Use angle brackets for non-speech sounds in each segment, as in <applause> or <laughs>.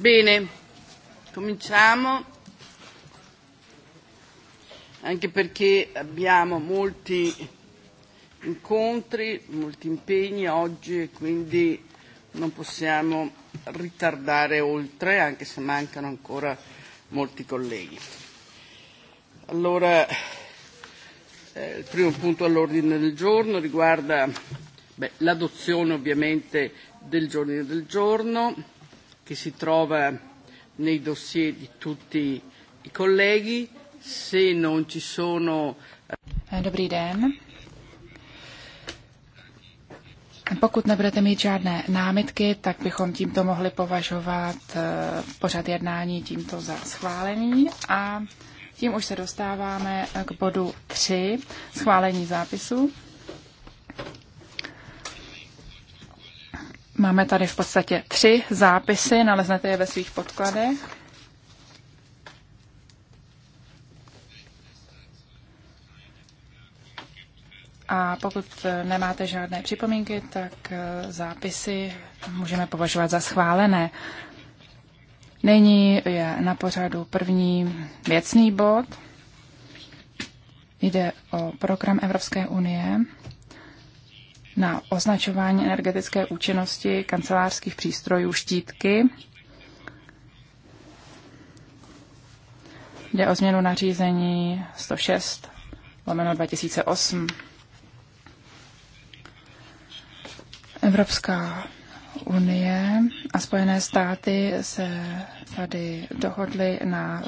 Bene, cominciamo, anche perché abbiamo molti incontri, molti impegni oggi e quindi non possiamo ritardare oltre, anche se mancano ancora molti colleghi. Allora, eh, il primo punto all'ordine del giorno riguarda l'adozione ovviamente del giorno del giorno che si trova nei dossier di tutti i colleghi. Se non ci sono... Eh, dobrý den. Pokud nebudete mít žádné námitky, tak bychom tímto mohli považovat eh, pořad jednání tímto za schválený a tím už se dostáváme k bodu 3, schválení zápisu. Máme tady v podstatě tři zápisy, naleznete je ve svých podkladech. A pokud nemáte žádné připomínky, tak eh, zápisy můžeme považovat za schválené. Nyní je na pořadu první věcný bod. Jde o program Evropské unie na označování energetické účinnosti kancelářských přístrojů štítky. Jde o změnu nařízení 106 lomeno 2008. Evropská unie a Spojené státy se tady dohodly na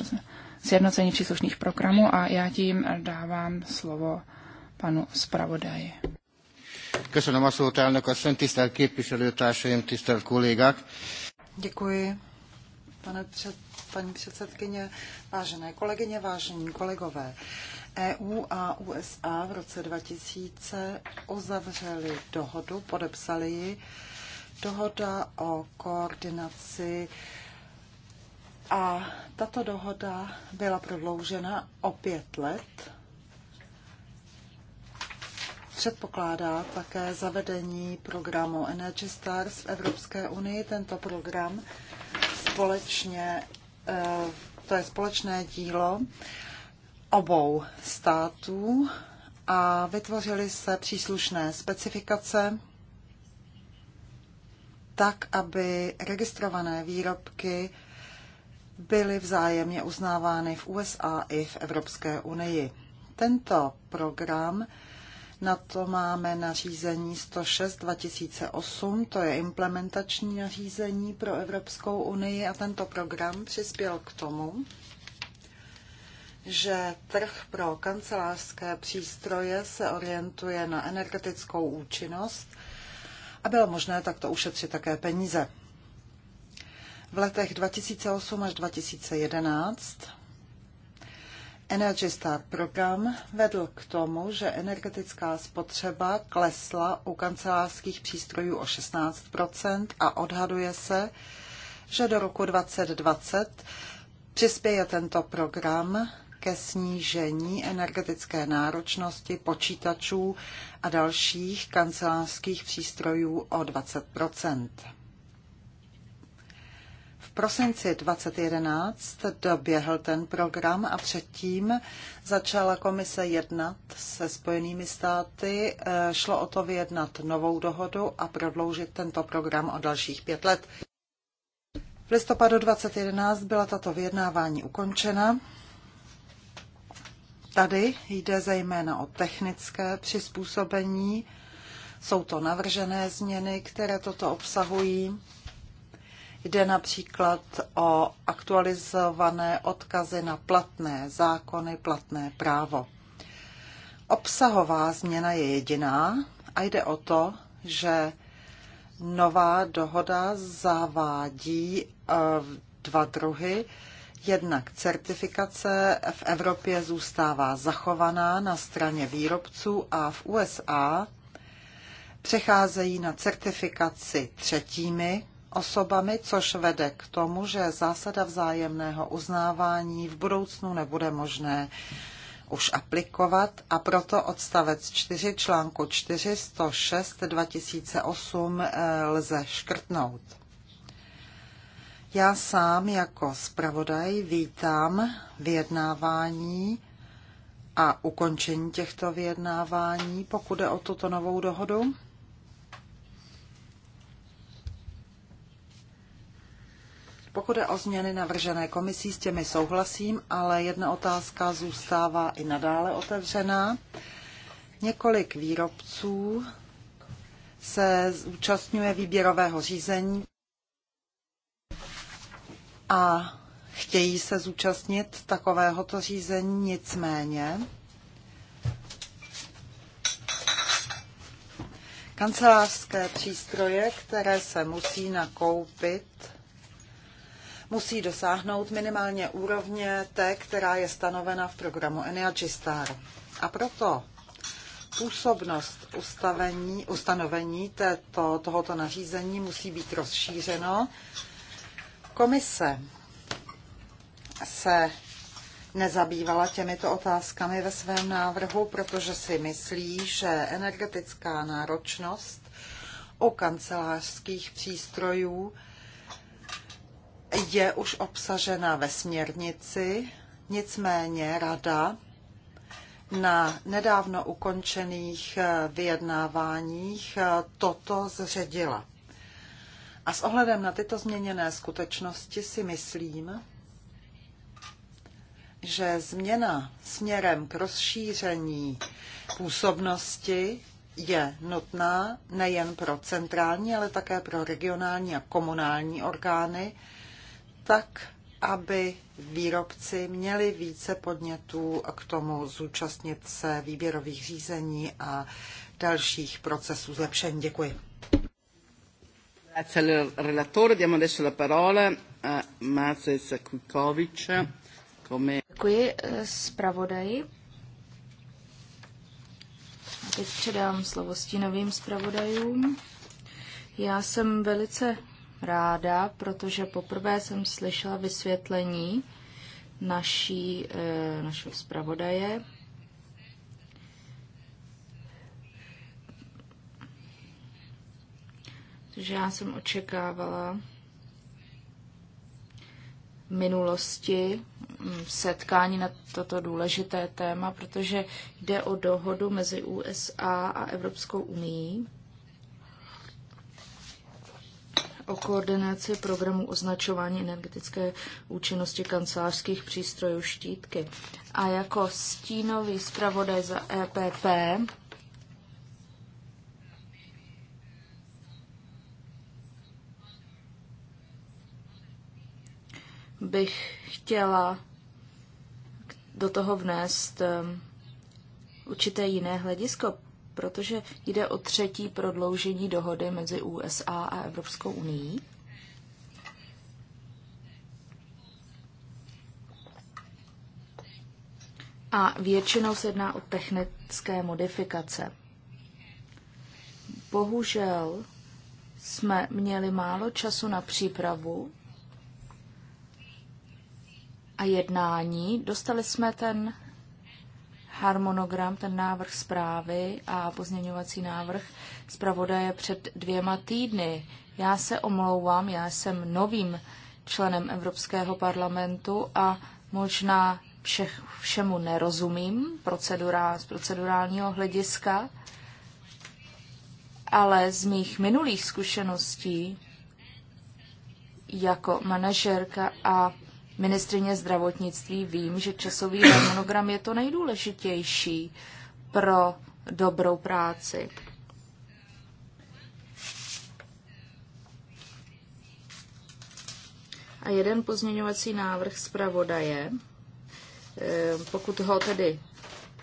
sjednocení příslušných programů a já tím dávám slovo panu zpravodaji. Köszönöm a szót, elnök asszony, tisztelt képviselőtársaim, tisztelt kollégák. Děkuji, pane před, paní předsedkyně, vážené kolegyně, vážení kolegové. EU a USA v roce 2000 uzavřeli dohodu, podepsali ji, dohoda o koordinaci a tato dohoda byla prodloužena o pět let předpokládá také zavedení programu Energy Stars v Evropské unii. Tento program společně, eh, to je společné dílo obou států a vytvořily se příslušné specifikace tak, aby registrované výrobky byly vzájemně uznávány v USA i v Evropské unii. Tento program na to máme nařízení 106 2008, to je implementační nařízení pro Evropskou unii a tento program přispěl k tomu, že trh pro kancelářské přístroje se orientuje na energetickou účinnost a bylo možné takto ušetřit také peníze. V letech 2008 až 2011 Energy Star program vedl k tomu, že energetická spotřeba klesla u kancelářských přístrojů o 16 a odhaduje se, že do roku 2020 přispěje tento program ke snížení energetické náročnosti počítačů a dalších kancelářských přístrojů o 20 prosinci 2011 doběhl ten program a předtím začala komise jednat se Spojenými státy. Eh, šlo o to vyjednat novou dohodu a prodloužit tento program o dalších pět let. V listopadu 2011 byla tato vyjednávání ukončena. Tady jde zejména o technické přizpůsobení. Jsou to navržené změny, které toto obsahují. Jde například o aktualizované odkazy na platné zákony, platné právo. Obsahová změna je jediná a jde o to, že nová dohoda zavádí eh, dva druhy. Jednak certifikace v Evropě zůstává zachovaná na straně výrobců a v USA přecházejí na certifikaci třetími, osobami, což vede k tomu, že zásada vzájemného uznávání v budoucnu nebude možné už aplikovat a proto odstavec 4 článku 406 2008 eh, lze škrtnout. Já sám jako zpravodaj vítám vyjednávání a ukončení těchto vyjednávání, pokud je o tuto novou dohodu. Pokud je o změny navržené komisí, s těmi souhlasím, ale jedna otázka zůstává i nadále otevřená. Několik výrobců se zúčastňuje výběrového řízení a chtějí se zúčastnit takovéhoto řízení, nicméně kancelářské přístroje, které se musí nakoupit, musí dosáhnout minimálně úrovně té, která je stanovena v programu Energy Star. A proto působnost ustavení, ustanovení této, tohoto nařízení musí být rozšířeno. Komise se nezabývala těmito otázkami ve svém návrhu, protože si myslí, že energetická náročnost u kancelářských přístrojů je už obsažena ve směrnici, nicméně rada na nedávno ukončených eh, vyjednáváních eh, toto zředila. A s ohledem na tyto změněné skutečnosti si myslím, že změna směrem k rozšíření působnosti je nutná nejen pro centrální, ale také pro regionální a komunální orgány, tak, aby výrobci měli více podnětů k tomu zúčastnit se výběrových řízení a dalších procesů zlepšení. Děkuji. Grazie al relatore. Diamo adesso la parola a Mazes Kukovic. Come... Děkuji eh, zpravodaji. Teď předám slovo stínovým zpravodajům. Já jsem velice ráda, protože poprvé jsem slyšela vysvětlení naší, eh, našeho zpravodaje. Takže já jsem očekávala v minulosti mm, setkání na toto důležité téma, protože jde o dohodu mezi USA a Evropskou unii o koordinaci programu označování energetické účinnosti kancelářských přístrojů štítky. A jako stínový zpravodaj za EPP bych chtěla do toho vnést um, určité jiné hledisko, protože jde o třetí prodloužení dohody mezi USA a Evropskou unii. A většinou se jedná o technické modifikace. Bohužel jsme měli málo času na přípravu a jednání. Dostali jsme ten harmonogram, ten návrh zprávy a pozměňovací návrh zpravodaje před dvěma týdny. Já se omlouvám, já jsem novým členem Evropského parlamentu a možná všech, všemu nerozumím procedura, z procedurálního hlediska, ale z mých minulých zkušeností jako manažerka a ministrině zdravotnictví vím, že časový harmonogram je to nejdůležitější pro dobrou práci. A jeden pozměňovací návrh zpravodaje, eh, pokud ho tedy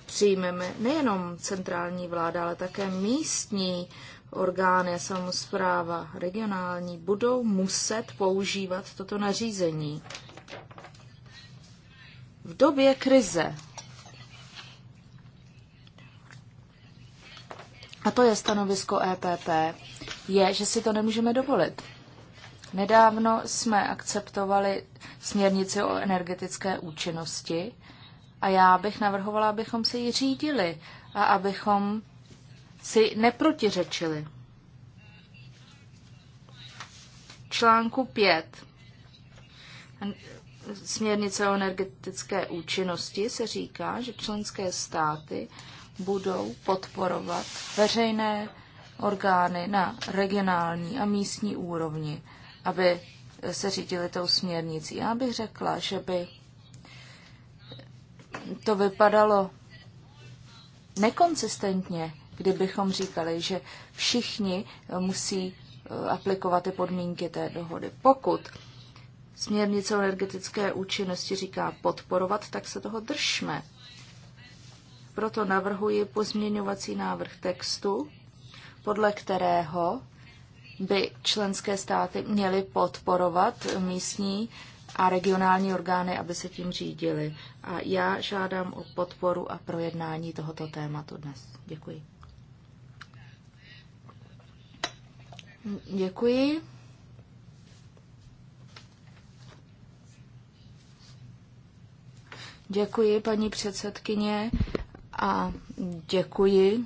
přijmeme, nejenom centrální vláda, ale také místní orgány a samozpráva regionální budou muset používat toto nařízení v době krize. A to je stanovisko EPP, je, že si to nemůžeme dovolit. Nedávno jsme akceptovali směrnici o energetické účinnosti a já bych navrhovala, abychom se ji řídili a abychom si neprotiřečili. Článku 5 směrnice o energetické účinnosti se říká, že členské státy budou podporovat veřejné orgány na regionální a místní úrovni, aby se řídili tou směrnicí. Já bych řekla, že by to vypadalo nekonsistentně, kdybychom říkali, že všichni musí eh, aplikovat ty podmínky té dohody. Pokud směrnice o energetické účinnosti říká podporovat, tak se toho držme. Proto navrhuji pozměňovací návrh textu, podle kterého by členské státy měly podporovat místní a regionální orgány, aby se tím řídili. A já žádám o podporu a projednání tohoto tématu dnes. Děkuji. Děkuji. Děkuji, paní předsedkyně, a děkuji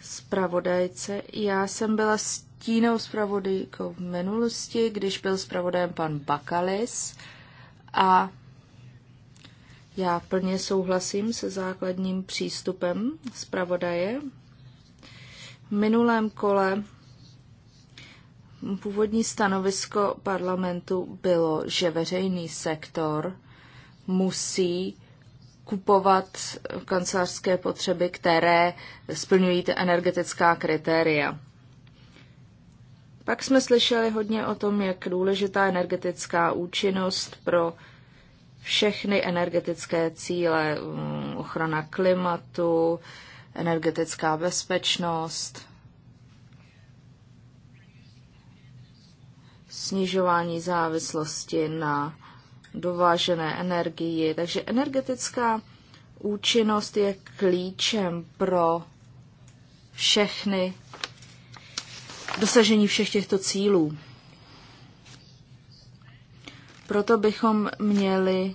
zpravodajce. Já jsem byla stínou zpravodajkou v minulosti, když byl zpravodajem pan Bakalis a já plně souhlasím se základním přístupem zpravodaje. V minulém kole Původní stanovisko parlamentu bylo, že veřejný sektor musí kupovat kancelářské potřeby, které splňují ty energetická kritéria. Pak jsme slyšeli hodně o tom, jak důležitá energetická účinnost pro všechny energetické cíle, mm, ochrana klimatu, energetická bezpečnost. snižování závislosti na dovážené energii. Takže energetická účinnost je klíčem pro všechny dosažení všech těchto cílů. Proto bychom měli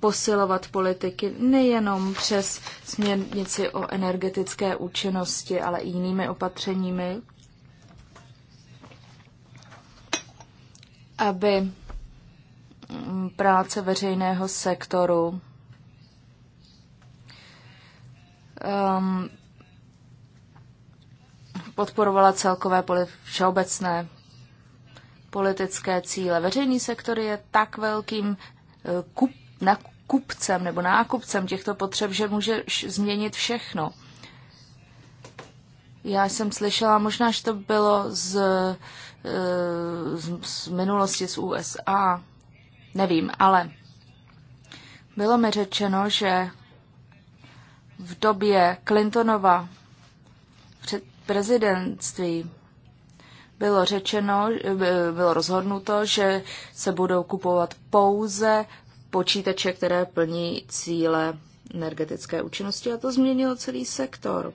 posilovat politiky nejenom přes směrnici o energetické účinnosti, ale i jinými opatřeními, aby mm, práce veřejného sektoru um, podporovala celkové poli- všeobecné politické cíle. Veřejný sektor je tak velkým eh, kup, nakupcem nebo nákupcem těchto potřeb, že může změnit všechno. Já jsem slyšela, možná, že to bylo z z, z minulosti z USA, nevím, ale bylo mi řečeno, že v době Clintonova před prezidentství bylo řečeno, eh, bylo rozhodnuto, že se budou kupovat pouze počítače, které plní cíle energetické účinnosti a to změnilo celý sektor,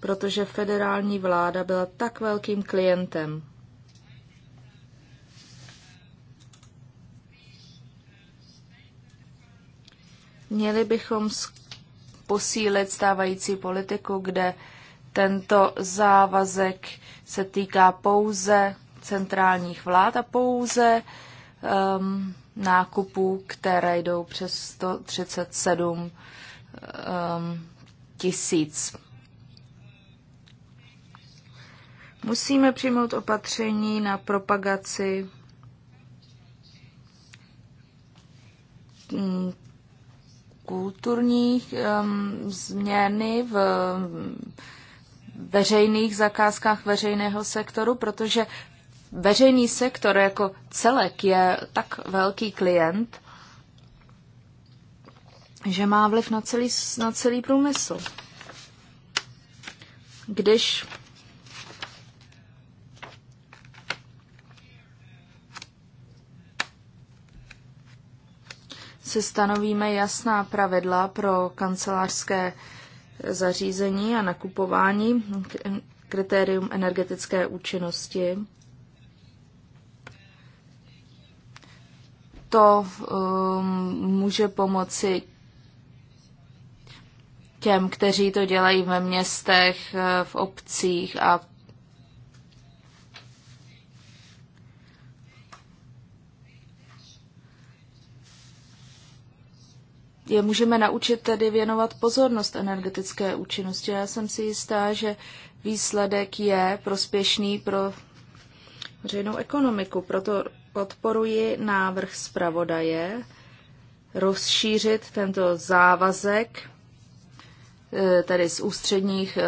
protože federální vláda byla tak velkým klientem Měli bychom posílit stávající politiku, kde tento závazek se týká pouze centrálních vlád a pouze um, nákupů, které jdou přes 137 um, ehm, tisíc. Musíme přijmout opatření na propagaci mm, kulturních um, změny v veřejných zakázkách veřejného sektoru, protože veřejný sektor jako celek je tak velký klient, že má vliv na celý, na celý průmysl. Když si stanovíme jasná pravidla pro kancelářské zařízení a nakupování, kritérium energetické účinnosti. To um, může pomoci těm, kteří to dělají ve městech, v obcích a je můžeme naučit tedy věnovat pozornost energetické účinnosti. Já jsem si jistá, že výsledek je prospěšný pro veřejnou ekonomiku. Proto podporuji návrh zpravodaje rozšířit tento závazek e, tedy z ústředních e,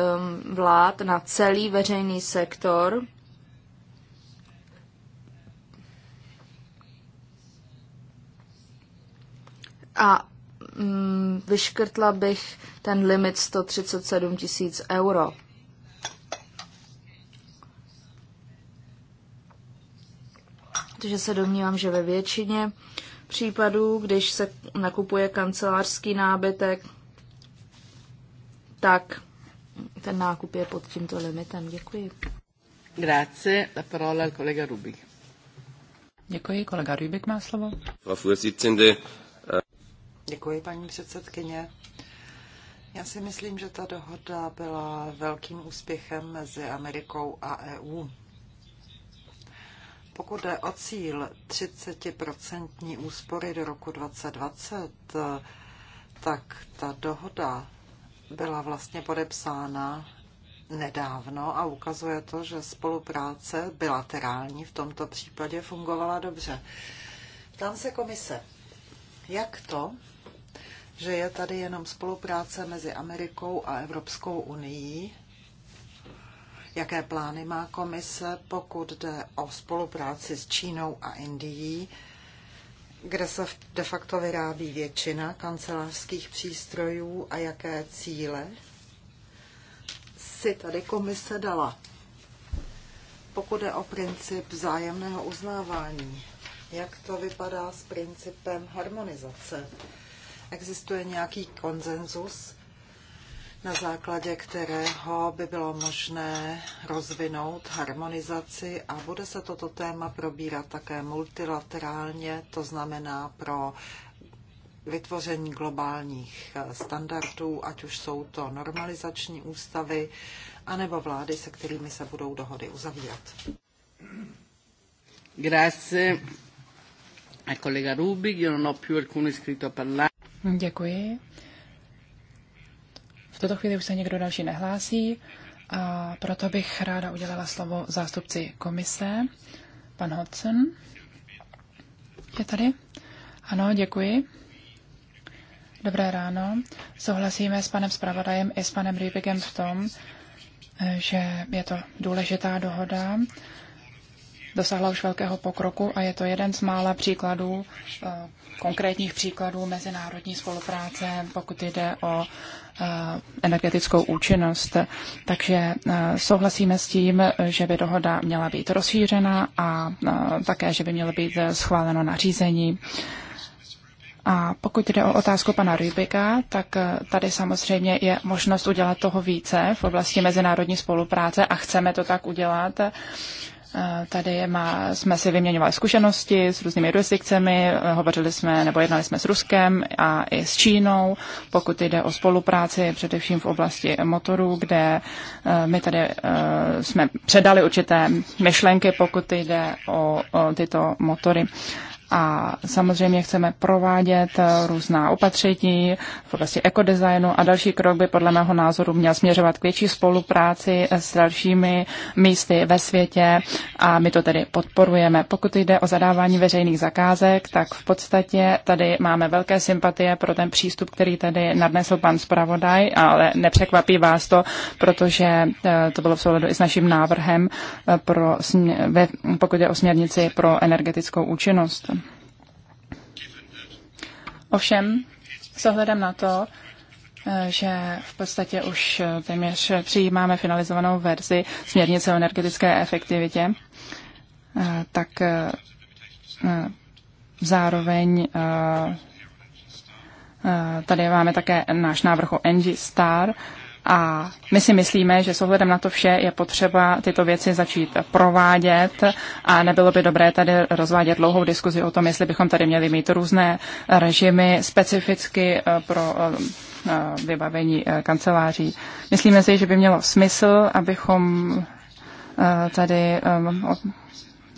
vlád na celý veřejný sektor. A Mm, vyškrtla bych ten limit 137 tisíc euro. Protože se domnívám, že ve většině případů, když se nakupuje kancelářský nábytek, tak ten nákup je pod tímto limitem. Děkuji. Grazie. La parola al collega Rubik. Děkuji. Kolega Rubik má slovo. Děkuji, paní předsedkyně. Já si myslím, že ta dohoda byla velkým úspěchem mezi Amerikou a EU. Pokud jde o cíl 30% úspory do roku 2020, tak ta dohoda byla vlastně podepsána nedávno a ukazuje to, že spolupráce bilaterální v tomto případě fungovala dobře. Tam se komise, jak to, že je tady jenom spolupráce mezi Amerikou a Evropskou unii. Jaké plány má komise, pokud jde o spolupráci s Čínou a Indií, kde se de facto vyrábí většina kancelářských přístrojů a jaké cíle si tady komise dala. Pokud jde o princip vzájemného uznávání, jak to vypadá s principem harmonizace? Existuje nějaký konsenzus, na základě kterého by bylo možné rozvinout harmonizaci a bude se toto téma probírat také multilaterálně, to znamená pro vytvoření globálních standardů, ať už jsou to normalizační ústavy, anebo vlády, se kterými se budou dohody uzavírat. Grazie. A kolega Rubik, io non ho più alcuno iscritto a parlare. Děkuji. V tuto chvíli už se někdo další nehlásí, a proto bych ráda udělala slovo zástupci komise. Pan Hodson je tady. Ano, děkuji. Dobré ráno. Souhlasíme s panem zpravodajem i s panem Rybigem v tom, že je to důležitá dohoda dosáhla už velkého pokroku a je to jeden z mála příkladů, eh, konkrétních příkladů mezinárodní spolupráce, pokud jde o eh, energetickou účinnost. Takže eh, souhlasíme s tím, že by dohoda měla být rozšířena a také, že by mělo být schváleno nařízení. A pokud jde o otázku pana Rybika, tak tady samozřejmě je možnost udělat toho více v oblasti mezinárodní spolupráce a chceme to tak udělat. Tady má, jsme si vyměňovali zkušenosti s různými jurisdikcemi, hovořili jsme nebo jednali jsme s Ruskem a i s Čínou, pokud jde o spolupráci především v oblasti motorů, kde eh, my tady eh, jsme předali určité myšlenky, pokud jde o, o tyto motory a samozřejmě chceme provádět eh, různá opatření v oblasti ekodesignu a další krok by podle mého názoru měl směřovat k větší spolupráci s dalšími místy ve světě a my to tedy podporujeme. Pokud jde o zadávání veřejných zakázek, tak v podstatě tady máme velké sympatie pro ten přístup, který tady nadnesl pan zpravodaj, ale nepřekvapí vás to, protože eh, to bylo v souladu i s naším návrhem, eh, pro, pokud je o směrnici pro energetickou účinnost. Ovšem, s ohledem na to, eh, že v podstatě už eh, téměř přijímáme finalizovanou verzi směrnice o energetické efektivitě, eh, tak zároveň tady máme také náš návrh o NG Star, a my si myslíme, že s ohledem na to vše je potřeba tyto věci začít provádět a nebylo by dobré tady rozvádět dlouhou diskuzi o tom, jestli bychom tady měli mít různé režimy specificky eh, pro eh, eh, vybavení kanceláří. Myslíme si, že by mělo smysl, abychom tady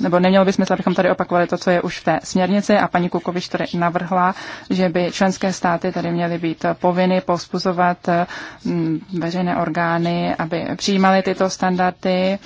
nebo nemělo by smysl, abychom tady opakovali to, co je už v té směrnici a paní Kukoviš tady navrhla, že by členské státy tady měly být povinny pospuzovat mm, veřejné orgány, aby přijímaly tyto standardy,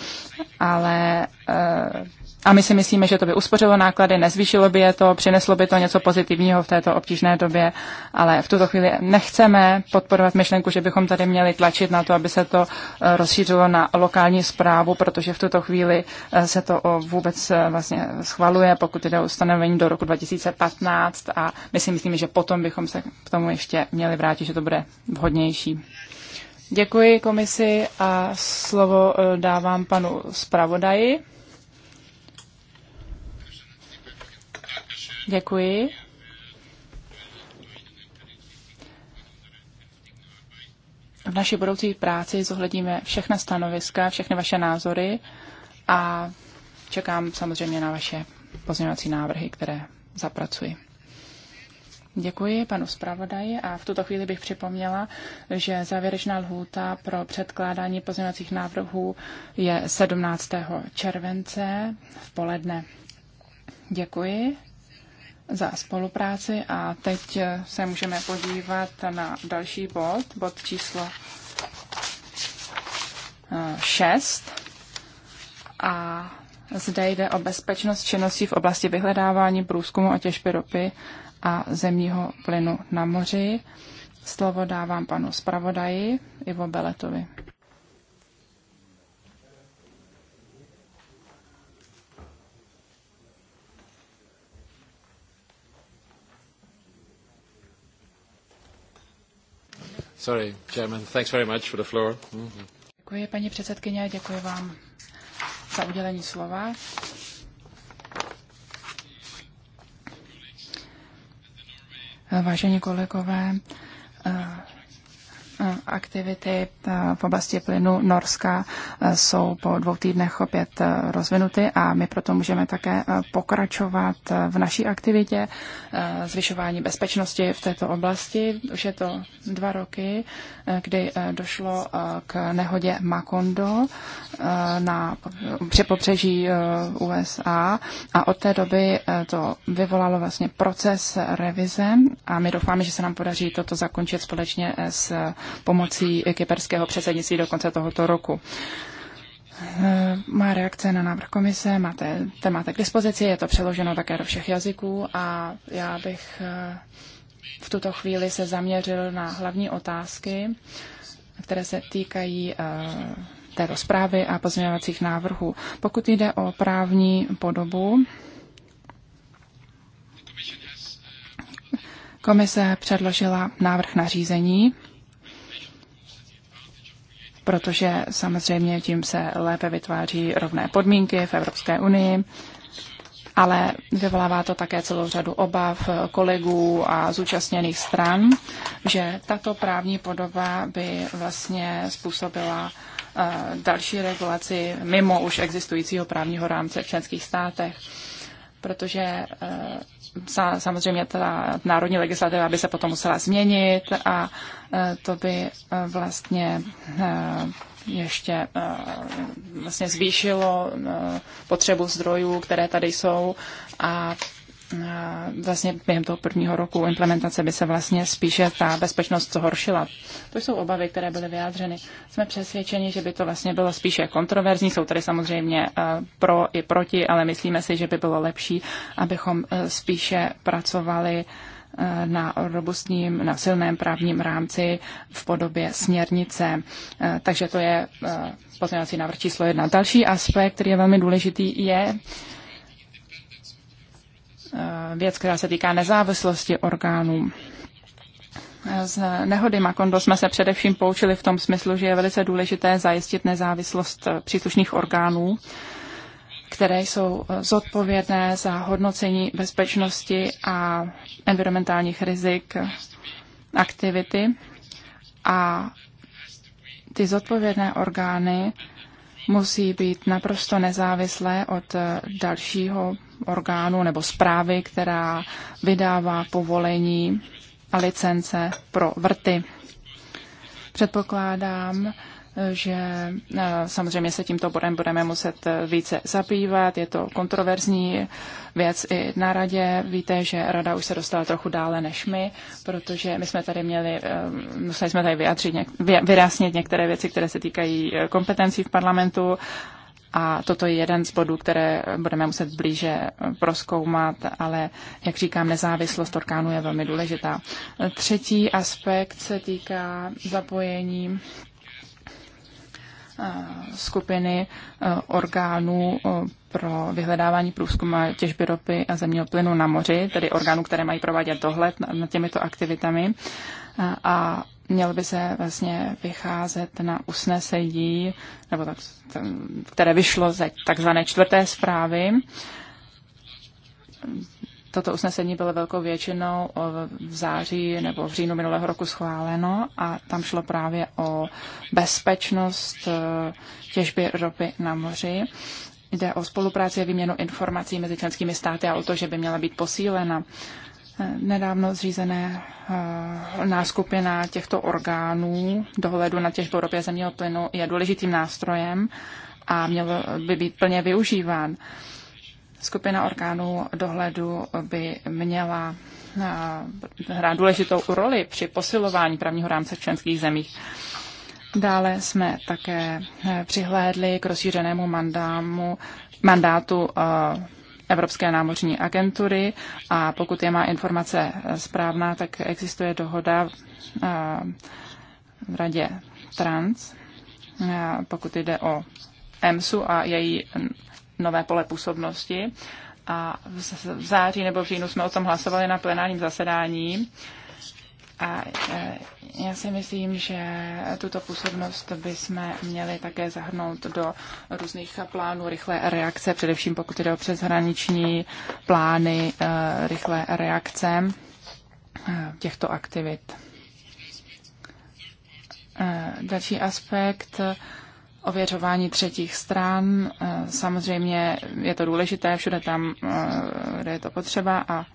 ale eh, a my si myslíme, že to by uspořilo náklady, nezvýšilo by je to, přineslo by to něco pozitivního v této obtížné době, ale v tuto chvíli nechceme podporovat myšlenku, že bychom tady měli tlačit na to, aby se to eh, rozšířilo na lokální zprávu, protože v tuto chvíli eh, se to eh, vůbec vlastně schvaluje, pokud jde o ustanovení do roku 2015 a my si myslíme, že potom bychom se k tomu ještě měli vrátit, že to bude vhodnější. Děkuji komisi a slovo dávám panu zpravodaji. Děkuji. V naší budoucí práci zohledníme všechna stanoviska, všechny vaše názory a čekám samozřejmě na vaše pozměňovací návrhy, které zapracuji. Děkuji panu zpravodaji a v tuto chvíli bych připomněla, že závěrečná lhůta pro předkládání pozměňovacích návrhů je 17. července v poledne. Děkuji za spolupráci a teď se můžeme podívat na další bod, bod číslo 6. Eh, a zde jde o bezpečnost činností v oblasti vyhledávání průzkumu a těžby ropy a zemního plynu na moři. Slovo dávám panu zpravodaji Ivo Beletovi. Sorry, Chairman. Thanks very much for the floor. Mm-hmm. Děkuji, paní předsedkyně, děkuji vám za udělení slova. Vážení kolegové, Aktivity eh, v oblasti plynu Norska eh, jsou po dvou týdnech opět eh, rozvinuty a my proto můžeme také pokračovat v naší aktivitě zvyšování bezpečnosti v této oblasti. Už je to dva roky, kdy došlo k nehodě Makondo na přepobřeží USA a od té doby to vyvolalo vlastně proces revize a my doufáme, že se nám podaří toto zakončit společně s pomocí kyperského předsednictví do konce tohoto roku. Má reakce na návrh komise, máte, ten máte k dispozici, je to přeloženo také do všech jazyků a já bych eh, v tuto chvíli se zaměřil na hlavní otázky, které se týkají eh, této zprávy a pozměňovacích návrhů. Pokud jde o právní podobu, komise předložila návrh nařízení protože samozřejmě tím se lépe vytváří rovné podmínky v Evropské unii, ale vyvolává to také celou řadu obav kolegů a zúčastněných stran, že tato právní podoba by vlastně způsobila eh, další regulaci mimo už existujícího právního rámce v členských státech, protože eh, samozřejmě ta národní legislativa by se potom musela změnit a e, to by e, vlastně e, ještě vlastně zvýšilo potřebu zdrojů, které tady jsou a Eh, vlastně během toho prvního roku implementace by se vlastně spíše ta bezpečnost zhoršila. To jsou obavy, které byly vyjádřeny. Jsme přesvědčeni, že by to vlastně bylo spíše kontroverzní. Jsou tady samozřejmě eh, pro i proti, ale myslíme si, že by bylo lepší, abychom eh, spíše pracovali na robustním, na silném právním rámci v podobě směrnice. Takže to je pozměňovací návrh číslo jedna. Další aspekt, který je velmi důležitý, je, věc, která se týká nezávislosti orgánů. Z nehody Makondo jsme se především poučili v tom smyslu, že je velice důležité zajistit nezávislost příslušných orgánů, které jsou zodpovědné za hodnocení bezpečnosti a environmentálních rizik aktivity. A ty zodpovědné orgány musí být naprosto nezávislé od eh, dalšího orgánu nebo zprávy, která vydává povolení a licence pro vrty. Předpokládám, že e, samozřejmě se tímto bodem budeme muset e, více zabývat. Je to kontroverzní věc i na radě. Víte, že rada už se dostala trochu dále než my, protože my jsme tady měli, e, museli jsme tady vyjádřit, vyjasnit některé věci, které se týkají kompetencí v parlamentu a toto je jeden z bodů, které budeme muset blíže proskoumat, ale jak říkám, nezávislost orkánu je velmi důležitá. Třetí aspekt se týká zapojení Eh, skupiny eh, orgánů eh, pro vyhledávání průzkumu těžby ropy a zemního plynu na moři, tedy orgánů, které mají provádět dohled nad těmito aktivitami. A měl by se vlastně vycházet na usnesení, nebo tak, které vyšlo ze takzvané čtvrté zprávy Toto usnesení bylo velkou většinou v září nebo v říjnu minulého roku schváleno a tam šlo právě o bezpečnost e, těžby ropy na moři. Jde o spolupráci a výměnu informací mezi členskými státy a o to, že by měla být posílena. E, nedávno zřízené e, náskupina těchto orgánů dohledu na těžbu ropy a zemního plynu je důležitým nástrojem a měl by být plně využíván skupina orgánů dohledu by měla eh, hrát důležitou roli při posilování právního rámce v členských zemích. Dále jsme také eh, přihlédli k rozšířenému mandámu, mandátu eh, Evropské námořní agentury a pokud je má informace správná, tak existuje dohoda v radě trans, pokud jde o EMSu a její nové pole působnosti. A v září nebo v říjnu jsme o tom hlasovali na plenárním zasedání. A e, já si myslím, že tuto působnost bychom měli také zahrnout do různých plánů rychlé reakce, především pokud jde o přeshraniční plány e, rychlé reakce e, těchto aktivit. Další aspekt ověřování třetích stran. Eh, samozřejmě je to důležité všude tam, eh, kde je to potřeba a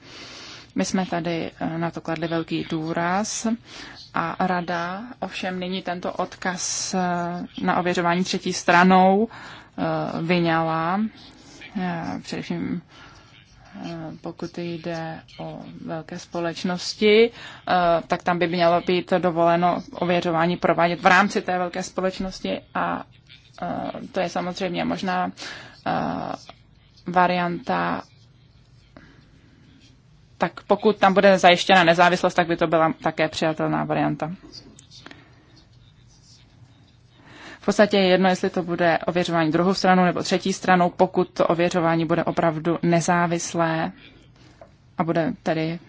my jsme tady eh, na to kladli velký důraz a rada ovšem nyní tento odkaz na ověřování třetí stranou vyňala, především pokud jde o velké společnosti, tak tam by mělo být dovoleno ověřování provádět v rámci té velké společnosti a to je samozřejmě možná varianta, tak pokud tam bude zajištěna nezávislost, tak by to byla také přijatelná varianta. V podstatě je jedno, jestli to bude ověřování druhou stranou nebo třetí stranou, pokud to ověřování bude opravdu nezávislé a bude tedy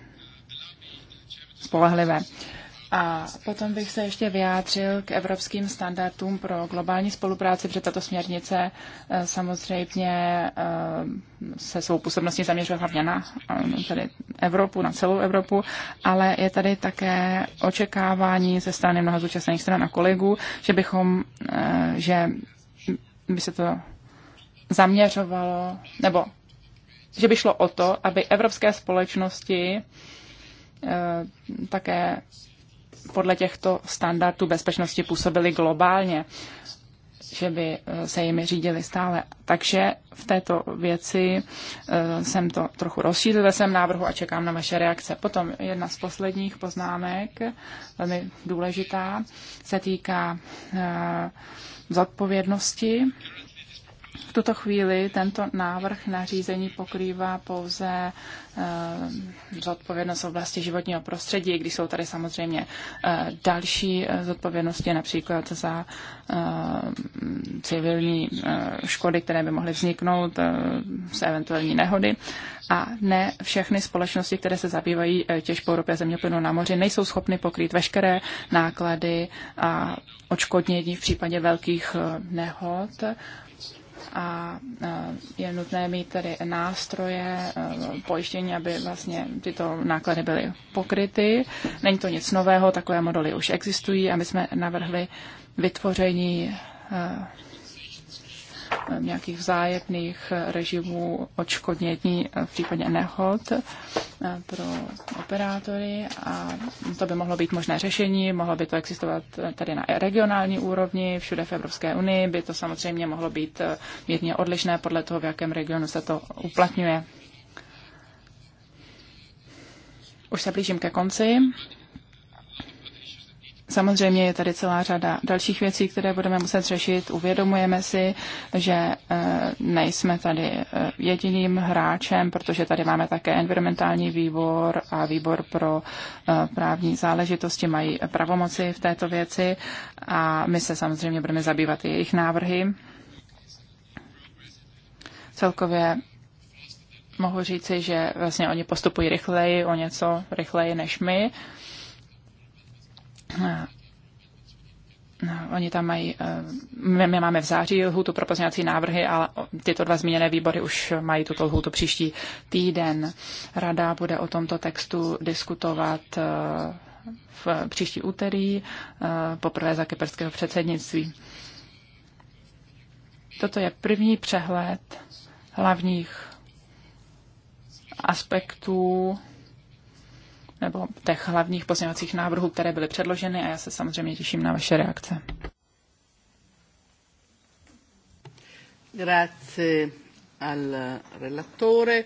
spolehlivé. Uh, a potom bych se ještě vyjádřil k evropským standardům pro globální spolupráci, protože tato směrnice eh, samozřejmě eh, se svou působností zaměřuje hlavně na eh, tady Evropu, na celou Evropu, ale je tady také očekávání ze strany mnoha zúčastněných stran a kolegů, že bychom, že by se to zaměřovalo, nebo že by šlo o to, aby evropské společnosti také podle těchto standardů bezpečnosti působili globálně, že by eh, se jimi řídili stále. Takže v této věci eh, jsem to trochu rozšířil ve svém návrhu a čekám na vaše reakce. Potom jedna z posledních poznámek, velmi důležitá, se týká eh, zodpovědnosti v tuto chvíli tento návrh nařízení pokrývá pouze eh, zodpovědnost v oblasti životního prostředí, když jsou tady samozřejmě eh, další eh, zodpovědnosti, například za civilní škody, které by mohly vzniknout z eventuální nehody. A ne všechny společnosti, které se zabývají těžbou ropy a zeměplynu na moři, nejsou schopny pokrýt veškeré náklady a odškodnění v případě velkých nehod a eh, je nutné mít tedy nástroje eh, pojištění, aby vlastně tyto náklady byly pokryty. Není to nic nového, takové modely už existují a my jsme navrhli vytvoření eh, nějakých vzájemných režimů odškodnění v případě nehod eh, pro operátory a to by mohlo být možné řešení, mohlo by to existovat eh, tady na regionální úrovni, všude v Evropské unii by to samozřejmě mohlo být eh, mírně odlišné podle toho, v jakém regionu se to uplatňuje. Už se blížím ke konci. Samozřejmě je tady celá řada dalších věcí, které budeme muset řešit. Uvědomujeme si, že eh, nejsme tady eh, jediným hráčem, protože tady máme také environmentální výbor a výbor pro eh, právní záležitosti mají pravomoci v této věci a my se samozřejmě budeme zabývat i jejich návrhy. Celkově mohu říci, že vlastně oni postupují rychleji o něco rychleji než my. Eh, no, oni tam mají, eh, my, my máme v září lhůtu pro pozměňovací návrhy, ale tyto dva zmíněné výbory už mají tuto lhůtu příští týden. Rada bude o tomto textu diskutovat eh, v příští úterý, poprvé za kyperského předsednictví. Toto je první přehled hlavních aspektů nebo těch hlavních pozměňovacích návrhů, které byly předloženy a já se samozřejmě těším na vaše reakce. Grazie al relatore.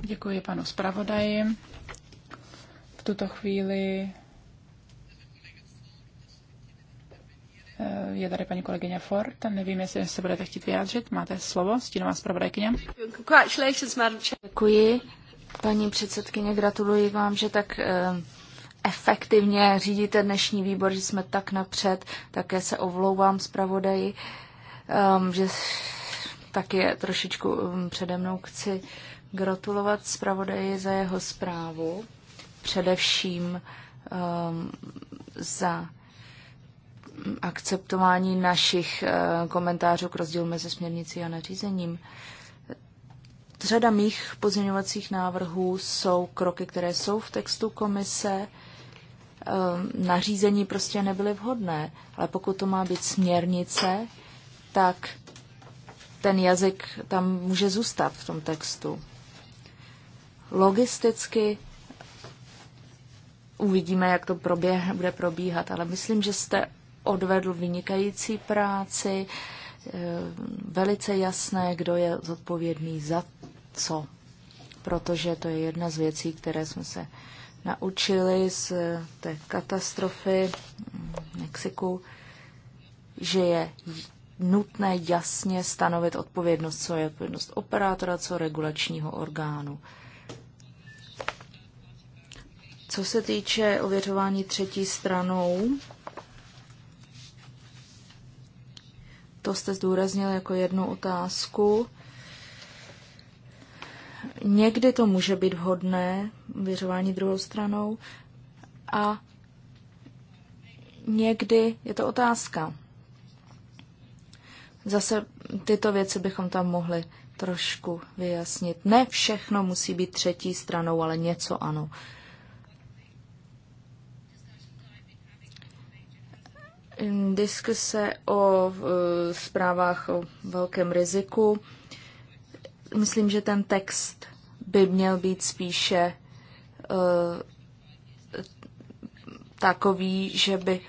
Děkuji panu zpravodaji. V tuto chvíli eh, Je tady paní kolegyně Ford, nevím, jestli se budete chtít vyjádřit. Máte slovo, stínová zpravodajkyně. Děkuji. Paní předsedkyně, gratuluji vám, že tak eh, efektivně řídíte dnešní výbor, že jsme tak napřed. Také se ovlouvám zpravodaji, ehm, že taky trošičku ehm, přede mnou chci gratulovat zpravodaji za jeho zprávu. Především ehm, za akceptování našich eh, komentářů k rozdílu mezi směrnicí a nařízením. Řada mých pozměňovacích návrhů jsou kroky, které jsou v textu komise. Ehm, nařízení prostě nebyly vhodné, ale pokud to má být směrnice, tak ten jazyk tam může zůstat v tom textu. Logisticky uvidíme, jak to proběh, bude probíhat, ale myslím, že jste odvedl vynikající práci, ehm, velice jasné, kdo je zodpovědný za co, protože to je jedna z věcí, které jsme se naučili z té katastrofy v mm, Mexiku, že je nutné jasně stanovit odpovědnost, co je odpovědnost operátora, co regulačního orgánu. Co se týče ověřování třetí stranou, to jste zdůraznil jako jednu otázku. Někdy to může být vhodné, věřování druhou stranou, a někdy je to otázka. Zase tyto věci bychom tam mohli trošku vyjasnit. Ne všechno musí být třetí stranou, ale něco ano. Diskuse o zprávách o velkém riziku. Myslím, že ten text by měl být spíše eh, takový, že by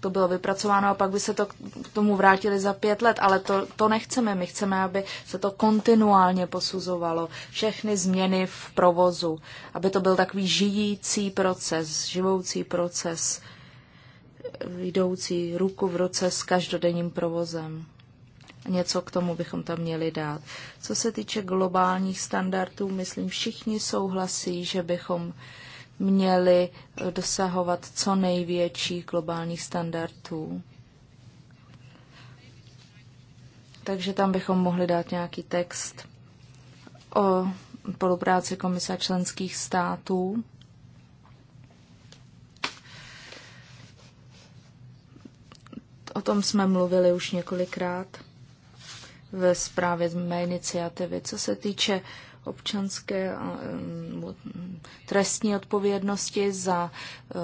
to bylo vypracováno a pak by se to k tomu vrátili za pět let, ale to, to nechceme. My chceme, aby se to kontinuálně posuzovalo, všechny změny v provozu, aby to byl takový žijící proces, živoucí proces, eh, jdoucí ruku v ruce s každodenním provozem něco k tomu bychom tam měli dát. Co se týče globálních standardů, myslím, všichni souhlasí, že bychom měli dosahovat co největších globálních standardů. Takže tam bychom mohli dát nějaký text o spolupráci komise členských států. O tom jsme mluvili už několikrát ve zprávě z mé iniciativy. Co se týče občanské trestní odpovědnosti za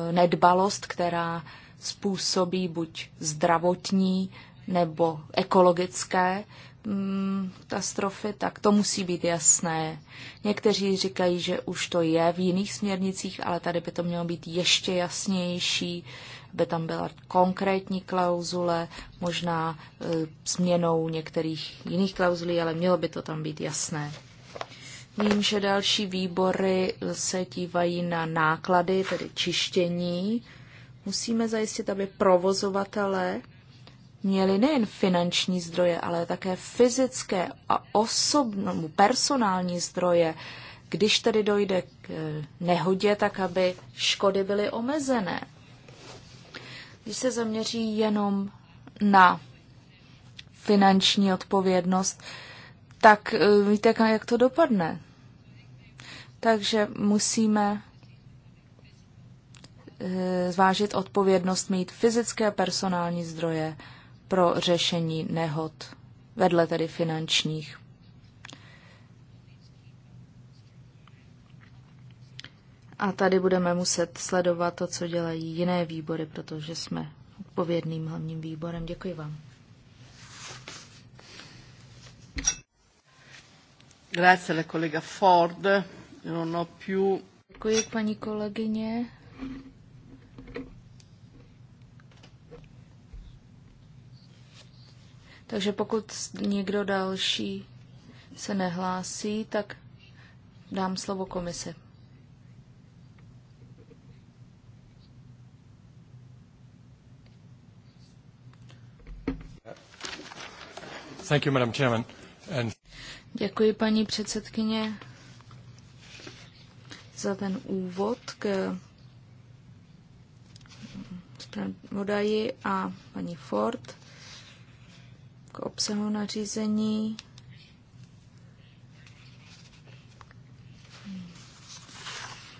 e, nedbalost, která způsobí buď zdravotní nebo ekologické mm, katastrofy, tak to musí být jasné. Někteří říkají, že už to je v jiných směrnicích, ale tady by to mělo být ještě jasnější by tam byla konkrétní klauzule, možná e, změnou některých jiných klauzulí, ale mělo by to tam být jasné. Vím, že další výbory se dívají na náklady, tedy čištění. Musíme zajistit, aby provozovatele měli nejen finanční zdroje, ale také fyzické a osobní, personální zdroje. Když tedy dojde k nehodě, tak aby škody byly omezené když se zaměří jenom na finanční odpovědnost, tak e, víte, jak to dopadne. Takže musíme e, zvážit odpovědnost mít fyzické a personální zdroje pro řešení nehod, vedle tedy finančních. A tady budeme muset sledovat to, co dělají jiné výbory, protože jsme odpovědným hlavním výborem. Děkuji vám. Grazie la collega Ford. Non ho più... Děkuji paní kolegyně. Takže pokud někdo další se nehlásí, tak dám slovo komisi. Thank you, Madam Chairman. And... Děkuji, paní předsedkyně, za ten úvod k zpravodaji a paní Ford k obsahu nařízení.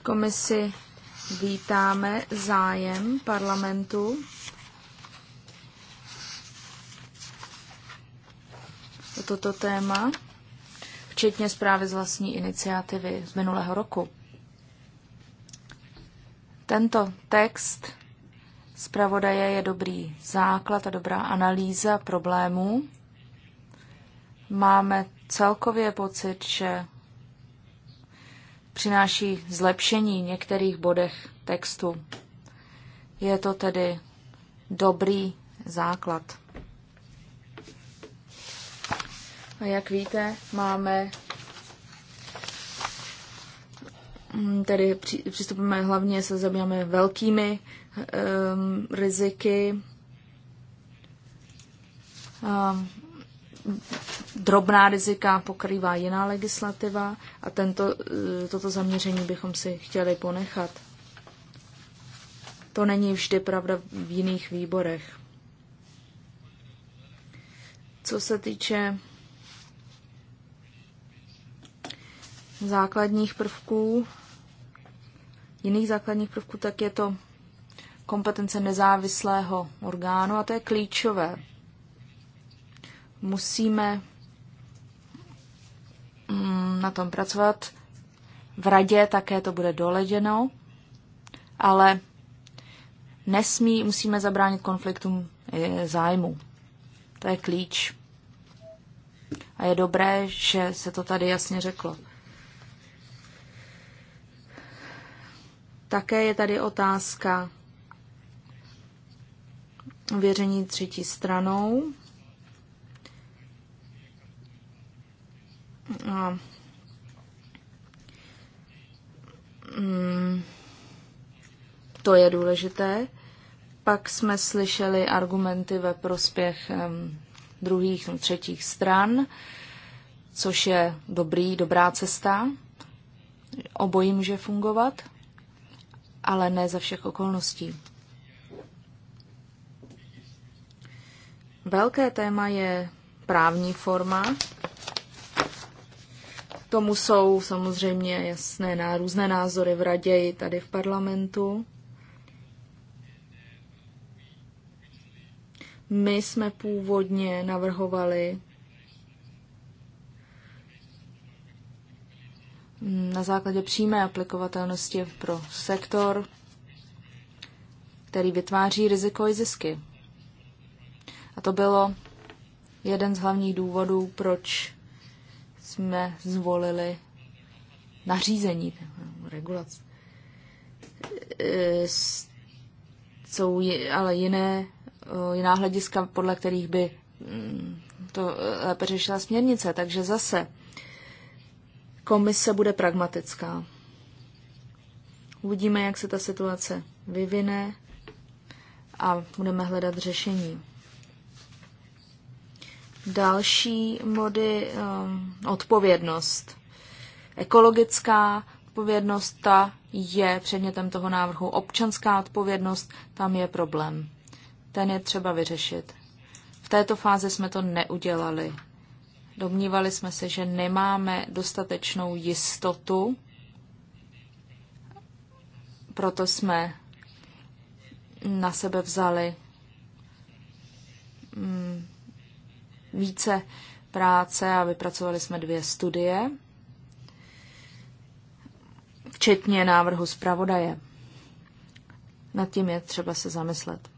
Komisi vítáme zájem parlamentu toto téma, včetně zprávy z vlastní iniciativy z minulého roku. Tento text zpravodaje je dobrý základ a dobrá analýza problémů. Máme celkově pocit, že přináší zlepšení v některých bodech textu. Je to tedy dobrý základ. A jak víte, máme mm, tedy přistupujeme hlavně, se zabýváme velkými um, riziky. Um, drobná rizika pokrývá jiná legislativa a tento, eh, toto zaměření bychom si chtěli ponechat. To není vždy pravda v jiných výborech. Co se týče základních prvků, jiných základních prvků, tak je to kompetence nezávislého orgánu a to je klíčové. Musíme mm, na tom pracovat. V radě také to bude doleděno, ale nesmí, musíme zabránit konfliktům eh, zájmu. To je klíč. A je dobré, že se to tady jasně řeklo. Také je tady otázka věření třetí stranou. A, mm, to je důležité. Pak jsme slyšeli argumenty ve prospěch um, druhých, třetích stran, což je dobrý, dobrá cesta. Obojí může fungovat ale ne za všech okolností. Velké téma je právní forma. K tomu jsou samozřejmě jasné na různé názory v radě i tady v parlamentu. My jsme původně navrhovali na základě přímé aplikovatelnosti pro sektor, který vytváří riziko i zisky. A to bylo jeden z hlavních důvodů, proč jsme zvolili nařízení, regulace. Jsou ale jiné, e, jiná hlediska, podle kterých by mm, to e, lépe řešila směrnice. Takže zase komise bude pragmatická. Uvidíme, jak se ta situace vyvine a budeme hledat řešení. Další body um, odpovědnost. Ekologická odpovědnost, ta je předmětem toho návrhu. Občanská odpovědnost, tam je problém. Ten je třeba vyřešit. V této fázi jsme to neudělali. Domnívali jsme se, že nemáme dostatečnou jistotu, proto jsme na sebe vzali mm, více práce a vypracovali jsme dvě studie, včetně návrhu zpravodaje. Nad tím je třeba se zamyslet.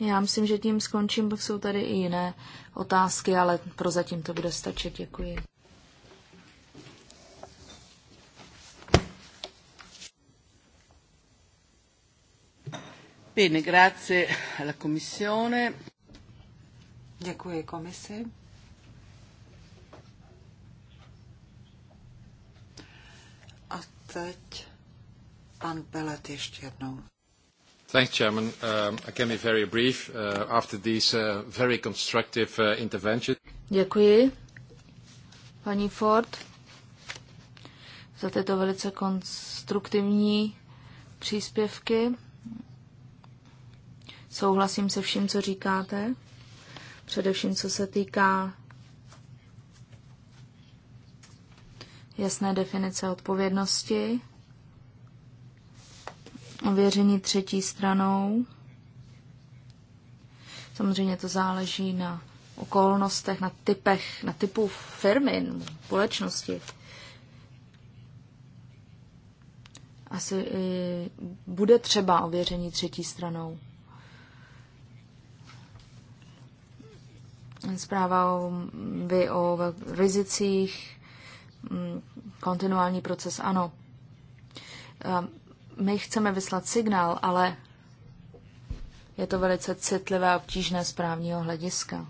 Já myslím, že tím skončím, pak jsou tady i jiné otázky, ale prozatím to bude stačit. Děkuji. Bene, grazie alla Commissione. Děkuji komisi. A teď pan Belet ještě jednou. Thanks, Chairman. Um, I can be very brief uh, after these uh, very constructive uh, interventions. Děkuji, paní Ford, za tyto velice konstruktivní příspěvky. Souhlasím se vším, co říkáte, především co se týká jasné definice odpovědnosti ověření třetí stranou. Samozřejmě to záleží na okolnostech, na typech, na typu firmy, společnosti. Asi bude třeba ověření třetí stranou. Zpráva o, vy o rizicích, mm, kontinuální proces, ano my chceme vyslat signál, ale je to velice citlivé a obtížné z právního hlediska.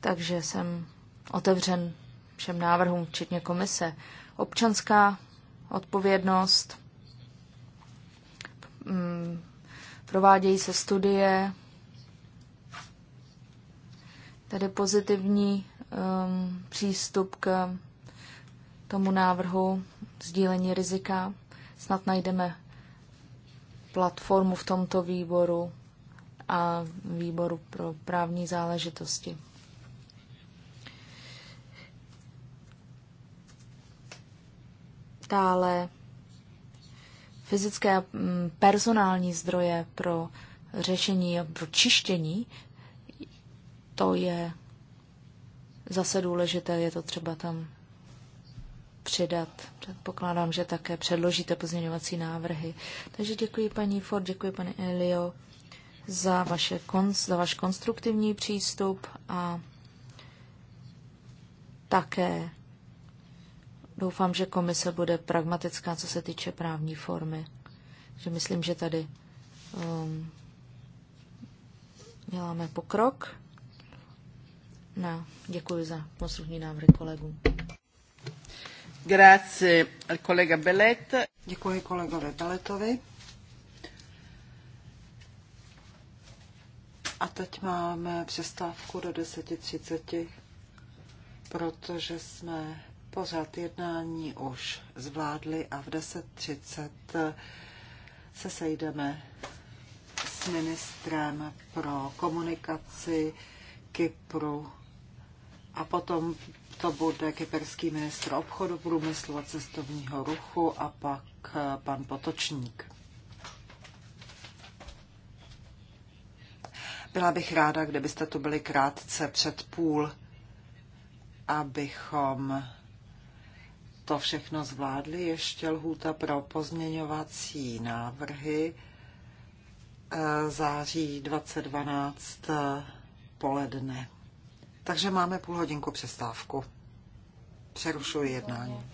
Takže jsem otevřen všem návrhům, včetně komise. Občanská odpovědnost, mm, provádějí se studie, tedy pozitivní um, přístup k tomu návrhu sdílení rizika. Snad najdeme platformu v tomto výboru a výboru pro právní záležitosti. Dále fyzické mm, personální zdroje pro řešení a pro čištění, to je zase důležité, je to třeba tam přidat. Pokládám, že také předložíte pozměňovací návrhy. Takže děkuji paní Ford, děkuji paní Elio za, vaše, za váš konstruktivní přístup a také doufám, že komise bude pragmatická, co se týče právní formy. Že myslím, že tady um, děláme pokrok. No, děkuji za poslední návrhy kolegů. Děkuji kolegovi Beletovi. A teď máme přestávku do 10.30, protože jsme pořád jednání už zvládli a v 10.30 se sejdeme s ministrem pro komunikaci Kypru a potom to bude kyperský ministr obchodu, průmyslu a cestovního ruchu a pak eh, pan Potočník. Byla bych ráda, kdybyste tu byli krátce před půl, abychom to všechno zvládli. Ještě lhůta pro pozměňovací návrhy eh, září 2012 eh, poledne. Takže máme půl hodinku přestávku. Přerušuji jednání.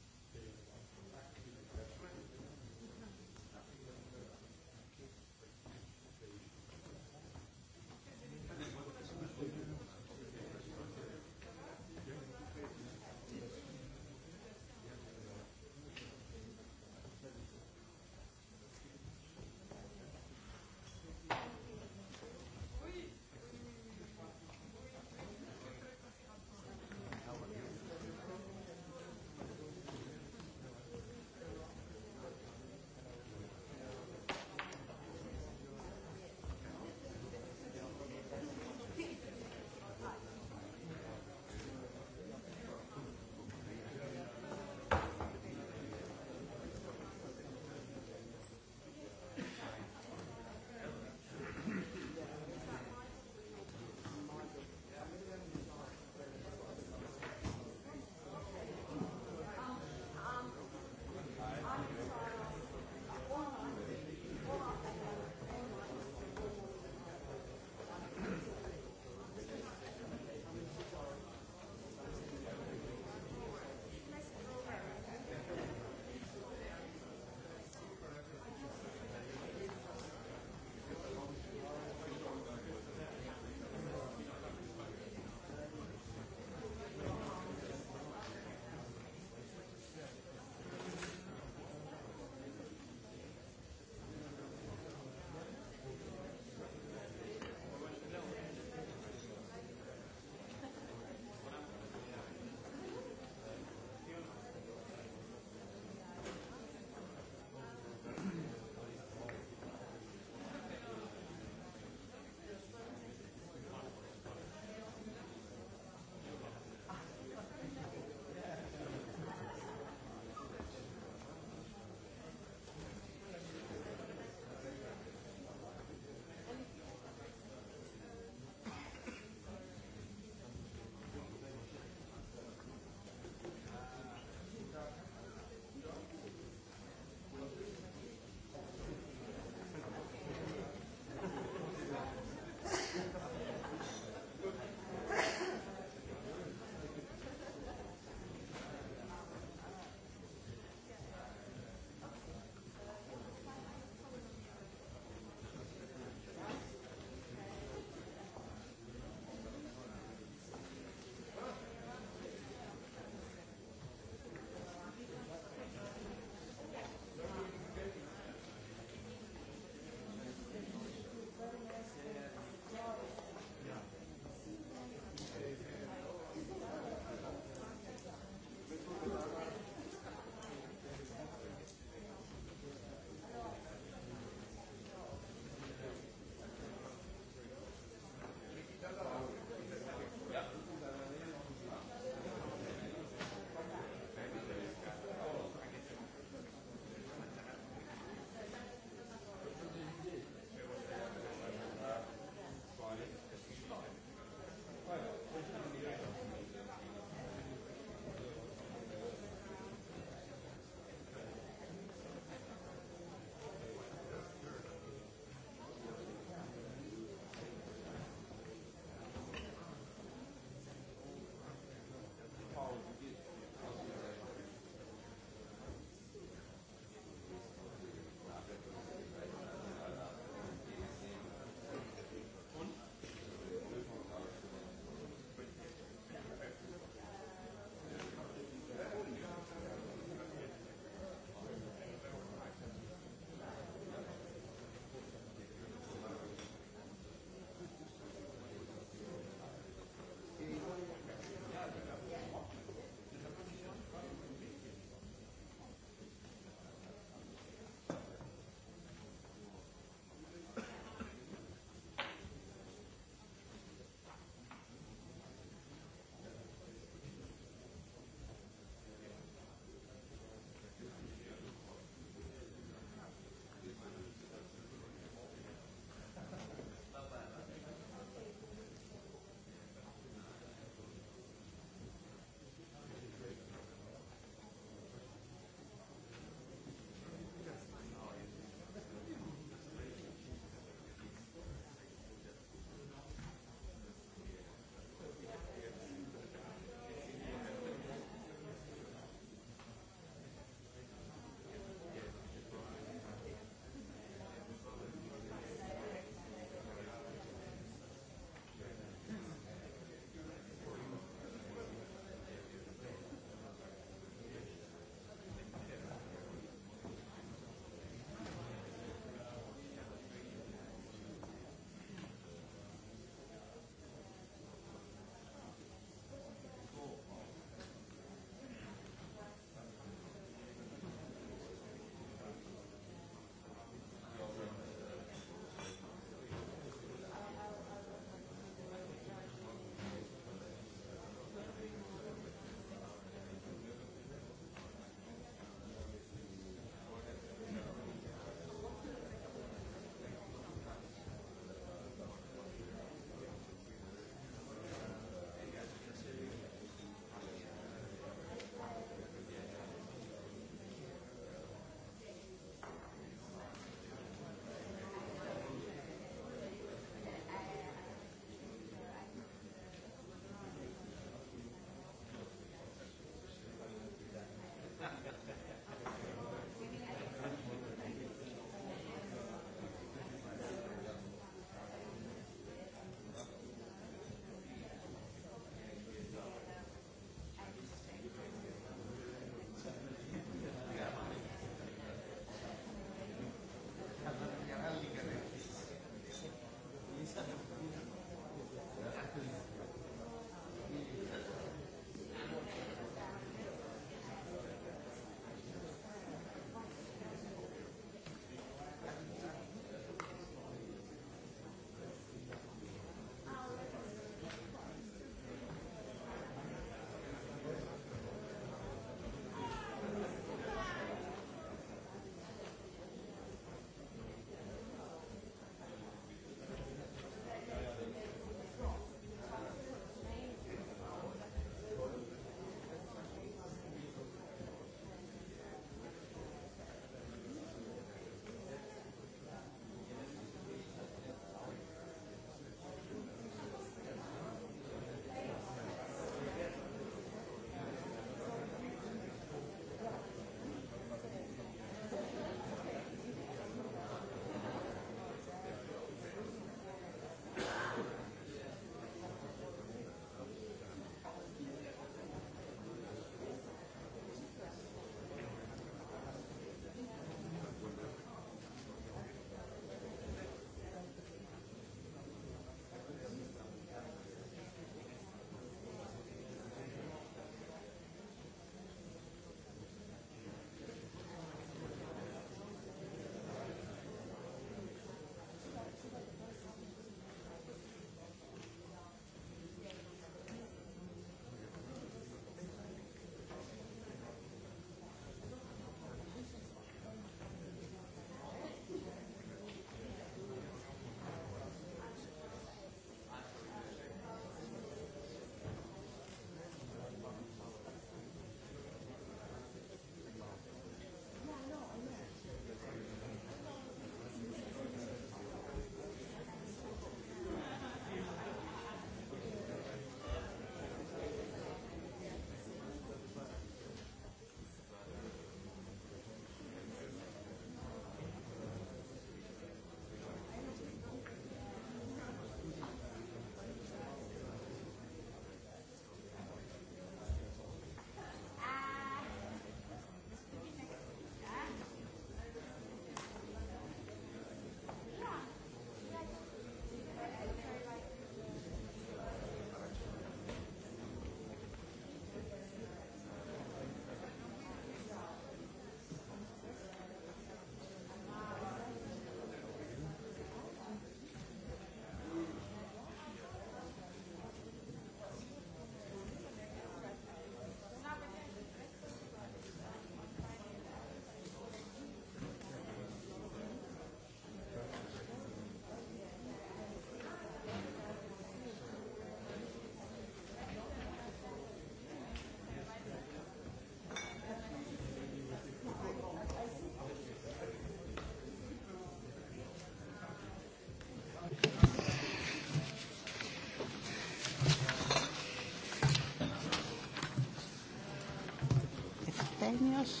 Armenios?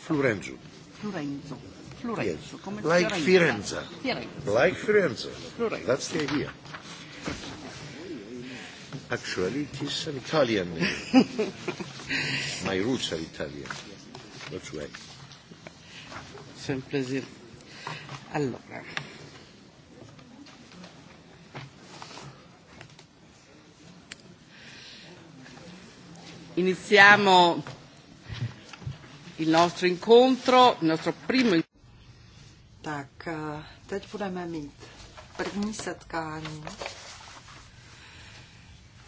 Florenzo. Florenzo. Florenzo. Yes. Like Firenze. Firenze. Like Firenze. Florenzo. That's the idea. Actually, it is an Italian name. <laughs> My roots are Italian. That's why. It's a pleasure. Allora. Iniziamo il nostro incontro, il nostro primo Tak, eh, teď budeme mít první setkání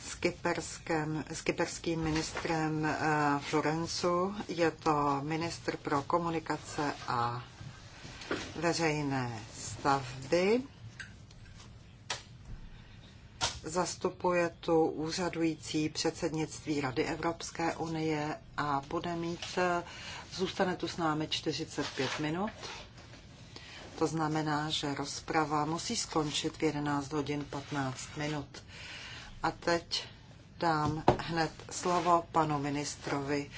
s, kyperském, s kyperským ministrem eh, Florencu. Je to ministr pro komunikace a veřejné stavby zastupuje tu úřadující předsednictví Rady Evropské unie a bude mít, zůstane tu s námi 45 minut. To znamená, že rozprava musí skončit v 11 hodin 15 minut. A teď dám hned slovo panu ministrovi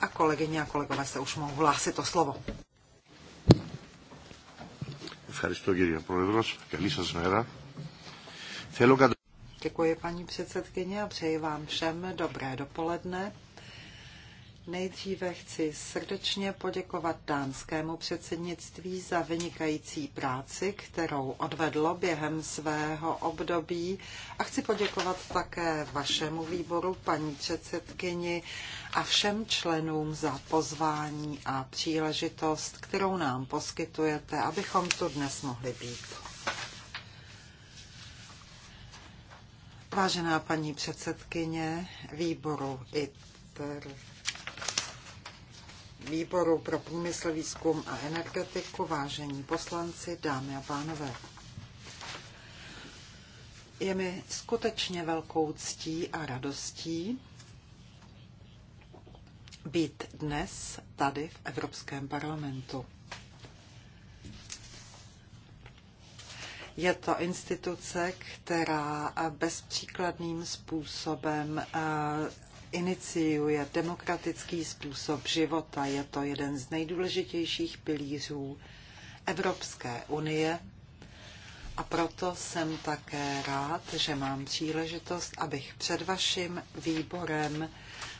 a kolegyně a kolegové se už mohou hlásit o slovo. Ευχαριστώ κύριε Πρόεδρος. Καλή σας μέρα. Θέλω Děkuji paní předsedkyně a přeji vám všem dobré dopoledne. Nejdříve chci srdečně poděkovat dánskému předsednictví za vynikající práci, kterou odvedlo během svého období a chci poděkovat také vašemu výboru, paní předsedkyni a všem členům za pozvání a příležitost, kterou nám poskytujete, abychom tu dnes mohli být. Vážená paní předsedkyně výboru ITER, výboru pro průmysl, výzkum a energetiku, vážení poslanci, dámy a pánové. Je mi skutečně velkou ctí a radostí být dnes tady v Evropském parlamentu. Je to instituce, která bezpříkladným způsobem eh, iniciuje demokratický způsob života. Je to jeden z nejdůležitějších pilířů Evropské unie. A proto jsem také rád, že mám příležitost, abych před vaším výborem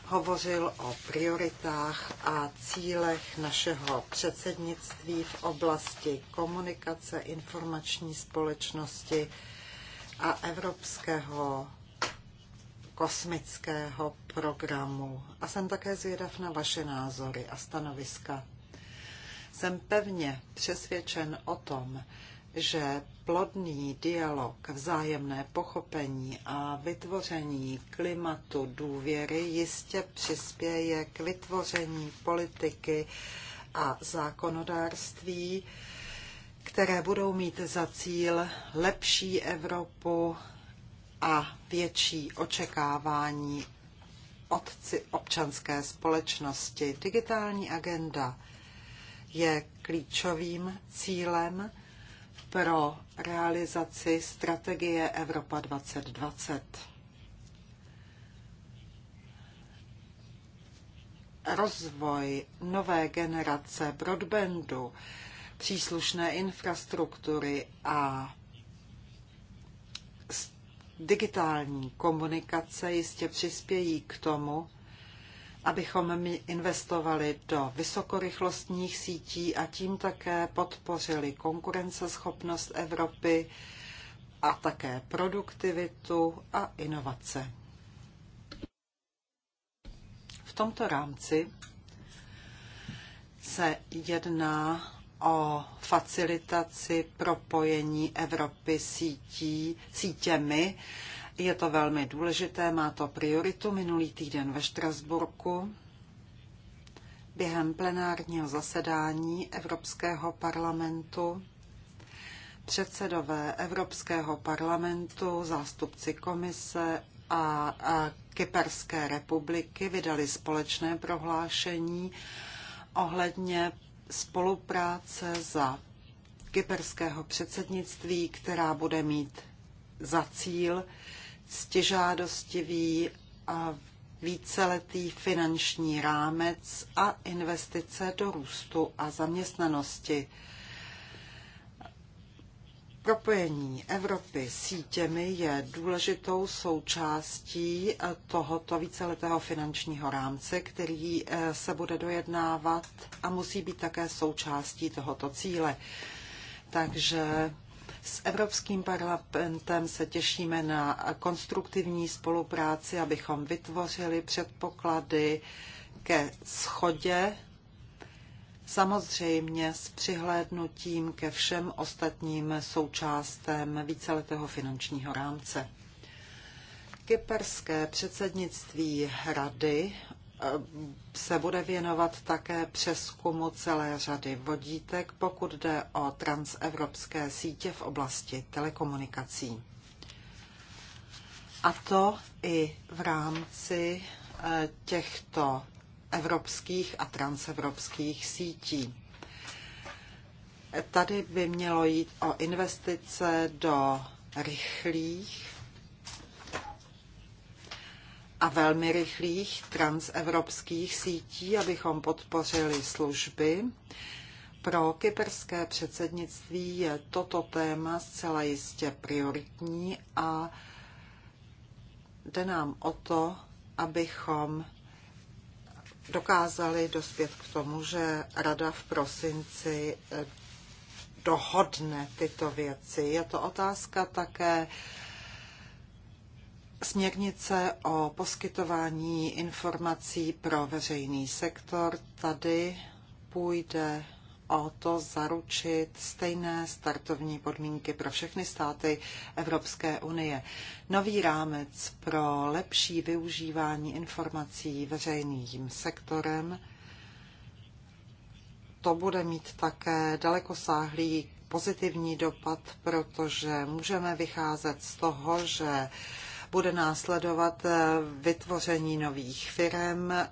hovořil o prioritách a cílech našeho předsednictví v oblasti komunikace, informační společnosti a evropského kosmického programu. A jsem také zvědav na vaše názory a stanoviska. Jsem pevně přesvědčen o tom, že plodný dialog, vzájemné pochopení a vytvoření klimatu důvěry jistě přispěje k vytvoření politiky a zákonodárství, které budou mít za cíl lepší Evropu a větší očekávání otci občanské společnosti. Digitální agenda je klíčovým cílem, pro realizaci strategie Evropa 2020. Rozvoj nové generace broadbandu, příslušné infrastruktury a digitální komunikace jistě přispějí k tomu, abychom my investovali do vysokorychlostních sítí a tím také podpořili konkurenceschopnost Evropy a také produktivitu a inovace. V tomto rámci se jedná o facilitaci propojení Evropy sítí, sítěmi, je to velmi důležité, má to prioritu. Minulý týden ve Štrasburku během plenárního zasedání Evropského parlamentu předsedové Evropského parlamentu, zástupci komise a, a Kyperské republiky vydali společné prohlášení ohledně spolupráce za kyperského předsednictví, která bude mít za cíl stěžádostivý a víceletý finanční rámec a investice do růstu a zaměstnanosti. Propojení Evropy sítěmi je důležitou součástí tohoto víceletého finančního rámce, který eh, se bude dojednávat a musí být také součástí tohoto cíle. Takže s Evropským parlamentem se těšíme na konstruktivní spolupráci, abychom vytvořili předpoklady ke schodě, samozřejmě s přihlédnutím ke všem ostatním součástem víceletého finančního rámce. Kyperské předsednictví rady Eh, se bude věnovat také přeskumu celé řady vodítek, pokud jde o transevropské sítě v oblasti telekomunikací. A to i v rámci eh, těchto evropských a transevropských sítí. Tady by mělo jít o investice do rychlých a velmi rychlých transevropských sítí, abychom podpořili služby. Pro kyperské předsednictví je toto téma zcela jistě prioritní a jde nám o to, abychom dokázali dospět k tomu, že Rada v prosinci eh, dohodne tyto věci. Je to otázka také směrnice o poskytování informací pro veřejný sektor. Tady půjde o to zaručit stejné startovní podmínky pro všechny státy Evropské unie. Nový rámec pro lepší využívání informací veřejným sektorem. To bude mít také dalekosáhlý pozitivní dopad, protože můžeme vycházet z toho, že bude následovat eh, vytvoření nových firm, eh,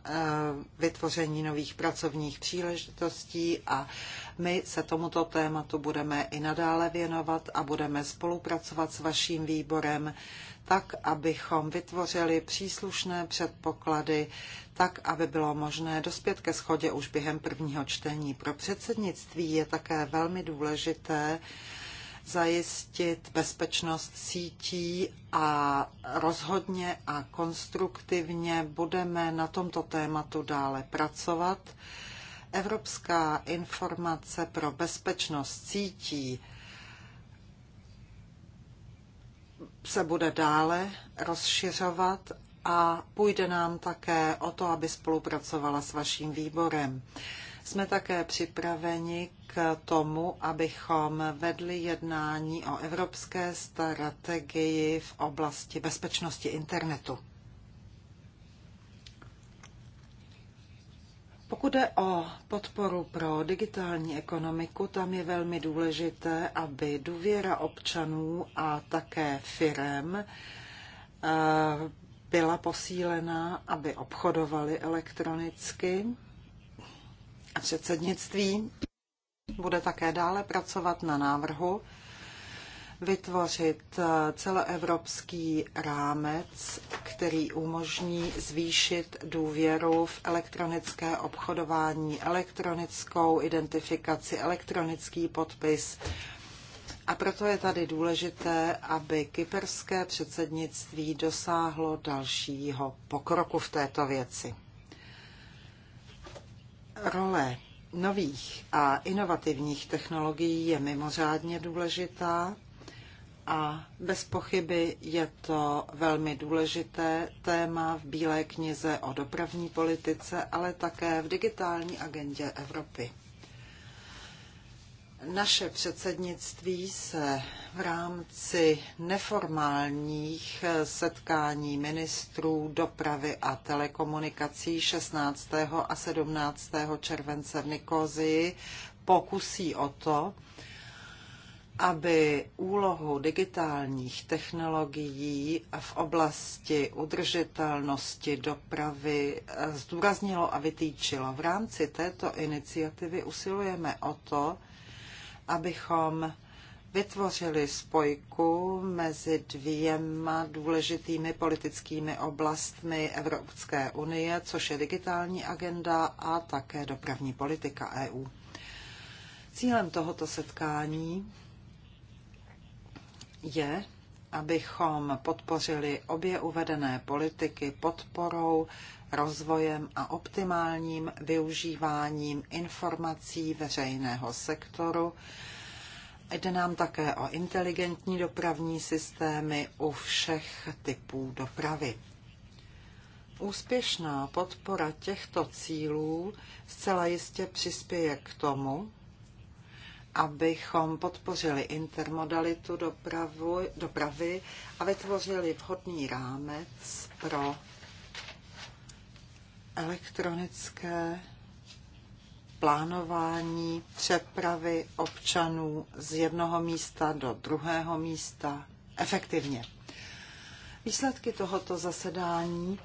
vytvoření nových pracovních příležitostí a my se tomuto tématu budeme i nadále věnovat a budeme spolupracovat s vaším výborem tak, abychom vytvořili příslušné předpoklady, tak, aby bylo možné dospět ke schodě už během prvního čtení. Pro předsednictví je také velmi důležité, zajistit bezpečnost sítí a rozhodně a konstruktivně budeme na tomto tématu dále pracovat. Evropská informace pro bezpečnost sítí se bude dále rozšiřovat a půjde nám také o to, aby spolupracovala s vaším výborem. Jsme také připraveni k tomu, abychom vedli jednání o evropské strategii v oblasti bezpečnosti internetu. Pokud jde o podporu pro digitální ekonomiku, tam je velmi důležité, aby důvěra občanů a také firem eh, byla posílena, aby obchodovali elektronicky Předsednictví bude také dále pracovat na návrhu vytvořit eh, celoevropský rámec, který umožní zvýšit důvěru v elektronické obchodování, elektronickou identifikaci, elektronický podpis. A proto je tady důležité, aby kyperské předsednictví dosáhlo dalšího pokroku v této věci role nových a inovativních technologií je mimořádně důležitá a bez pochyby je to velmi důležité téma v Bílé knize o dopravní politice, ale také v digitální agendě Evropy. Naše předsednictví se v rámci neformálních setkání ministrů dopravy a telekomunikací 16. a 17. července v Nikozii pokusí o to, aby úlohu digitálních technologií v oblasti udržitelnosti dopravy eh, zdůraznilo a vytýčilo. V rámci této iniciativy usilujeme o to, abychom vytvořili spojku mezi dvěma důležitými politickými oblastmi Evropské unie, což je digitální agenda a také dopravní politika EU. Cílem tohoto setkání je, abychom podpořili obě uvedené politiky podporou rozvojem a optimálním využíváním informací veřejného sektoru. Jde nám také o inteligentní dopravní systémy u všech typů dopravy. Úspěšná podpora těchto cílů zcela jistě přispěje k tomu, abychom podpořili intermodalitu dopravu, dopravy a vytvořili vhodný rámec pro elektronické plánování přepravy občanů z jednoho místa do druhého místa efektivně. Výsledky tohoto zasedání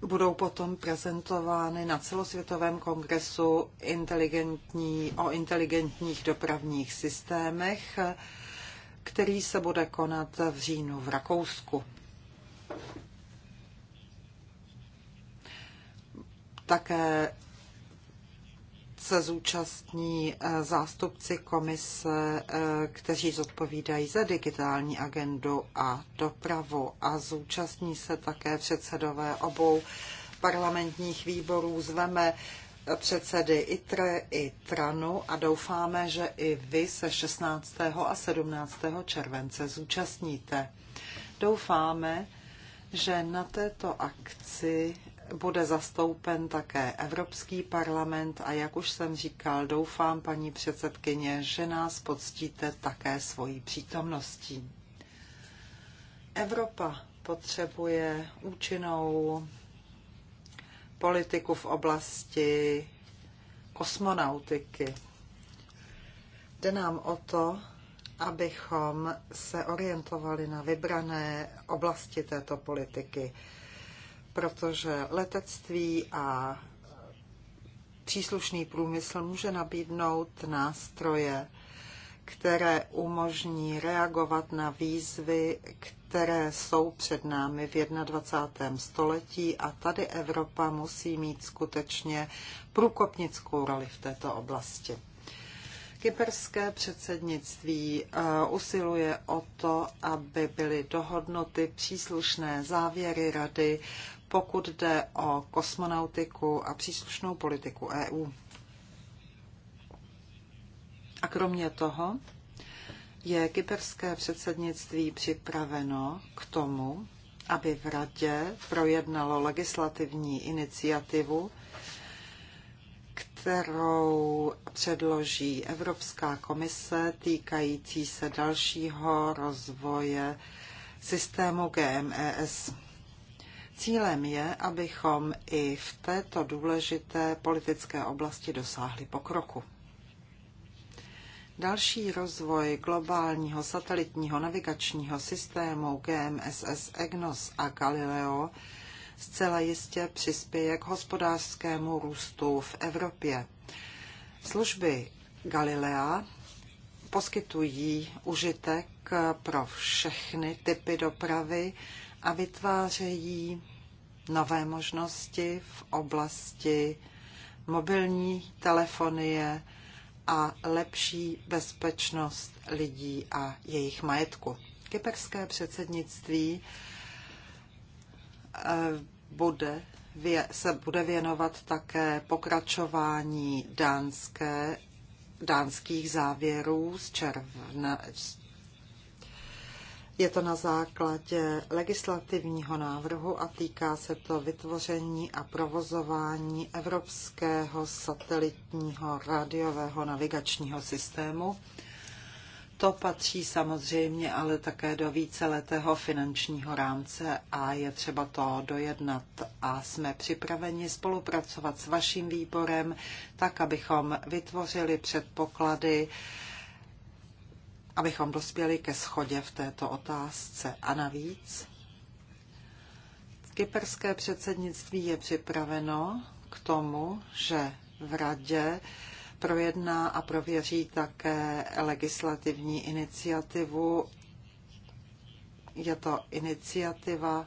budou potom prezentovány na celosvětovém kongresu inteligentní, o inteligentních dopravních systémech, který se bude konat v říjnu v Rakousku. Také se zúčastní eh, zástupci komise, eh, kteří zodpovídají za digitální agendu a dopravu a zúčastní se také předsedové obou parlamentních výborů. Zveme eh, předsedy ITRE i TRANu a doufáme, že i vy se 16. a 17. července zúčastníte. Doufáme, že na této akci bude zastoupen také Evropský parlament a jak už jsem říkal, doufám, paní předsedkyně, že nás poctíte také svojí přítomností. Evropa potřebuje účinnou politiku v oblasti kosmonautiky. Jde nám o to, abychom se orientovali na vybrané oblasti této politiky protože letectví a příslušný průmysl může nabídnout nástroje, které umožní reagovat na výzvy, které jsou před námi v 21. století a tady Evropa musí mít skutečně průkopnickou roli v této oblasti. Kyperské předsednictví eh, usiluje o to, aby byly dohodnuty příslušné závěry rady pokud jde o kosmonautiku a příslušnou politiku EU. A kromě toho je kyperské předsednictví připraveno k tomu, aby v Radě projednalo legislativní iniciativu, kterou předloží Evropská komise týkající se dalšího rozvoje systému GMES. Cílem je, abychom i v této důležité politické oblasti dosáhli pokroku. Další rozvoj globálního satelitního navigačního systému GMSS EGNOS a Galileo zcela jistě přispěje k hospodářskému růstu v Evropě. Služby Galilea poskytují užitek pro všechny typy dopravy a vytvářejí nové možnosti v oblasti mobilní telefonie a lepší bezpečnost lidí a jejich majetku. Kyperské předsednictví eh, bude, se bude věnovat také pokračování dánské, dánských závěrů z, června, z je to na základě legislativního návrhu a týká se to vytvoření a provozování Evropského satelitního rádiového navigačního systému. To patří samozřejmě ale také do víceletého finančního rámce a je třeba to dojednat. A jsme připraveni spolupracovat s vaším výborem, tak abychom vytvořili předpoklady, abychom dospěli ke schodě v této otázce. A navíc, kyperské předsednictví je připraveno k tomu, že v radě projedná a prověří také legislativní iniciativu. Je to iniciativa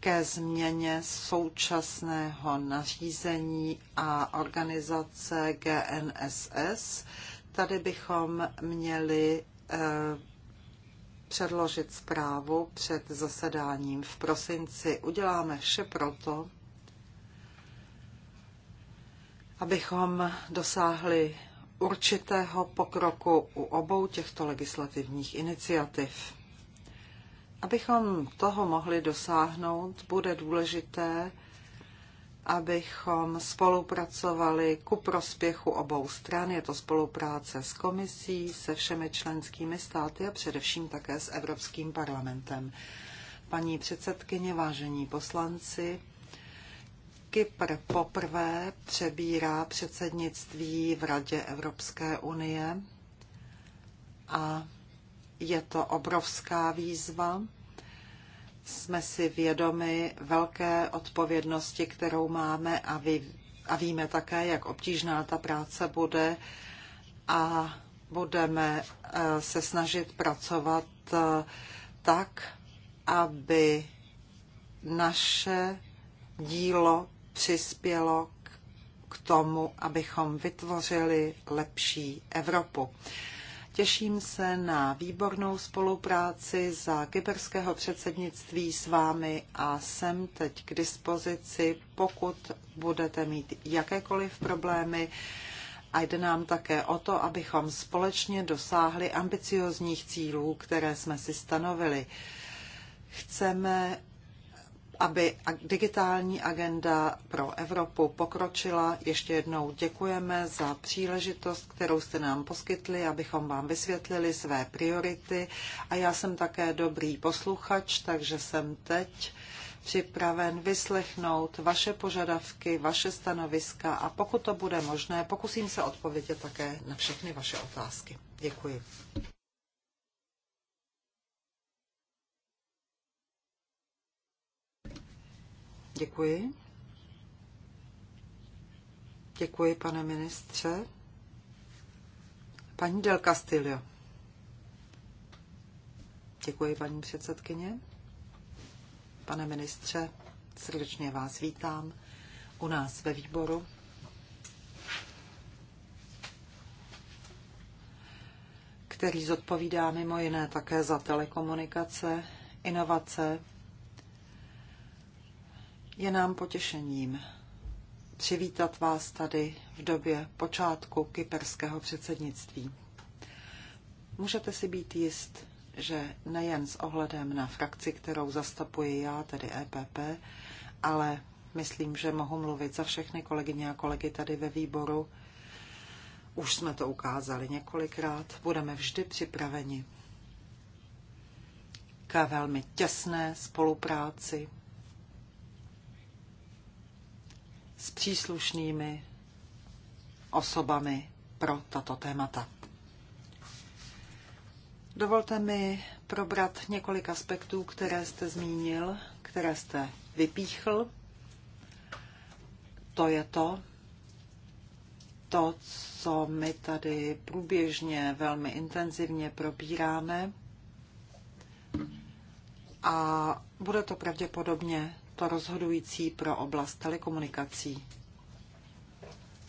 ke změně současného nařízení a organizace GNSS Tady bychom měli eh, předložit zprávu před zasedáním v prosinci. Uděláme vše proto, abychom dosáhli určitého pokroku u obou těchto legislativních iniciativ. Abychom toho mohli dosáhnout, bude důležité abychom spolupracovali ku prospěchu obou stran. Je to spolupráce s komisí, se všemi členskými státy a především také s Evropským parlamentem. Paní předsedkyně, vážení poslanci, Kypr poprvé přebírá předsednictví v Radě Evropské unie a je to obrovská výzva jsme si vědomi velké odpovědnosti, kterou máme a, a víme také, jak obtížná ta práce bude a budeme eh, se snažit pracovat eh, tak, aby naše dílo přispělo k tomu, abychom vytvořili lepší Evropu. Těším se na výbornou spolupráci za kyperského předsednictví s vámi a jsem teď k dispozici, pokud budete mít jakékoliv problémy. A jde nám také o to, abychom společně dosáhli ambiciozních cílů, které jsme si stanovili. Chceme aby digitální agenda pro Evropu pokročila. Ještě jednou děkujeme za příležitost, kterou jste nám poskytli, abychom vám vysvětlili své priority. A já jsem také dobrý posluchač, takže jsem teď připraven vyslechnout vaše požadavky, vaše stanoviska a pokud to bude možné, pokusím se odpovědět také na všechny vaše otázky. Děkuji. Děkuji. Děkuji, pane ministře. Paní Del Castillo. Děkuji, paní předsedkyně. Pane ministře, srdečně vás vítám u nás ve výboru. který zodpovídá mimo jiné také za telekomunikace, inovace, je nám potěšením přivítat vás tady v době počátku kyperského předsednictví. Můžete si být jist, že nejen s ohledem na frakci, kterou zastupuji já, tedy EPP, ale myslím, že mohu mluvit za všechny kolegyně a kolegy tady ve výboru. Už jsme to ukázali několikrát, budeme vždy připraveni k velmi těsné spolupráci s příslušnými osobami pro tato témata. Dovolte mi probrat několik aspektů, které jste zmínil, které jste vypíchl. To je to, to, co my tady průběžně velmi intenzivně probíráme. A bude to pravděpodobně to rozhodující pro oblast telekomunikací.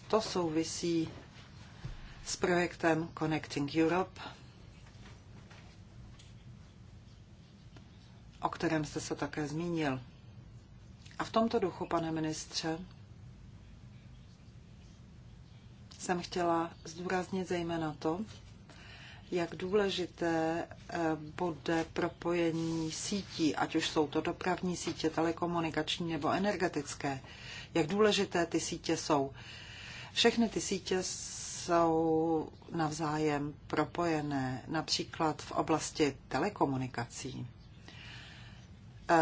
To souvisí s projektem Connecting Europe, o kterém jste se také zmínil. A v tomto duchu, pane ministře, jsem chtěla zdůraznit zejména to, jak důležité eh, bude propojení sítí, ať už jsou to dopravní sítě, telekomunikační nebo energetické, jak důležité ty sítě jsou. Všechny ty sítě jsou navzájem propojené, například v oblasti telekomunikací. Eh,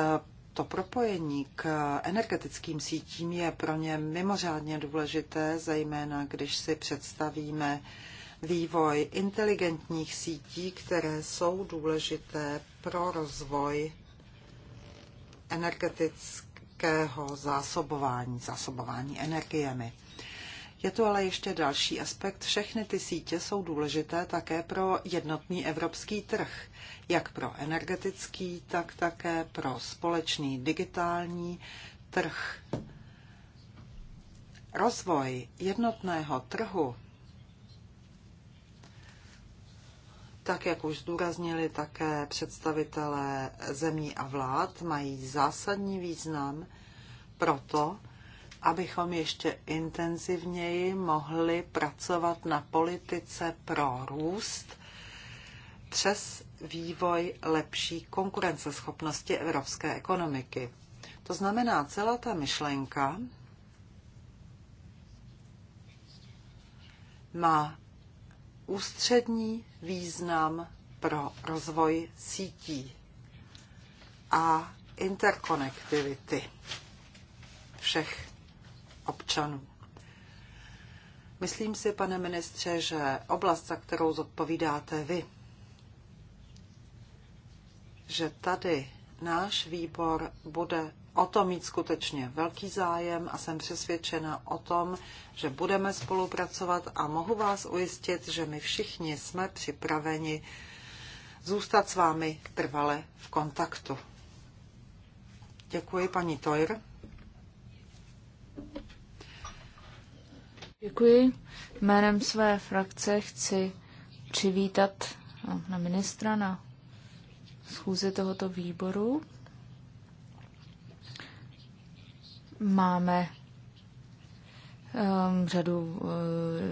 to propojení k energetickým sítím je pro ně mimořádně důležité, zejména když si představíme, vývoj inteligentních sítí, které jsou důležité pro rozvoj energetického zásobování, zásobování energiemi. Je tu ale ještě další aspekt. Všechny ty sítě jsou důležité také pro jednotný evropský trh, jak pro energetický, tak také pro společný digitální trh. Rozvoj jednotného trhu Tak, jak už zdůraznili také představitelé zemí a vlád, mají zásadní význam proto, abychom ještě intenzivněji mohli pracovat na politice pro růst přes vývoj lepší konkurenceschopnosti evropské ekonomiky. To znamená, celá ta myšlenka má ústřední význam pro rozvoj sítí a interkonektivity všech občanů. Myslím si, pane ministře, že oblast, za kterou zodpovídáte vy, že tady náš výbor bude o to mít skutečně velký zájem a jsem přesvědčena o tom, že budeme spolupracovat a mohu vás ujistit, že my všichni jsme připraveni zůstat s vámi trvale v kontaktu. Děkuji, paní Toir. Děkuji. Jménem své frakce chci přivítat na ministra na schůzi tohoto výboru. Máme um, řadu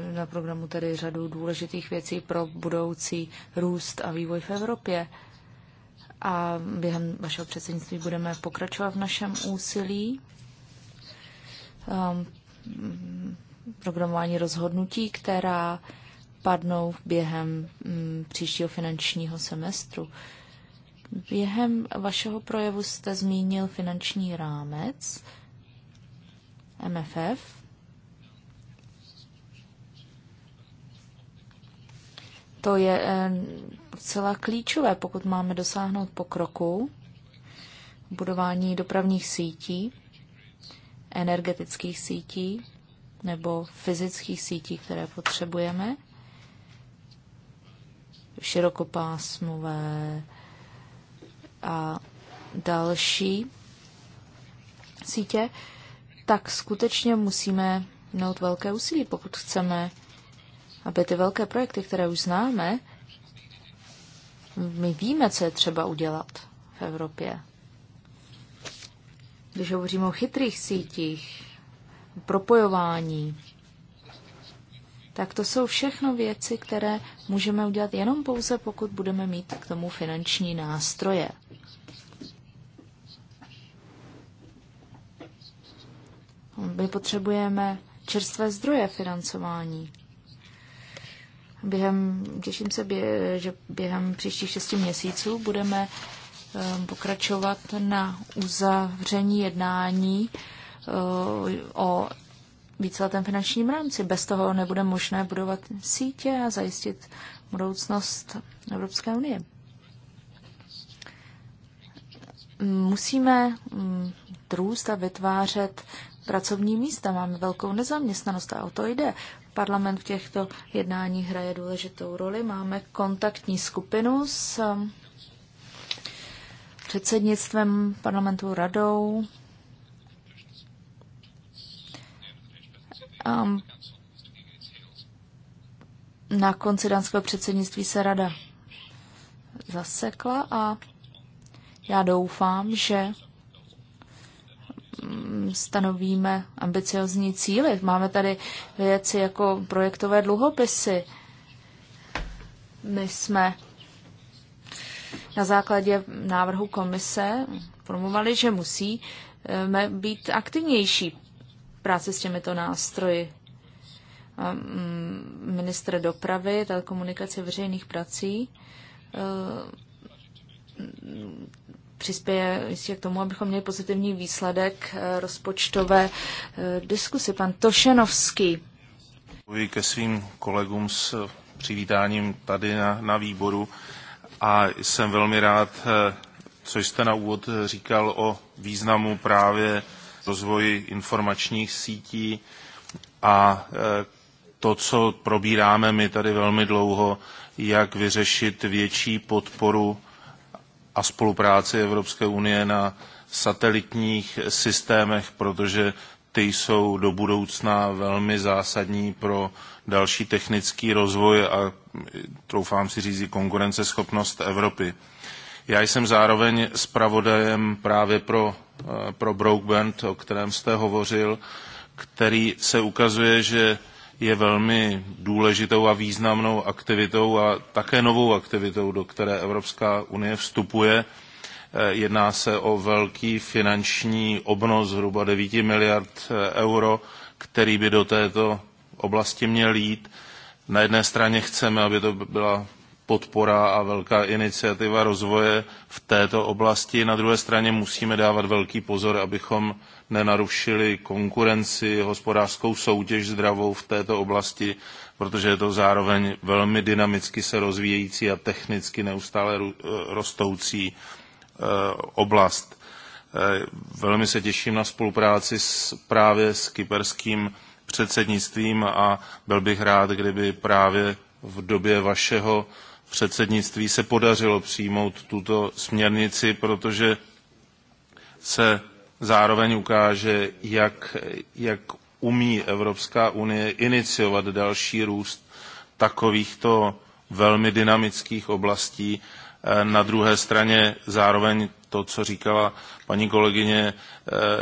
eh, na programu tedy řadu důležitých věcí pro budoucí růst a vývoj v Evropě. A během vašeho předsednictví budeme pokračovat v našem úsilí. Um, programování rozhodnutí, která padnou během um, příštího finančního semestru. Během vašeho projevu jste zmínil finanční rámec. Uh, MFF. To je eh, celá klíčové, pokud máme dosáhnout pokroku budování dopravních sítí, energetických sítí nebo fyzických sítí, které potřebujeme, širokopásmové a další sítě tak skutečně musíme mnout velké úsilí, pokud chceme, aby ty velké projekty, které už známe, my víme, co je třeba udělat v Evropě. Když hovoříme o chytrých sítích, propojování, tak to jsou všechno věci, které můžeme udělat jenom pouze, pokud budeme mít k tomu finanční nástroje. My potřebujeme čerstvé zdroje financování. Během, těším se, bě, že během příštích šesti měsíců budeme um, pokračovat na uzavření jednání uh, o víceletém finančním rámci. Bez toho nebude možné budovat sítě a zajistit budoucnost Evropské unie. Musíme um, růst a vytvářet pracovní místa, máme velkou nezaměstnanost a o to jde. Parlament v těchto jednáních hraje důležitou roli. Máme kontaktní skupinu s um, předsednictvem parlamentu radou. A um, na konci dánského předsednictví se rada zasekla a já doufám, že Mm, stanovíme ambiciozní cíly. Máme tady věci jako projektové dluhopisy. My jsme na základě návrhu komise formovali, že musíme být aktivnější práci s těmito nástroji. Mm, ministr dopravy, telekomunikace veřejných prací eh, přispěje jistě k tomu, abychom měli pozitivní výsledek eh, rozpočtové eh, diskusy. Pan Tošenovský. Děkuji ke svým kolegům s přivítáním tady na, na výboru a jsem velmi rád, eh, co jste na úvod říkal o významu právě rozvoji informačních sítí a to, co probíráme my tady velmi dlouho, jak vyřešit větší podporu a spolupráci Evropské unie na satelitních systémech, protože ty jsou do budoucna velmi zásadní pro další technický rozvoj a troufám si říct konkurenceschopnost Evropy. Já jsem zároveň zpravodajem právě pro, eh, pro broadband, o kterém jste hovořil, který se ukazuje, že je velmi důležitou a významnou aktivitou a také novou aktivitou, do které Evropská unie vstupuje. Eh, jedná se o velký finanční obnos zhruba 9 miliard eh, euro, který by do této oblasti měl jít. Na jedné straně chceme, aby to byla podpora a velká iniciativa rozvoje v této oblasti. Na druhé straně musíme dávat velký pozor, abychom nenarušili konkurenci, hospodářskou soutěž zdravou v této oblasti, protože je to zároveň velmi dynamicky se rozvíjející a technicky neustále eh, rostoucí eh, oblast. Eh, velmi se těším na spolupráci s, právě s kyperským předsednictvím a byl bych rád, kdyby právě v době vašeho předsednictví se podařilo přijmout tuto směrnici, protože se zároveň ukáže, jak, jak umí Evropská unie iniciovat další růst takovýchto velmi dynamických oblastí. E, na druhé straně zároveň to, co říkala paní kolegyně, e,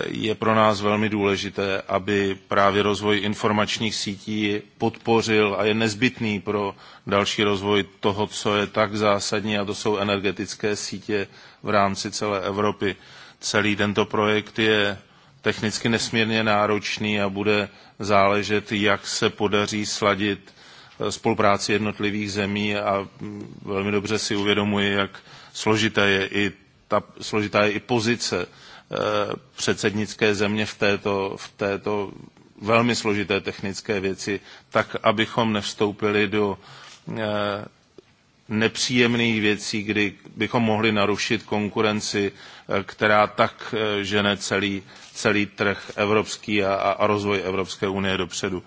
je pro nás velmi důležité, aby právě rozvoj informačních sítí podpořil a je nezbytný pro další rozvoj toho, co je tak zásadní, a to jsou energetické sítě v rámci celé Evropy. Celý tento projekt je technicky nesmírně náročný a bude záležet, jak se podaří sladit eh, spolupráci jednotlivých zemí a mm, velmi dobře si uvědomuji, jak složitá je i ta, složitá je i pozice eh, předsednické země v této, v této velmi složité technické věci, tak abychom nevstoupili do eh, nepříjemných věcí, kdy bychom mohli narušit konkurenci, eh, která tak eh, žene celý, celý trh evropský a, a rozvoj Evropské unie dopředu.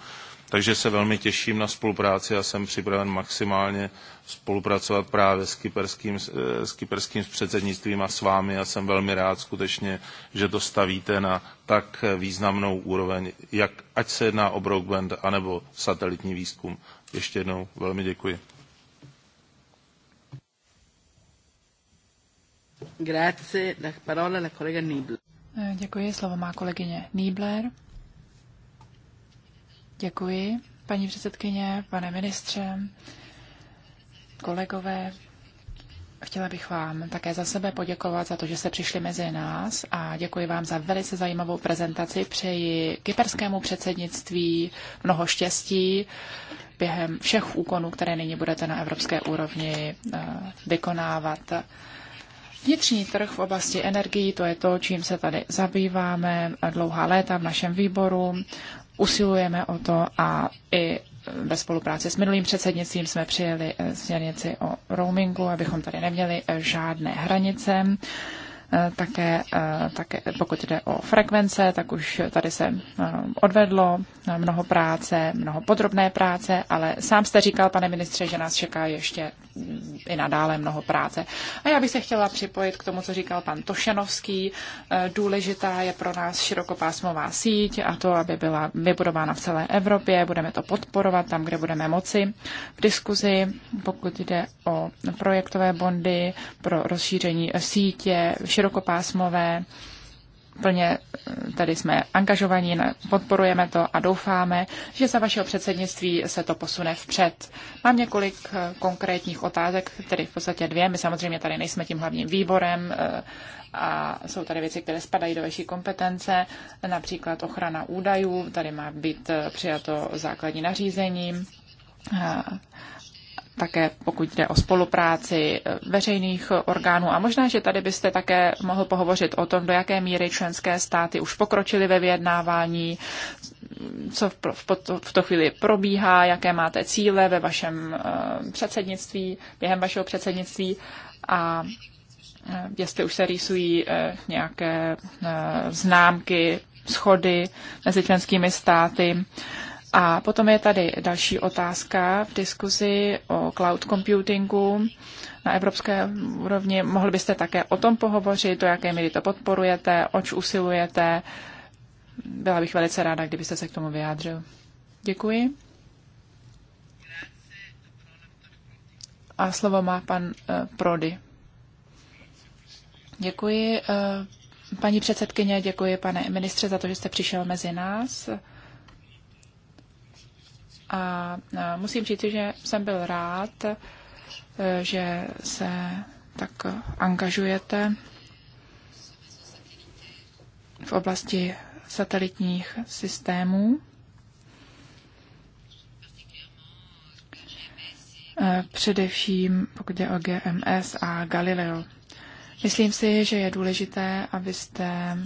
Takže se velmi těším na spolupráci a jsem připraven maximálně spolupracovat právě s kyperským, s eh, kyperským předsednictvím a s vámi a jsem velmi rád skutečně, že to stavíte na tak významnou úroveň, jak ať se jedná o broadband anebo satelitní výzkum. Ještě jednou velmi děkuji. Grazie. La parola la Nibler. Eh, děkuji, slovo má kolegyně Nibler. Děkuji, paní předsedkyně, pane ministře, kolegové. Chtěla bych vám také za sebe poděkovat za to, že jste přišli mezi nás a děkuji vám za velice zajímavou prezentaci. Přeji kyperskému předsednictví mnoho štěstí během všech úkonů, které nyní budete na evropské úrovni eh, vykonávat. Vnitřní trh v oblasti energií, to je to, čím se tady zabýváme dlouhá léta v našem výboru. Usilujeme o to a i ve spolupráci s minulým předsednictvím jsme přijeli eh, směrnici o roamingu, abychom tady neměli eh, žádné hranice. Eh, také, také pokud jde o frekvence, tak už tady se odvedlo mnoho práce, mnoho podrobné práce, ale sám jste říkal, pane ministře, že nás čeká ještě i nadále mnoho práce. A já bych se chtěla připojit k tomu, co říkal pan Tošanovský. E, důležitá je pro nás širokopásmová síť a to, aby byla vybudována v celé Evropě. Budeme to podporovat tam, kde budeme moci. V diskuzi, pokud jde o projektové bondy pro rozšíření sítě širokopásmové, plně tady jsme angažovaní, podporujeme to a doufáme, že za vašeho předsednictví se to posune vpřed. Mám několik eh, konkrétních otázek, tedy v podstatě dvě. My samozřejmě tady nejsme tím hlavním výborem eh, a jsou tady věci, které spadají do vaší kompetence, například ochrana údajů, tady má být eh, přijato základní nařízení také pokud jde o spolupráci eh, veřejných orgánů. A možná, že tady byste také mohl pohovořit o tom, do jaké míry členské státy už pokročily ve vyjednávání, co v, v, v to chvíli probíhá, jaké máte cíle ve vašem eh, předsednictví, během vašeho předsednictví a eh, jestli už se rýsují nějaké známky, schody mezi členskými státy. A potom je tady další otázka v diskuzi o cloud computingu na evropské úrovni. Mohli byste také o tom pohovořit, do jaké míry to podporujete, oč usilujete. Byla bych velice ráda, kdybyste se k tomu vyjádřil. Děkuji. A slovo má pan uh, Prody. Děkuji, uh, paní předsedkyně, děkuji, pane ministře, za to, že jste přišel mezi nás. A musím říct, že jsem byl rád, e, že se tak angažujete v oblasti satelitních systémů. E, především pokud je o GMS a Galileo. Myslím si, že je důležité, abyste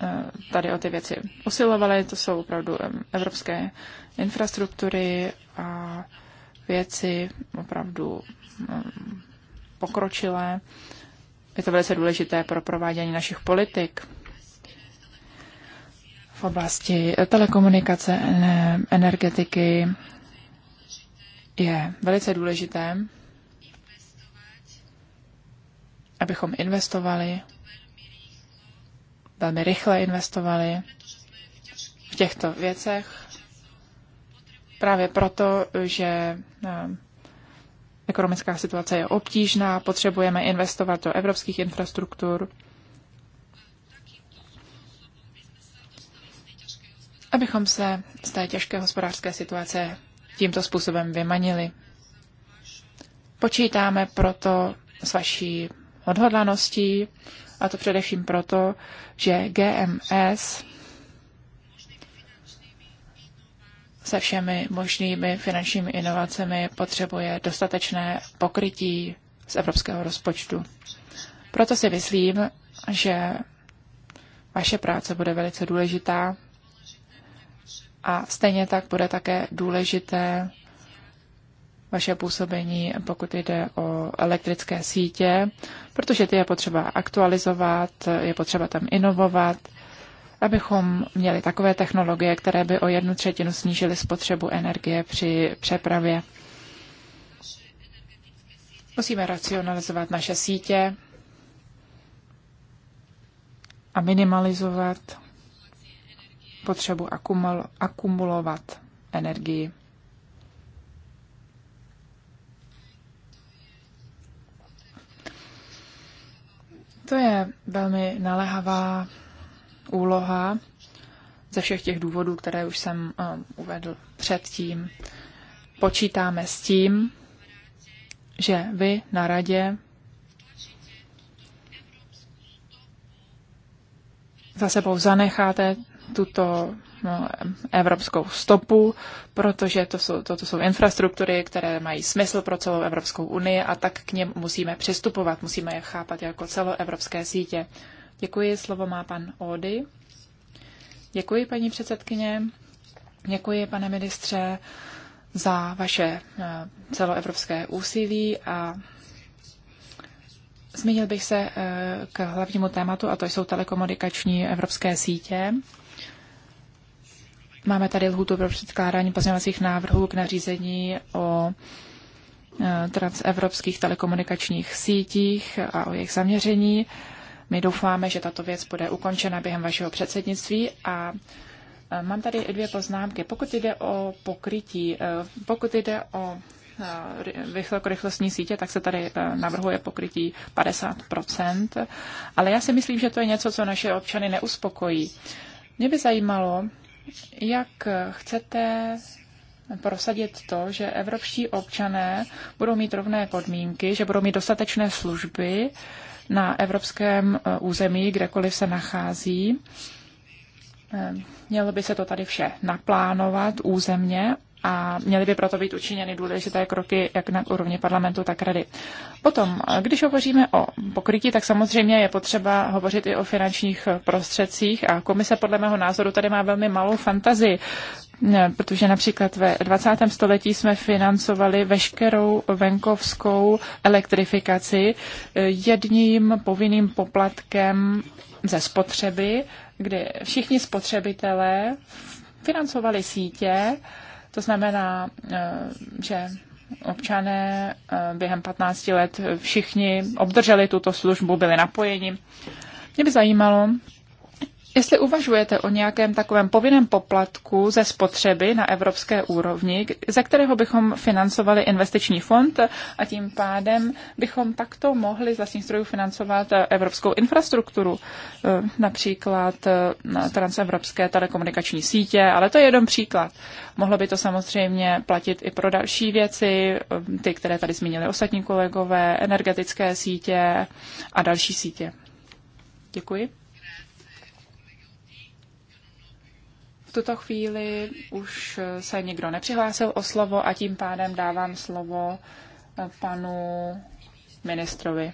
Eh, tady o ty věci usilovali. To jsou opravdu evropské infrastruktury a věci opravdu mm, pokročilé. Je to velice důležité pro provádění našich politik v oblasti telekomunikace, energetiky. Je velice důležité, abychom investovali velmi rychle investovali v těchto věcech. Právě proto, že eh, ekonomická situace je obtížná, potřebujeme investovat do evropských infrastruktur, abychom se z té těžké hospodářské situace tímto způsobem vymanili. Počítáme proto s vaší odhodlaností a to především proto, že GMS se všemi možnými finančními inovacemi potřebuje dostatečné pokrytí z evropského rozpočtu. Proto si myslím, že vaše práce bude velice důležitá a stejně tak bude také důležité vaše působení, pokud jde o elektrické sítě, protože ty je potřeba aktualizovat, je potřeba tam inovovat, abychom měli takové technologie, které by o jednu třetinu snížily spotřebu energie při přepravě. Musíme racionalizovat naše sítě a minimalizovat potřebu akumulovat energii. To je velmi naléhavá úloha ze všech těch důvodů, které už jsem um, uvedl předtím. Počítáme s tím, že vy na radě za sebou zanecháte tuto No, evropskou stopu, protože to jsou, to, to jsou infrastruktury, které mají smysl pro celou Evropskou unii a tak k něm musíme přistupovat, musíme je chápat jako celoevropské sítě. Děkuji, slovo má pan Ody. Děkuji, paní předsedkyně. Děkuji, pane ministře, za vaše eh, celoevropské úsilí a Zmínil bych se eh, k hlavnímu tématu, a to jsou telekomunikační evropské sítě. Máme tady lhůtu pro předkládání pozměňovacích návrhů k nařízení o e, transevropských telekomunikačních sítích a o jejich zaměření. My doufáme, že tato věc bude ukončena během vašeho předsednictví a e, mám tady dvě poznámky. Pokud jde o pokrytí, e, pokud jde o vysokorychlostní sítě, tak se tady navrhuje pokrytí 50%, ale já si myslím, že to je něco, co naše občany neuspokojí. Mě by zajímalo, jak chcete prosadit to, že evropští občané budou mít rovné podmínky, že budou mít dostatečné služby na evropském eh, území, kdekoliv se nachází. Eh, mělo by se to tady vše naplánovat územně a měly by proto být učiněny důležité kroky jak na úrovni parlamentu, tak rady. Potom, když hovoříme o pokrytí, tak samozřejmě je potřeba hovořit i o finančních prostředcích a komise podle mého názoru tady má velmi malou fantazii, protože například ve 20. století jsme financovali veškerou venkovskou elektrifikaci eh, jedním povinným poplatkem ze spotřeby, kdy všichni spotřebitelé financovali sítě, to znamená, eh, že občané eh, během 15 let všichni obdrželi tuto službu, byli napojeni. Mě by zajímalo, Jestli uvažujete o nějakém takovém povinném poplatku ze spotřeby na evropské úrovni, ze kterého bychom financovali investiční fond a tím pádem bychom takto mohli z vlastních strojů financovat evropskou infrastrukturu, eh, například eh, na transevropské telekomunikační sítě, ale to je jeden příklad. Mohlo by to samozřejmě platit i pro další věci, eh, ty, které tady zmínili ostatní kolegové, energetické sítě a další sítě. Děkuji. tuto chvíli už se nikdo nepřihlásil o slovo a tím pádem dávám slovo eh, panu ministrovi.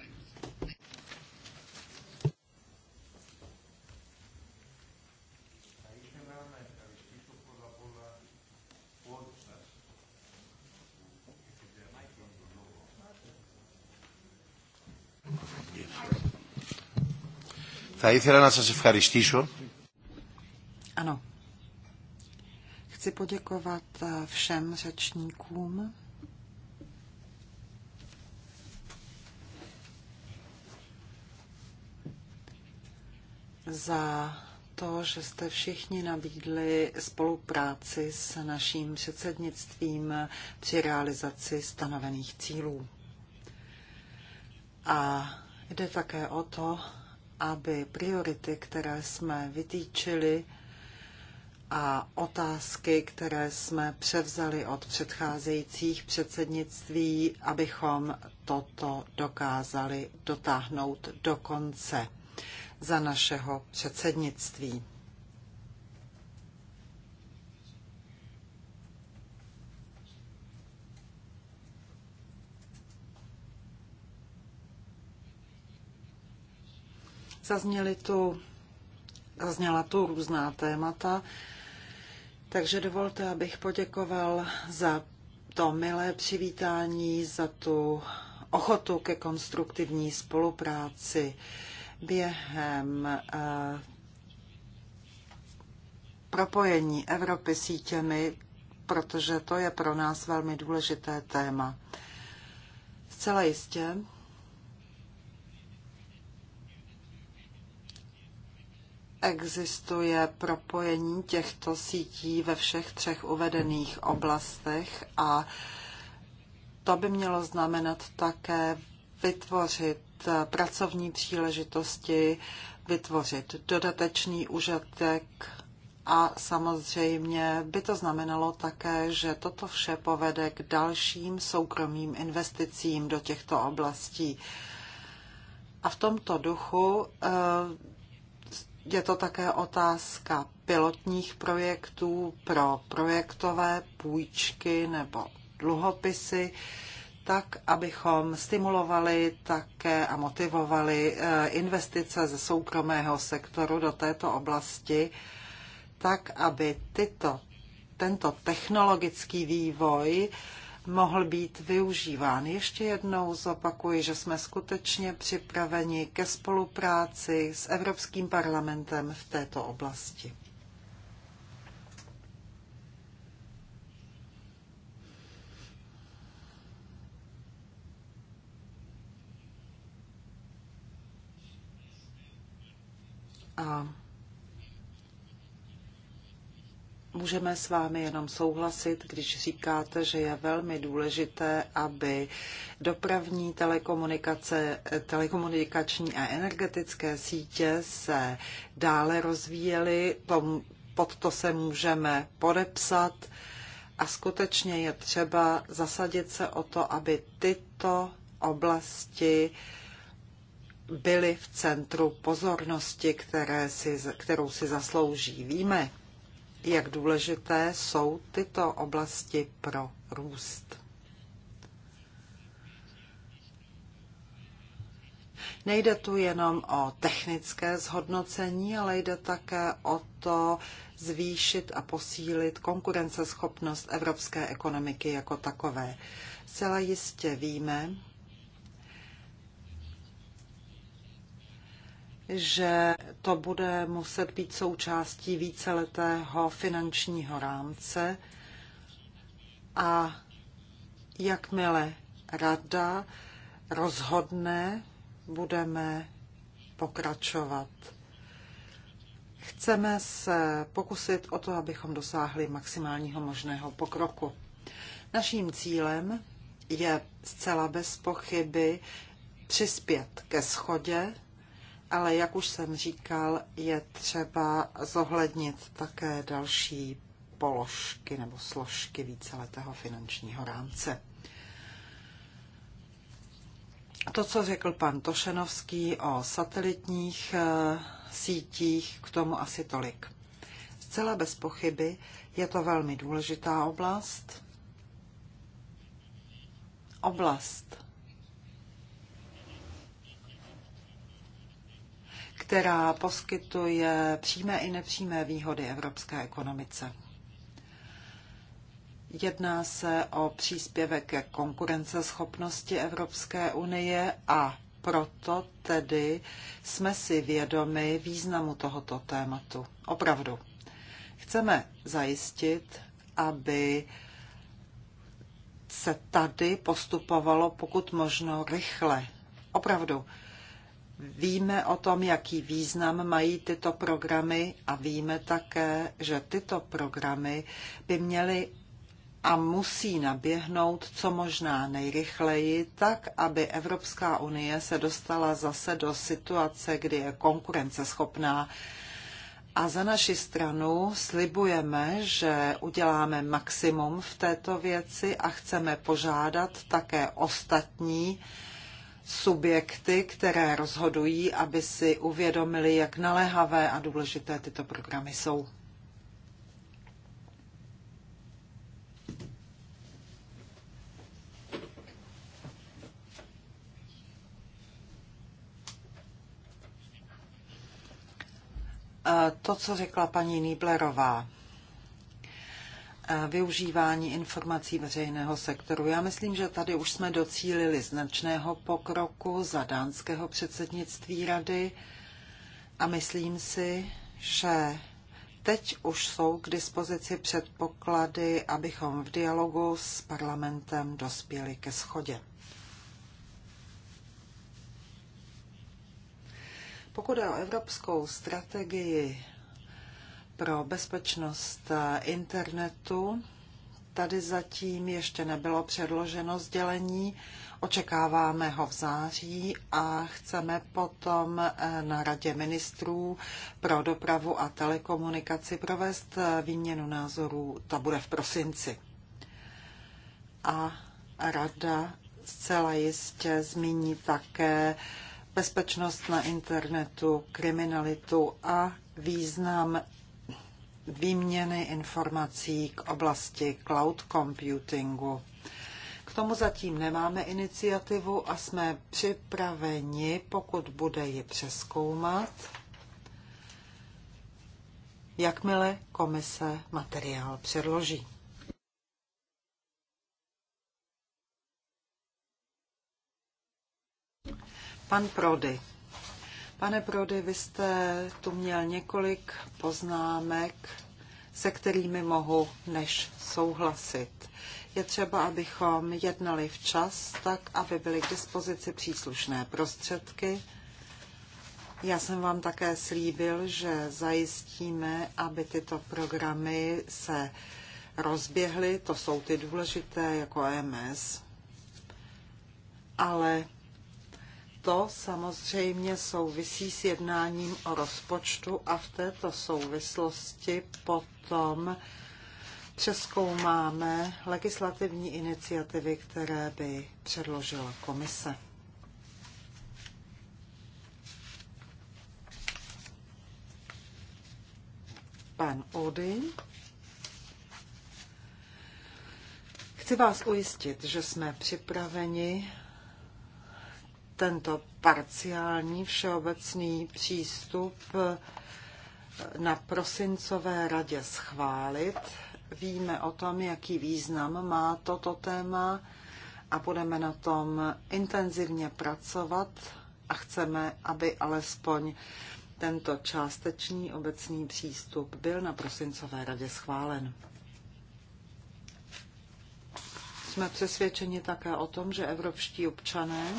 Θα ήθελα να σας ευχαριστήσω. Ano, Chci poděkovat eh, všem řečníkům. za to, že jste všichni nabídli spolupráci s naším předsednictvím při realizaci stanovených cílů. A jde také o to, aby priority, které jsme vytýčili, a otázky, které jsme převzali od předcházejících předsednictví, abychom toto dokázali dotáhnout do konce za našeho předsednictví. Zazněly tu, zazněla tu různá témata. Takže dovolte, abych poděkoval za to milé přivítání, za tu ochotu ke konstruktivní spolupráci během eh, propojení Evropy sítěmi, protože to je pro nás velmi důležité téma. Zcela jistě Existuje propojení těchto sítí ve všech třech uvedených oblastech a to by mělo znamenat také vytvořit pracovní příležitosti, vytvořit dodatečný užitek a samozřejmě by to znamenalo také, že toto vše povede k dalším soukromým investicím do těchto oblastí. A v tomto duchu eh, je to také otázka pilotních projektů pro projektové půjčky nebo dluhopisy, tak, abychom stimulovali také a motivovali eh, investice ze soukromého sektoru do této oblasti, tak, aby tyto, tento technologický vývoj mohl být využíván. Ještě jednou zopakuji, že jsme skutečně připraveni ke spolupráci s Evropským parlamentem v této oblasti. A můžeme s vámi jenom souhlasit, když říkáte, že je velmi důležité, aby dopravní telekomunikace, telekomunikační a energetické sítě se dále rozvíjely. Pod to se můžeme podepsat a skutečně je třeba zasadit se o to, aby tyto oblasti byly v centru pozornosti, které si, kterou si zaslouží. Víme, jak důležité jsou tyto oblasti pro růst. Nejde tu jenom o technické zhodnocení, ale jde také o to zvýšit a posílit konkurenceschopnost evropské ekonomiky jako takové. Zcela jistě víme, že to bude muset být součástí víceletého finančního rámce a jakmile rada rozhodne, budeme pokračovat. Chceme se pokusit o to, abychom dosáhli maximálního možného pokroku. Naším cílem je zcela bez pochyby přispět ke schodě ale jak už jsem říkal, je třeba zohlednit také další položky nebo složky víceletého finančního rámce. To, co řekl pan Tošenovský o satelitních eh, sítích, k tomu asi tolik. Zcela bez pochyby je to velmi důležitá oblast. Oblast která poskytuje přímé i nepřímé výhody evropské ekonomice. Jedná se o příspěvek ke konkurenceschopnosti Evropské unie a proto tedy jsme si vědomi významu tohoto tématu. Opravdu. Chceme zajistit, aby se tady postupovalo pokud možno rychle. Opravdu. Víme o tom, jaký význam mají tyto programy a víme také, že tyto programy by měly a musí naběhnout co možná nejrychleji, tak aby Evropská unie se dostala zase do situace, kdy je konkurenceschopná. A za naši stranu slibujeme, že uděláme maximum v této věci a chceme požádat také ostatní, subjekty, které rozhodují, aby si uvědomili, jak naléhavé a důležité tyto programy jsou. To, co řekla paní Nýblerová, Eh, využívání informací veřejného sektoru. Já myslím, že tady už jsme docílili značného pokroku za dánského předsednictví rady a myslím si, že teď už jsou k dispozici předpoklady, abychom v dialogu s parlamentem dospěli ke schodě. Pokud je o evropskou strategii pro bezpečnost eh, internetu. Tady zatím ještě nebylo předloženo sdělení, očekáváme ho v září a chceme potom eh, na Radě ministrů pro dopravu a telekomunikaci provést eh, výměnu názorů. Ta bude v prosinci. A Rada zcela jistě zmíní také bezpečnost na internetu, kriminalitu a význam výměny informací k oblasti cloud computingu. K tomu zatím nemáme iniciativu a jsme připraveni, pokud bude ji přeskoumat, jakmile komise materiál předloží. Pan Prody. Pane Brody, vy jste tu měl několik poznámek, se kterými mohu než souhlasit. Je třeba, abychom jednali včas, tak aby byly k dispozici příslušné prostředky. Já jsem vám také slíbil, že zajistíme, aby tyto programy se rozběhly, to jsou ty důležité jako EMS, ale to samozřejmě souvisí s jednáním o rozpočtu a v této souvislosti potom přeskoumáme legislativní iniciativy, které by předložila komise. Pan Odin. Chci vás ujistit, že jsme připraveni tento parciální všeobecný přístup eh, na prosincové radě schválit. Víme o tom, jaký význam má toto téma a budeme na tom intenzivně pracovat a chceme, aby alespoň tento částečný obecný přístup byl na prosincové radě schválen. Jsme přesvědčeni také o tom, že evropští občané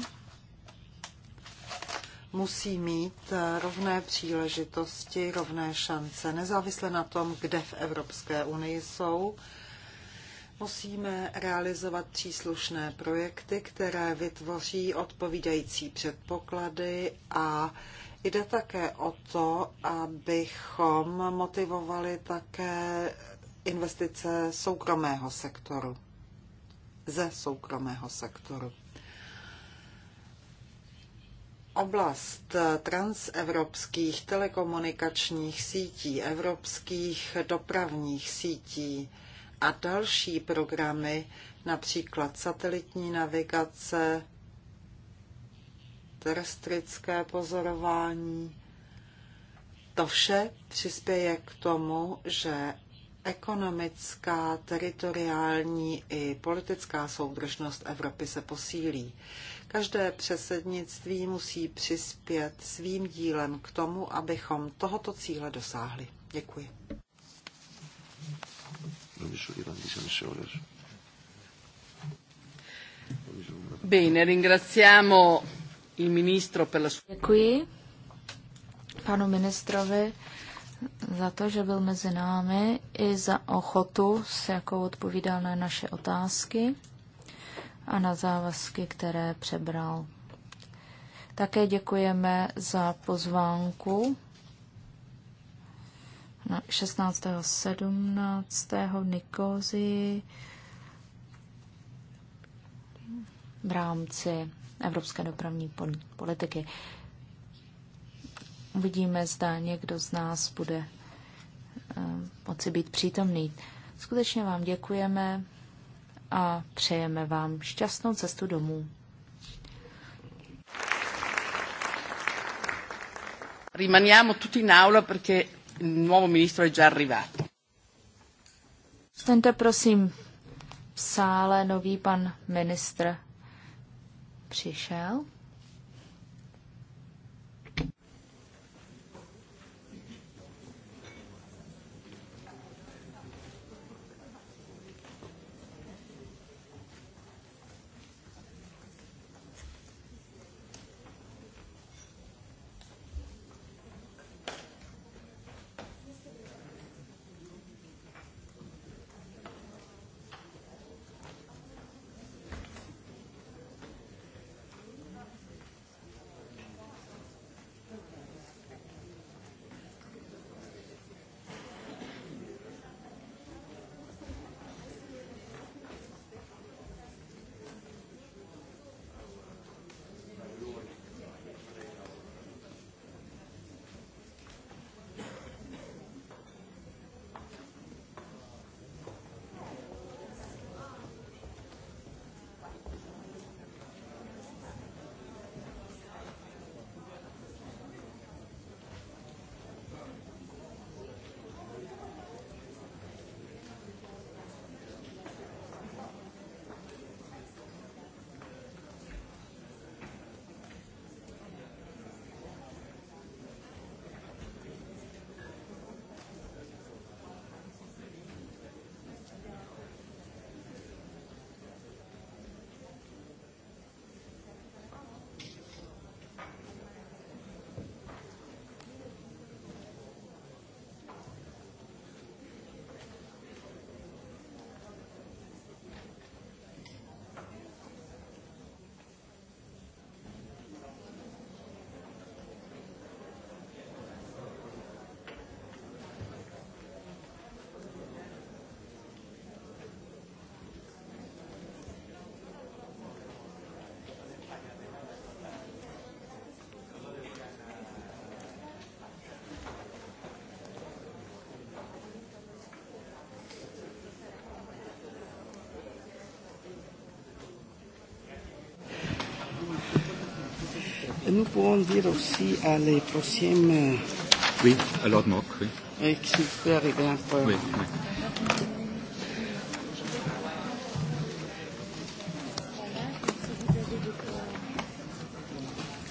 musí mít eh, rovné příležitosti, rovné šance, nezávisle na tom, kde v Evropské unii jsou. Musíme realizovat příslušné projekty, které vytvoří odpovídající předpoklady a jde také o to, abychom motivovali také investice soukromého sektoru, ze soukromého sektoru. Oblast transevropských telekomunikačních sítí, evropských dopravních sítí a další programy, například satelitní navigace, terestrické pozorování. To vše přispěje k tomu, že ekonomická, teritoriální i politická soudržnost Evropy se posílí. Každé předsednictví musí přispět svým dílem k tomu, abychom tohoto cíle dosáhli. Děkuji. Bene, il ministro per la Děkuji panu ministrovi za to, že byl mezi námi i za ochotu, s jakou odpovídal na naše otázky a na závazky, které přebral. Také děkujeme za pozvánku na 16. 17. Nikozi v rámci evropské dopravní politiky. Uvidíme, zda někdo z nás bude eh, moci být přítomný. Skutečně vám děkujeme a přejeme vám šťastnou cestu domů. Rimaniamo tutti in aula perché il nuovo ministro è già arrivato. Stente prosím v sále, nový pan ministr přišel. nous pouvons dire aussi à les prochaines. Euh, oui, à l'ordre Mock, oui. Et euh, s'il peut arriver un peu. Oui, oui.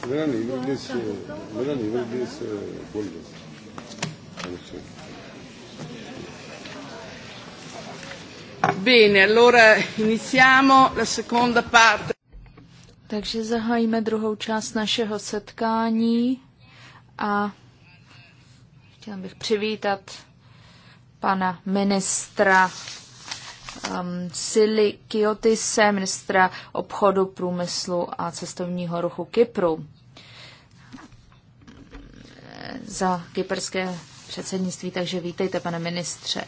Melanie, you will miss, uh, Melanie, you will euh, Bene, allora iniziamo la seconda parte. Takže zahájíme druhou část našeho setkání a chtěla bych přivítat pana ministra um, Sili Kiotise, ministra obchodu, průmyslu a cestovního ruchu Kypru za kyperské předsednictví, takže vítejte, pane ministře.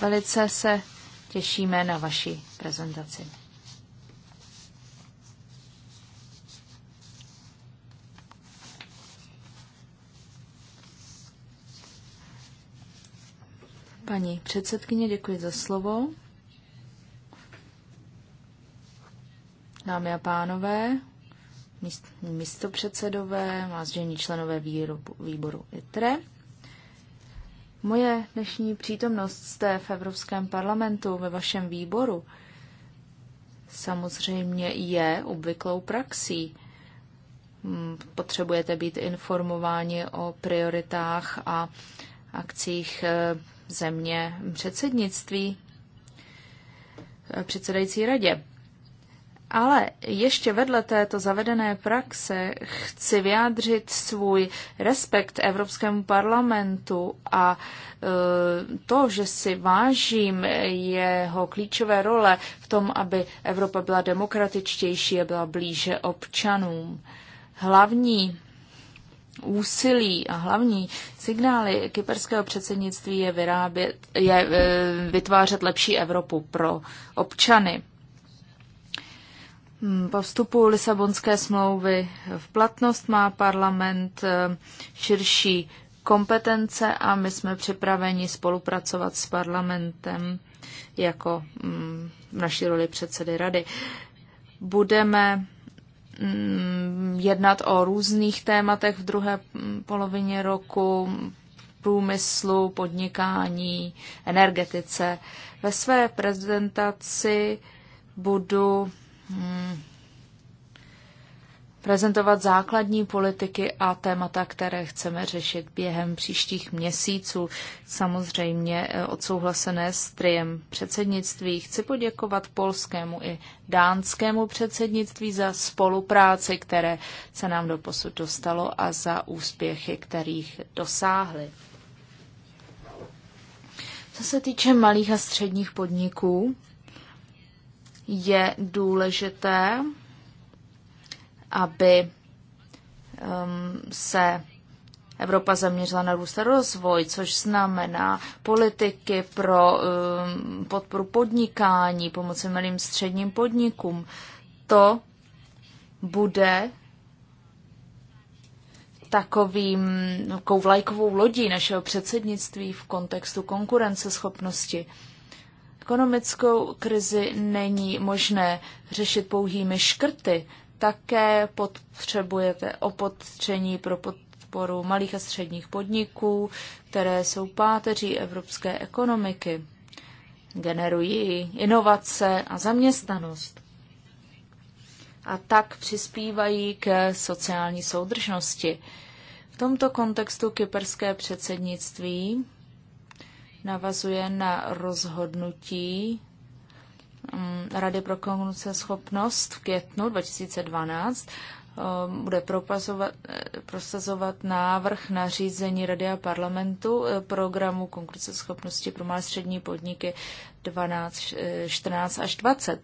Velice se těšíme na vaši prezentaci. paní předsedkyně, děkuji za slovo. Dámy a pánové, místopředsedové, vážení členové výrobu, výboru ITRE. Moje dnešní přítomnost jste v Evropském parlamentu ve vašem výboru samozřejmě je obvyklou praxí. Hmm, potřebujete být informováni o prioritách a akcích eh, země předsednictví eh, předsedající radě. Ale ještě vedle této zavedené praxe chci vyjádřit svůj respekt Evropskému parlamentu a eh, to, že si vážím jeho klíčové role v tom, aby Evropa byla demokratičtější a byla blíže občanům. Hlavní úsilí a hlavní signály kyperského předsednictví je, vyrábět, je eh, vytvářet lepší Evropu pro občany. Hmm, po vstupu Lisabonské smlouvy v platnost má parlament eh, širší kompetence a my jsme připraveni spolupracovat s parlamentem jako mm, v naší roli předsedy rady. Budeme Mm, jednat o různých tématech v druhé polovině roku, průmyslu, podnikání, energetice. Ve své prezentaci budu mm, prezentovat základní politiky a témata, které chceme řešit během příštích měsíců, samozřejmě eh, odsouhlasené s triem předsednictví. Chci poděkovat polskému i dánskému předsednictví za spolupráci, které se nám do posud dostalo a za úspěchy, kterých dosáhly. Co se týče malých a středních podniků, je důležité, aby um, se Evropa zaměřila na růst a rozvoj, což znamená politiky pro um, podporu podnikání, pomoci malým středním podnikům. To bude takovým takovou vlajkovou lodí našeho předsednictví v kontextu konkurenceschopnosti. Ekonomickou krizi není možné řešit pouhými škrty, také potřebujete opatření pro podporu malých a středních podniků, které jsou páteří evropské ekonomiky. Generují inovace a zaměstnanost. A tak přispívají k sociální soudržnosti. V tomto kontextu kyperské předsednictví navazuje na rozhodnutí Mm, Rady pro schopnost v květnu 2012 um, bude eh, prosazovat návrh na řízení Rady a parlamentu eh, programu konkurenceschopnosti pro malé střední podniky 12, 14 eh, až 20.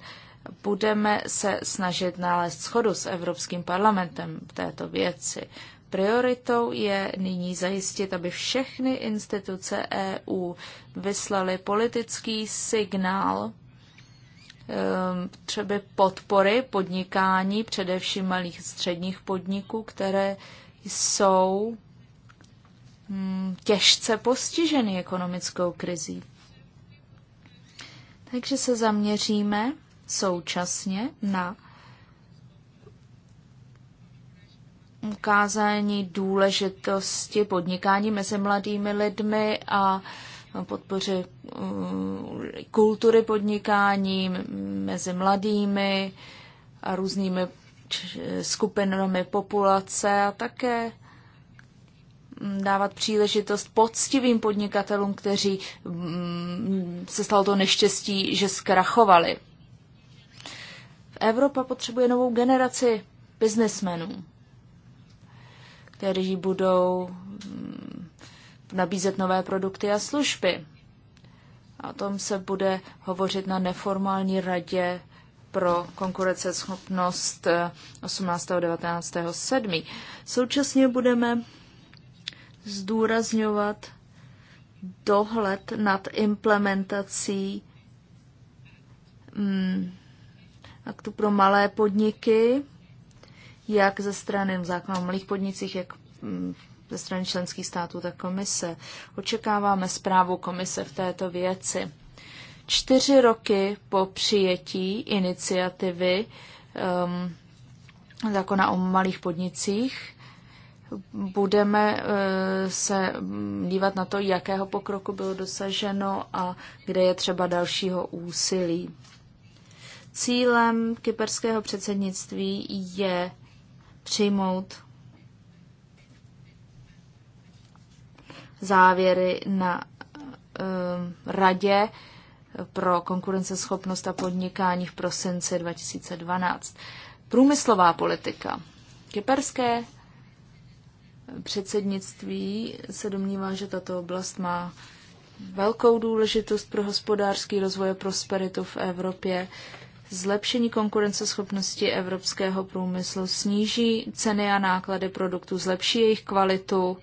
Budeme se snažit nalézt schodu s Evropským parlamentem v této věci. Prioritou je nyní zajistit, aby všechny instituce EU vyslaly politický signál Ehm, třeba podpory podnikání, především malých středních podniků, které jsou hm, těžce postiženy ekonomickou krizí. Takže se zaměříme současně na ukázání důležitosti podnikání mezi mladými lidmi a podpoře mm, kultury podnikání mezi mladými a různými skupinami populace a také mm, dávat příležitost poctivým podnikatelům, kteří mm, se stalo to neštěstí, že zkrachovali. Evropa potřebuje novou generaci biznesmenů, kteří budou nabízet nové produkty a služby. O tom se bude hovořit na neformální radě pro konkurenceschopnost eh, 18. a 19. Současně budeme zdůrazňovat dohled nad implementací hmm, aktu pro malé podniky, jak ze strany zákona o malých podnicích, jak mm, ze strany členských států, tak komise. Očekáváme zprávu komise v této věci. Čtyři roky po přijetí iniciativy um, zákona o malých podnicích budeme eh, se dívat na to, jakého pokroku bylo dosaženo a kde je třeba dalšího úsilí. Cílem kyperského předsednictví je přijmout závěry na ehm, radě pro konkurenceschopnost a podnikání v prosinci 2012. Průmyslová politika. Kyperské předsednictví se domnívá, že tato oblast má velkou důležitost pro hospodářský rozvoj a prosperitu v Evropě. Zlepšení konkurenceschopnosti evropského průmyslu sníží ceny a náklady produktů, zlepší jejich kvalitu,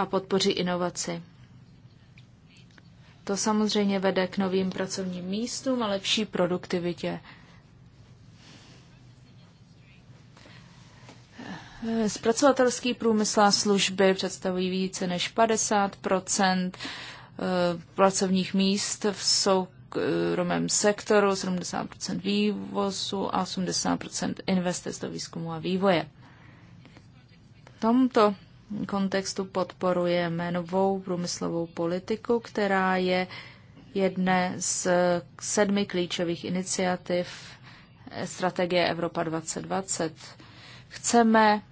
a podpoří inovaci. To samozřejmě vede k novým pracovním místům a lepší produktivitě. Zpracovatelský průmysl a služby představují více než 50 eh, pracovních míst v soukromém sektoru, 70 vývozu a 80 investic do výzkumu a vývoje. V tomto kontextu podporujeme novou průmyslovou politiku, která je jedné z sedmi klíčových iniciativ strategie Evropa 2020. Chceme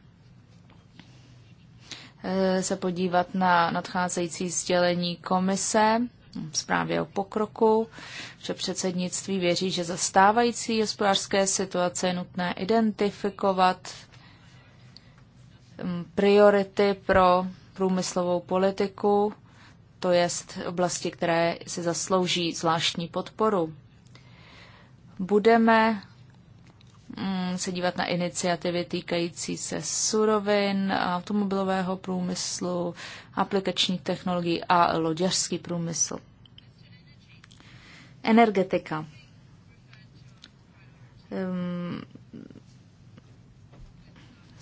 eh, se podívat na nadcházející sdělení komise, zprávě o pokroku, že předsednictví věří, že zastávající hospodářské situace je nutné identifikovat Mm, priority pro průmyslovou politiku, to je oblasti, které si zaslouží zvláštní podporu. Budeme mm, se dívat na iniciativy týkající se surovin, automobilového průmyslu, aplikačních technologií a loďařský průmysl. Energetika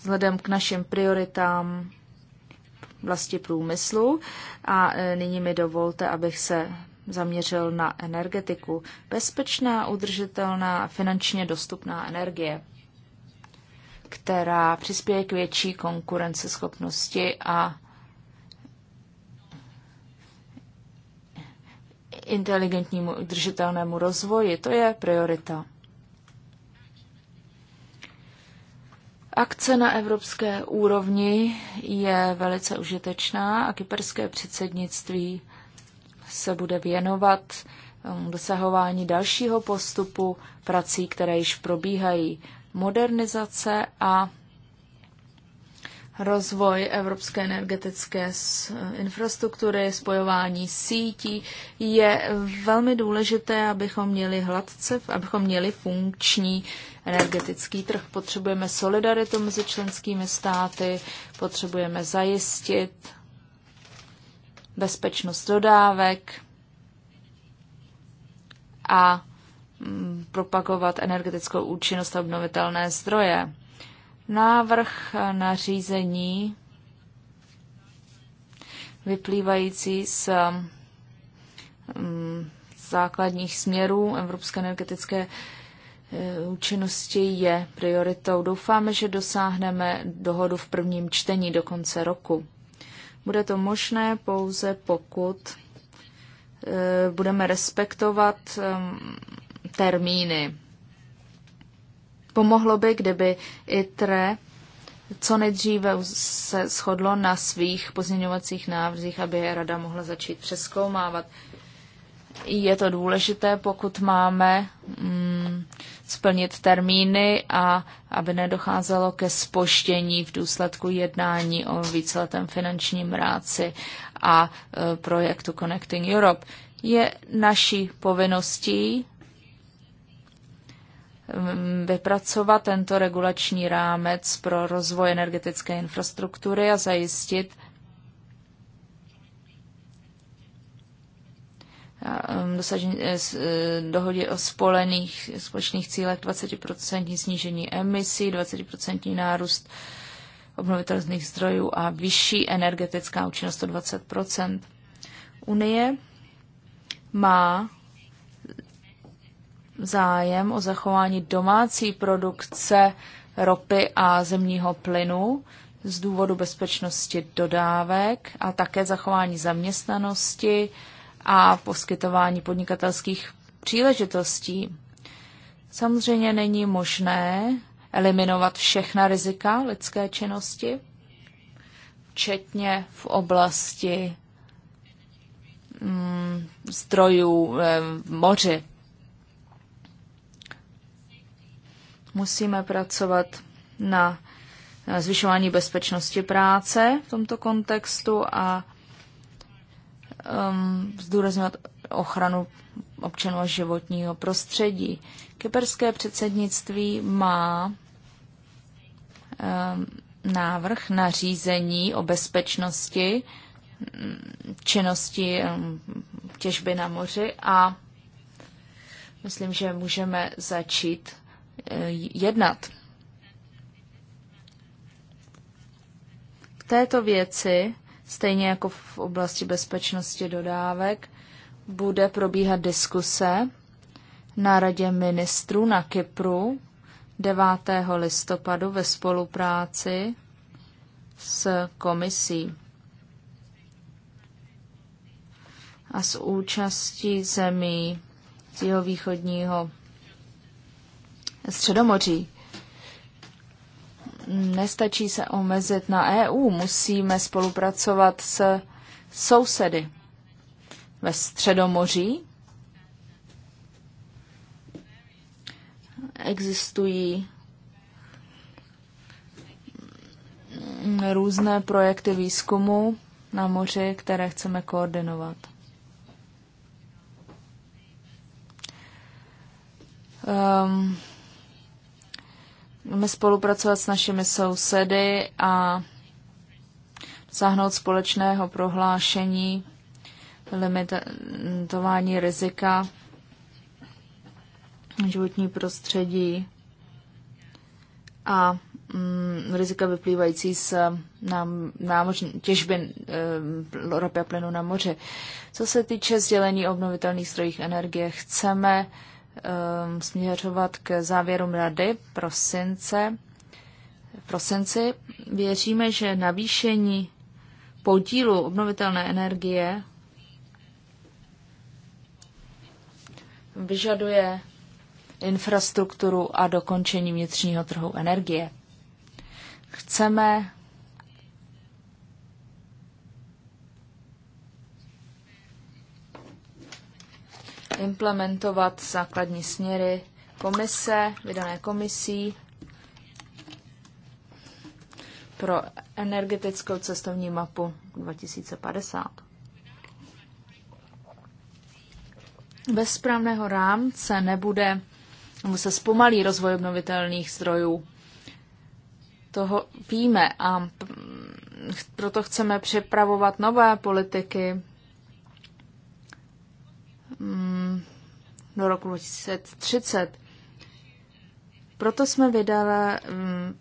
vzhledem k našim prioritám vlasti průmyslu. A e, nyní mi dovolte, abych se zaměřil na energetiku. Bezpečná, udržitelná finančně dostupná energie, která přispěje k větší konkurenceschopnosti a inteligentnímu udržitelnému rozvoji. To je priorita. Akce na evropské úrovni je velice užitečná a kyperské předsednictví se bude věnovat um, dosahování dalšího postupu prací, které již probíhají. Modernizace a rozvoj evropské energetické infrastruktury, spojování sítí je velmi důležité, abychom měli hladce, abychom měli funkční energetický trh. Potřebujeme solidaritu mezi členskými státy, potřebujeme zajistit bezpečnost dodávek a mm, propagovat energetickou účinnost a obnovitelné zdroje. Návrh nařízení vyplývající z mm, základních směrů Evropské energetické Eh, účinnosti je prioritou. Doufáme, že dosáhneme dohodu v prvním čtení do konce roku. Bude to možné pouze pokud eh, budeme respektovat eh, termíny. Pomohlo by, kdyby ITRE co nejdříve se shodlo na svých pozměňovacích návrzích, aby je rada mohla začít přeskoumávat je to důležité, pokud máme mm, splnit termíny a aby nedocházelo ke spoštění v důsledku jednání o víceletém finančním ráci a e, projektu Connecting Europe. Je naší povinností mm, vypracovat tento regulační rámec pro rozvoj energetické infrastruktury a zajistit, Um, dosažení eh, eh, dohodě o spolených společných cílech 20% snížení emisí, 20% nárůst obnovitelných zdrojů a vyšší energetická účinnost 120 Unie má zájem o zachování domácí produkce ropy a zemního plynu z důvodu bezpečnosti dodávek a také zachování zaměstnanosti, a poskytování podnikatelských příležitostí. Samozřejmě není možné eliminovat všechna rizika lidské činnosti, včetně v oblasti mm, zdrojů e, moři. Musíme pracovat na zvyšování bezpečnosti práce v tomto kontextu a um, zdůrazňovat ochranu občanů a životního prostředí. Kyperské předsednictví má um, návrh na řízení o bezpečnosti mm, činnosti um, těžby na moři a myslím, že můžeme začít uh, jednat. V této věci stejně jako v oblasti bezpečnosti dodávek, bude probíhat diskuse na radě ministrů na Kypru 9. listopadu ve spolupráci s komisí a s účastí zemí z jeho východního středomoří nestačí se omezit na EU, musíme spolupracovat s sousedy ve Středomoří. Existují různé projekty výzkumu na moři, které chceme koordinovat. Um, Máme spolupracovat s našimi sousedy a zahnout společného prohlášení limitování rizika životní prostředí a mm, rizika vyplývající z nám, námořní, těžby e, ropy a plynu na moři. Co se týče sdělení obnovitelných strojích energie, chceme e, Um, směřovat k závěrům rady prosince. V prosinci věříme, že navýšení podílu obnovitelné energie vyžaduje infrastrukturu a dokončení vnitřního trhu energie. Chceme implementovat základní směry komise, vydané komisí pro energetickou cestovní mapu 2050. Bez správného rámce nebude, nebo se zpomalí rozvoj obnovitelných zdrojů. Toho víme a proto chceme připravovat nové politiky, Mm, do roku 2030. Proto jsme vydali mm,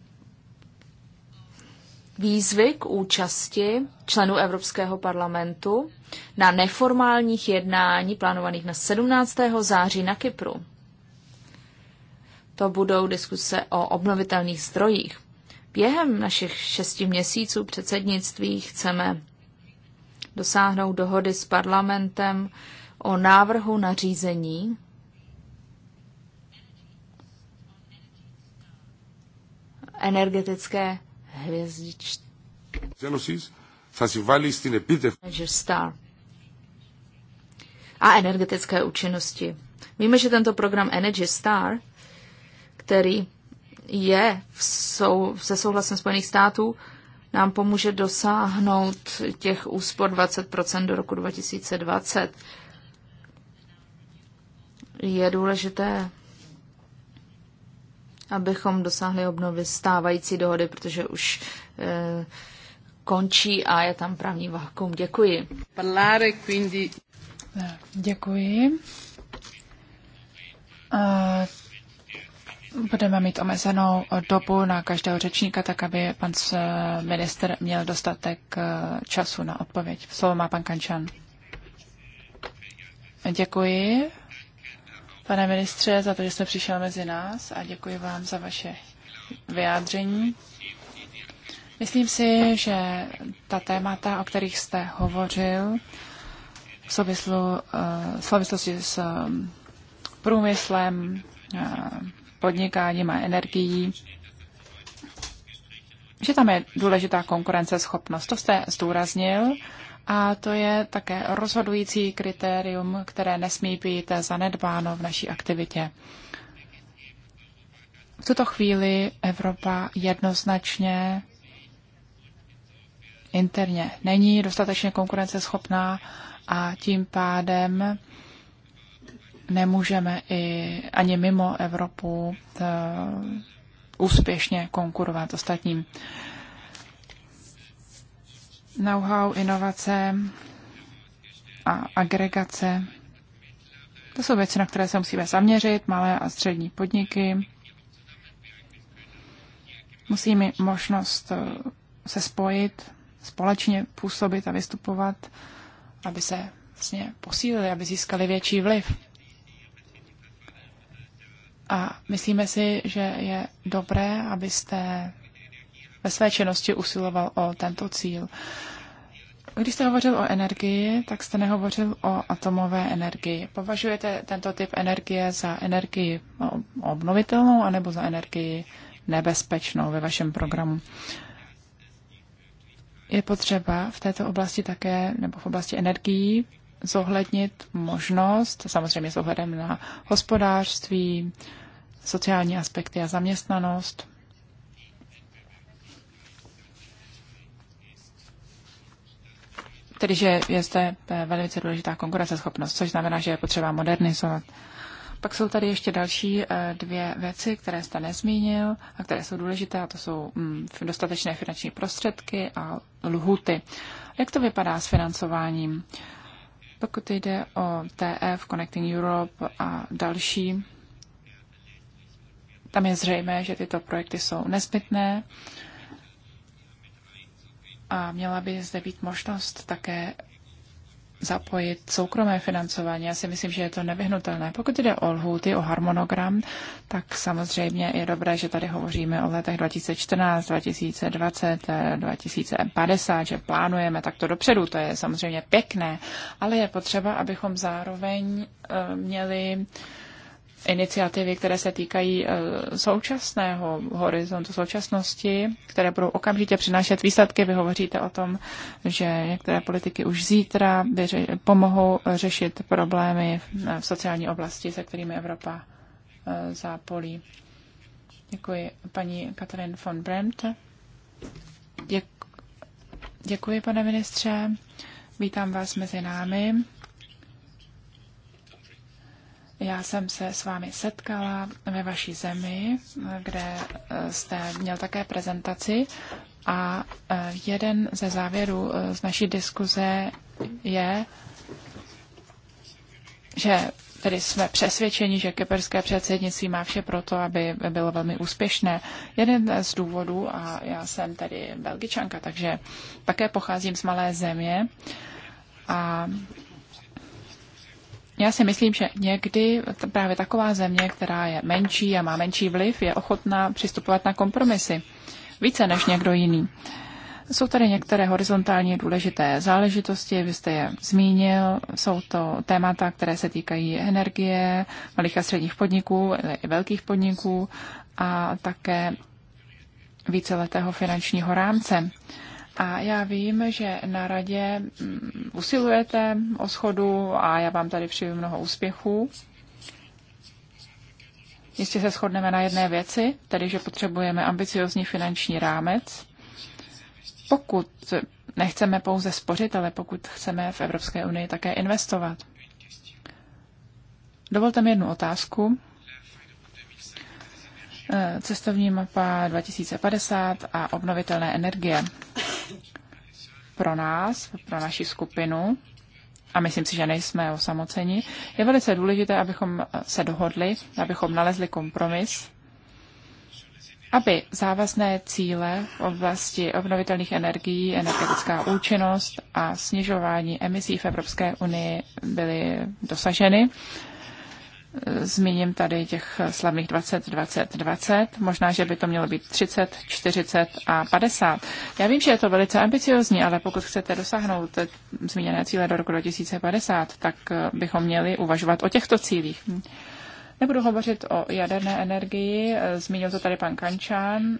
výzvy k účasti členů Evropského parlamentu na neformálních jednání plánovaných na 17. září na Kypru. To budou diskuse o obnovitelných zdrojích. Během našich šesti měsíců předsednictví chceme dosáhnout dohody s parlamentem o návrhu nařízení energetické hvězdičky. Θα A energetické účinnosti. Víme, že tento program Energy Star, který je v sou, se souhlasem Spojených států, nám pomůže dosáhnout těch úspor 20 do roku 2020. Je důležité, abychom dosáhli obnovy stávající dohody, protože už e, končí a je tam právní vákum. Děkuji. Eh, děkuji. A budeme mít omezenou dobu na každého řečníka, tak aby pan eh, minister měl dostatek času na odpověď. Slovo má pan Kančan. Děkuji, pane ministře, za to, že jste přišel mezi nás a děkuji vám za vaše vyjádření. Myslím si, že ta témata, o kterých jste hovořil, v, eh, souvislosti s eh, průmyslem, eh, podnikáním a energií, že tam je důležitá konkurenceschopnost. To jste zdůraznil a to je také rozhodující kritérium, které nesmí být zanedbáno v naší aktivitě. V tuto chvíli Evropa jednoznačně interně není dostatečně konkurenceschopná a tím pádem nemůžeme i ani mimo Evropu eh, úspěšně konkurovat ostatním know-how, inovace a agregace. To jsou věci, na které se musíme zaměřit, malé a střední podniky. Musí mít možnost eh, se spojit, společně působit a vystupovat, aby se vlastně posílili, aby získali větší vliv. A myslíme si, že je dobré, abyste ve své činnosti usiloval o tento cíl. Když jste hovořil o energii, tak jste nehovořil o atomové energii. Považujete tento typ energie za energii obnovitelnou anebo za energii nebezpečnou ve vašem programu? Je potřeba v této oblasti také, nebo v oblasti energií, zohlednit možnost, samozřejmě s ohledem na hospodářství, sociální aspekty a zaměstnanost, tedy že je zde eh, velice důležitá konkurenceschopnost, což znamená, že je potřeba modernizovat. Pak jsou tady ještě další eh, dvě věci, které jste nezmínil a které jsou důležité, a to jsou mm, dostatečné finanční prostředky a lhuty. Jak to vypadá s financováním? Pokud jde o TF, Connecting Europe a další, tam je zřejmé, že tyto projekty jsou nezbytné a měla by zde být možnost také zapojit soukromé financování. Já si myslím, že je to nevyhnutelné. Pokud jde o lhůty, o harmonogram, tak samozřejmě je dobré, že tady hovoříme o letech 2014, 2020, 2050, že plánujeme takto dopředu. To je samozřejmě pěkné, ale je potřeba, abychom zároveň eh, měli iniciativy, které se týkají eh, současného horizontu současnosti, které budou okamžitě přinášet výsledky. Vy hovoříte o tom, že některé politiky už zítra pomohou řešit problémy v sociální oblasti, se kterými Evropa eh, zápolí. Děkuji paní Katrin von Brandt. Děkuji, pane ministře. Vítám vás mezi námi. Já jsem se s vámi setkala ve vaší zemi, kde eh, jste měl také prezentaci a eh, jeden ze závěrů eh, z naší diskuze je, že tedy jsme přesvědčeni, že kyperské předsednictví má vše proto, aby bylo velmi úspěšné. Jeden z důvodů, a já jsem tedy belgičanka, takže také pocházím z malé země, a já si myslím, že někdy právě taková země, která je menší a má menší vliv, je ochotná přistupovat na kompromisy více než někdo jiný. Jsou tady některé horizontálně důležité záležitosti, vy jste je zmínil, jsou to témata, které se týkají energie, malých a středních podniků, i velkých podniků a také víceletého finančního rámce. A já vím, že na radě mm, usilujete o schodu a já vám tady přeju mnoho úspěchů. Jistě se shodneme na jedné věci, tedy že potřebujeme ambiciozní finanční rámec. Pokud nechceme pouze spořit, ale pokud chceme v Evropské unii také investovat. Dovolte mi jednu otázku. Cestovní mapa 2050 a obnovitelné energie pro nás, pro naši skupinu, a myslím si, že nejsme osamoceni, je velice důležité, abychom se dohodli, abychom nalezli kompromis, aby závazné cíle v oblasti obnovitelných energií, energetická účinnost a snižování emisí v Evropské unii byly dosaženy Zmíním tady těch slavných 20, 20, 20. Možná, že by to mělo být 30, 40 a 50. Já vím, že je to velice ambiciozní, ale pokud chcete dosáhnout zmíněné cíle do roku 2050, tak eh, bychom měli uvažovat o těchto cílích. Nebudu hovořit o jaderné energii, eh, zmínil to tady pan Kančán.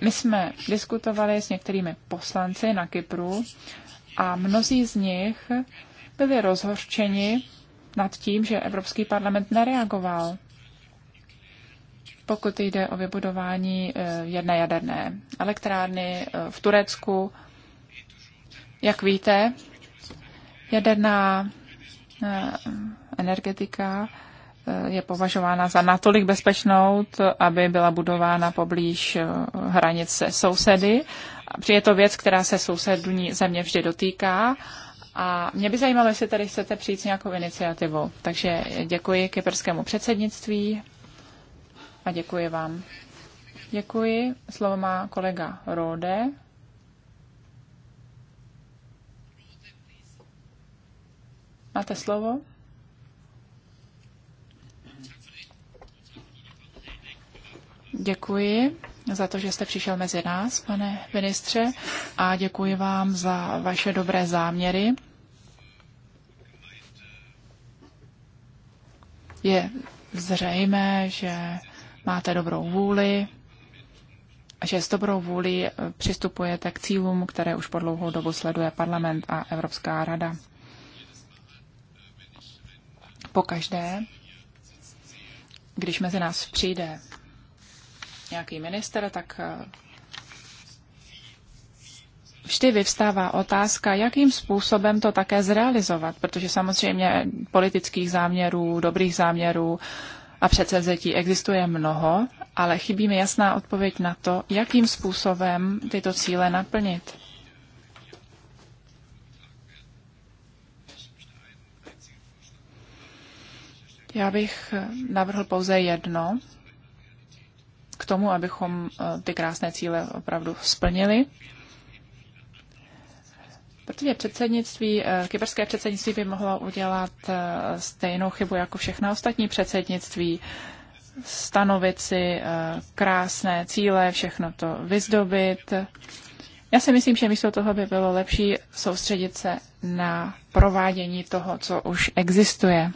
My jsme diskutovali s některými poslanci na Kypru a mnozí z nich byli rozhorčeni nad tím, že Evropský parlament nereagoval, pokud jde o vybudování eh, jedné jaderné elektrárny eh, v Turecku. Jak víte, jaderná eh, energetika je považována za natolik bezpečnou, aby byla budována poblíž hranice sousedy. Je to věc, která se sousední země vždy dotýká a mě by zajímalo, jestli tady chcete přijít s nějakou iniciativou. Takže děkuji kyperskému předsednictví a děkuji vám. Děkuji. Slovo má kolega Rode. Máte slovo? Děkuji za to, že jste přišel mezi nás, pane ministře, a děkuji vám za vaše dobré záměry. Je zřejmé, že máte dobrou vůli, a že s dobrou vůli přistupujete k cílům, které už po dlouhou dobu sleduje parlament a Evropská rada. Pokaždé, když mezi nás přijde nějaký minister, tak eh, vždy vyvstává otázka, jakým způsobem to také zrealizovat, protože samozřejmě politických záměrů, dobrých záměrů a předsevzetí existuje mnoho, ale chybí mi jasná odpověď na to, jakým způsobem tyto cíle naplnit. Já bych navrhl pouze jedno, tomu, abychom eh, ty krásné cíle opravdu splnili. Protože předsednictví, eh, kyberské předsednictví by mohlo udělat eh, stejnou chybu jako všechna ostatní předsednictví, stanovit si krásné cíle, všechno to vyzdobit. Já si myslím, že místo toho by bylo lepší soustředit se na provádění toho, co už existuje.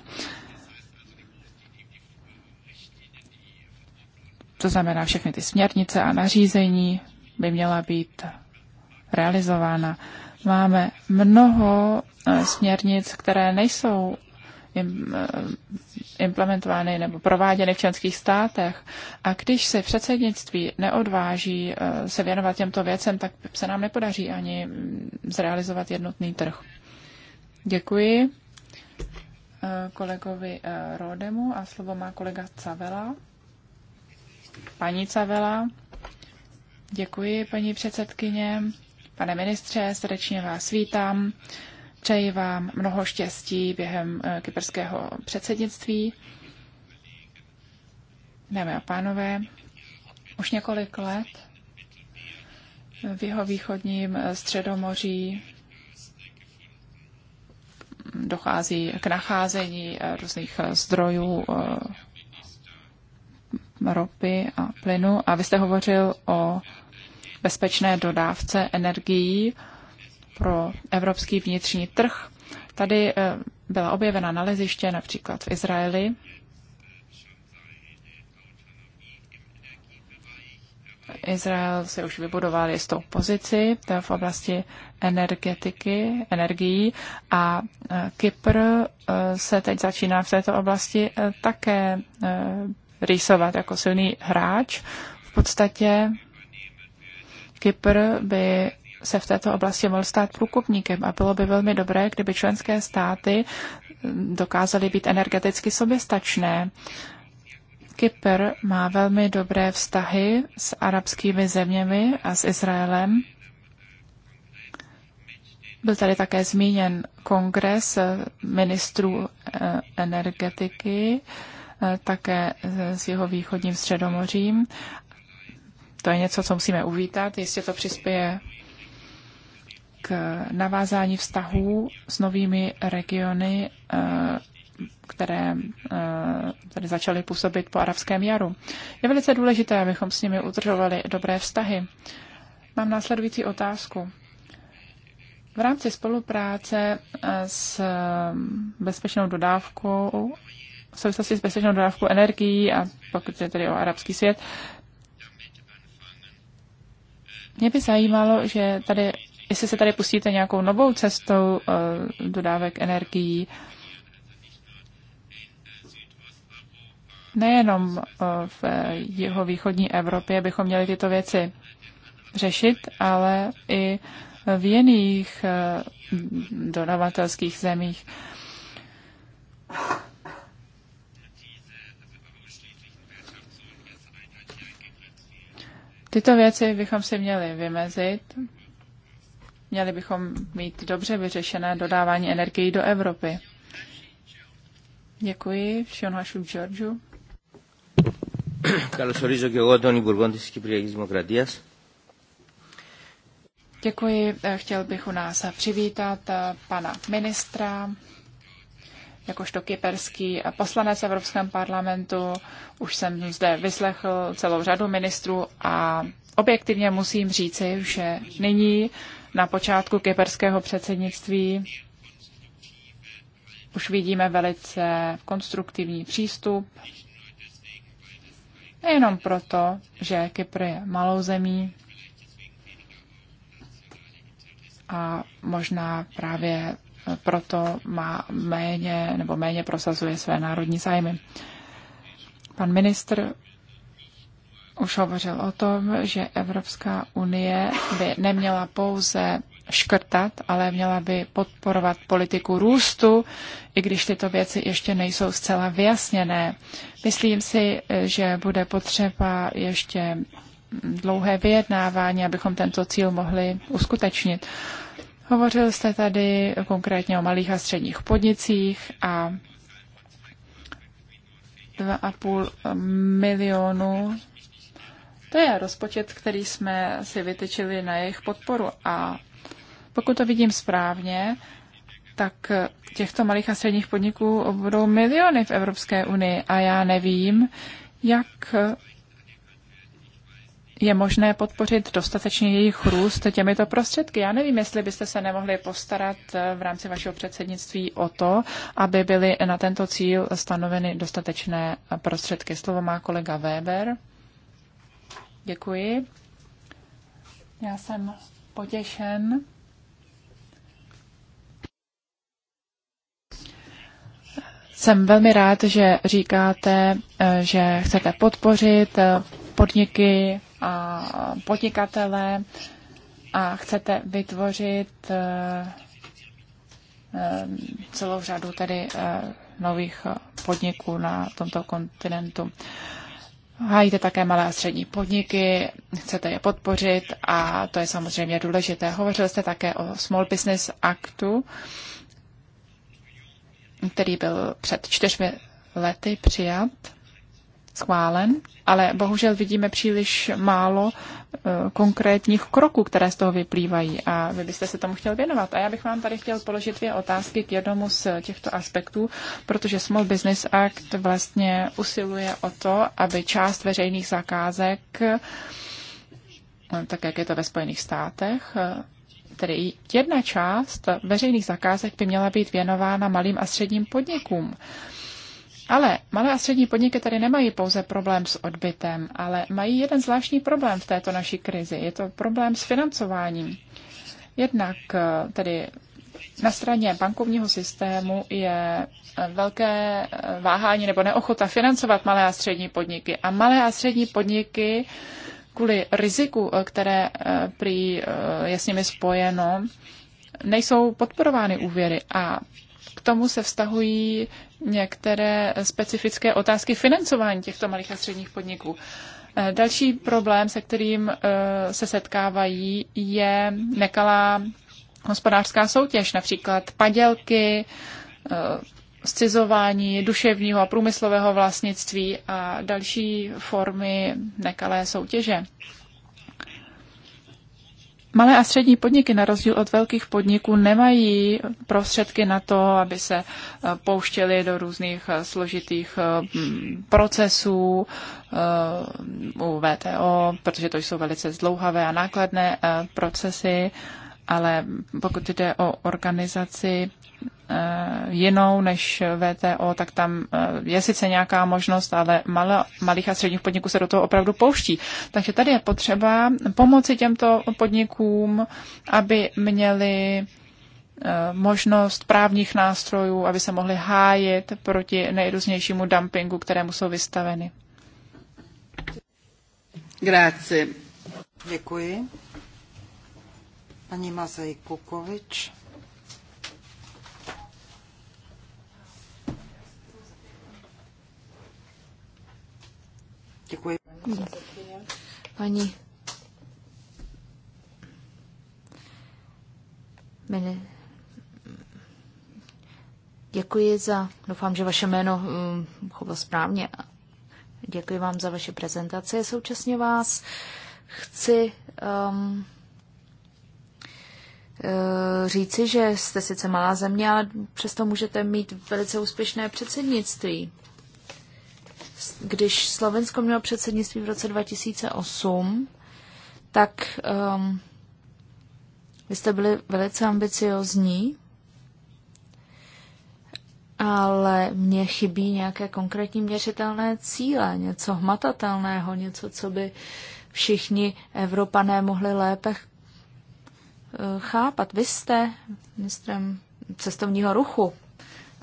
to znamená všechny ty směrnice a nařízení, by měla být realizována. Máme mnoho eh, směrnic, které nejsou eh, implementovány nebo prováděny v členských státech. A když se předsednictví neodváží eh, se věnovat těmto věcem, tak se nám nepodaří ani mm, zrealizovat jednotný trh. Děkuji kolegovi Rodemu a slovo má kolega Cavela. Paní Cavela, děkuji, paní předsedkyně. Pane ministře, srdečně vás vítám. Přeji vám mnoho štěstí během eh, kyperského předsednictví. Dámy a pánové, už několik let v jeho východním eh, středomoří dochází k nacházení eh, různých zdrojů ropy a plynu a vy jste hovořil o bezpečné dodávce energií pro evropský vnitřní trh. Tady eh, byla objevena naleziště například v Izraeli. Izrael se už vybudoval jistou pozici v oblasti energetiky, energií a eh, Kypr eh, se teď začíná v této oblasti také rýsovat jako silný hráč. V podstatě Kypr by se v této oblasti mohl stát průkopníkem a bylo by velmi dobré, kdyby členské státy dokázaly být energeticky soběstačné. Kypr má velmi dobré vztahy s arabskými zeměmi a s Izraelem. Byl tady také zmíněn kongres ministrů eh, energetiky. Eh, také s jeho východním středomořím. To je něco, co musíme uvítat. Jistě to přispěje k navázání vztahů s novými regiony, eh, které eh, tady začaly působit po arabském jaru. Je velice důležité, abychom s nimi udržovali dobré vztahy. Mám následující otázku. V rámci spolupráce s bezpečnou dodávkou v souvislosti s bezpečnou dodávkou energií a pokud je tedy o arabský svět. Mě by zajímalo, že tady, jestli se tady pustíte nějakou novou cestou uh, dodávek energií, nejenom eh, v jeho východní Evropě bychom měli tyto věci řešit, ale i v jiných eh, dodavatelských zemích. Tyto věci bychom si měli vymezit. Měli bychom mít dobře vyřešené dodávání energií do Evropy. Děkuji. Všeho našu Georgiu. Καλωσορίζω και εγώ τον Υπουργό της Κυπριακής Δημοκρατίας. Děkuji. Chtěl bych u nás přivítat pana ministra jakožto kyperský poslanec Evropském parlamentu. Už jsem zde vyslechl celou řadu ministrů a objektivně musím říci, že nyní na počátku kyperského předsednictví už vidíme velice konstruktivní přístup. Nejenom proto, že Kypr je malou zemí a možná právě proto má méně nebo méně prosazuje své národní zájmy. Pan ministr už hovořil o tom, že Evropská unie by neměla pouze škrtat, ale měla by podporovat politiku růstu, i když tyto věci ještě nejsou zcela vyjasněné. Myslím si, že bude potřeba ještě dlouhé vyjednávání, abychom tento cíl mohli uskutečnit. Hovořil jste tady konkrétně o malých a středních podnicích a 2,5 milionu. To je rozpočet, který jsme si vytyčili na jejich podporu. A pokud to vidím správně, tak těchto malých a středních podniků budou miliony v Evropské unii a já nevím, jak je možné podpořit dostatečně jejich růst těmito prostředky. Já nevím, jestli byste se nemohli postarat eh, v rámci vašeho předsednictví o to, aby byly na tento cíl stanoveny dostatečné prostředky. Slovo má kolega Weber. Děkuji. Já jsem potěšen. Jsem velmi rád, že říkáte, eh, že chcete podpořit eh, podniky, a podnikatele a chcete vytvořit eh, eh, celou řadu tedy eh, nových podniků na tomto kontinentu. Hájíte také malé a střední podniky, chcete je podpořit a to je samozřejmě důležité. Hovořil jste také o Small Business Actu, který byl před čtyřmi lety přijat schválen, ale bohužel vidíme příliš málo eh, konkrétních kroků, které z toho vyplývají a vy byste se tomu chtěl věnovat. A já bych vám tady chtěl položit dvě otázky k jednomu z těchto aspektů, protože Small Business Act vlastně usiluje o to, aby část veřejných zakázek, eh, tak jak je to ve Spojených státech, eh, tedy jedna část veřejných zakázek by měla být věnována malým a středním podnikům. Ale malé a střední podniky tady nemají pouze problém s odbytem, ale mají jeden zvláštní problém v této naší krizi. Je to problém s financováním. Jednak eh, tedy na straně bankovního systému je eh, velké eh, váhání nebo neochota financovat malé a střední podniky. A malé a střední podniky kvůli riziku, které prý je s nimi spojeno, nejsou podporovány úvěry a k tomu se vztahují některé specifické otázky financování těchto malých a středních podniků. Eh, další problém, se kterým eh, se setkávají, je nekalá hospodářská soutěž, například padělky, scizování eh, duševního a průmyslového vlastnictví a další formy nekalé soutěže. Malé a střední podniky, na rozdíl od velkých podniků, nemají prostředky na to, aby se eh, pouštěly do různých eh, složitých eh, procesů u VTO, protože to jsou velice zdlouhavé a nákladné procesy ale pokud jde o organizaci eh, jinou než VTO, tak tam eh, je sice nějaká možnost, ale mala, malých a středních podniků se do toho opravdu pouští. Takže tady je potřeba pomoci těmto podnikům, aby měli eh, možnost právních nástrojů, aby se mohli hájit proti nejrůznějšímu dumpingu, kterému jsou vystaveny. Grazie. Děkuji. Paní Mazej Kukovič. Děkuji. Paní Mini. Děkuji za, doufám, že vaše jméno bylo um, správně. Děkuji vám za vaše prezentace. Současně vás chci um, Eh, říci, že jste sice malá země, ale přesto můžete mít velice úspěšné předsednictví. Když Slovensko mělo předsednictví v roce 2008, tak um, vy jste byli velice ambiciozní, ale mně chybí nějaké konkrétní měřitelné cíle, něco hmatatelného, něco, co by všichni Evropané mohli lépe Eh, chápat. Vy jste ministrem cestovního ruchu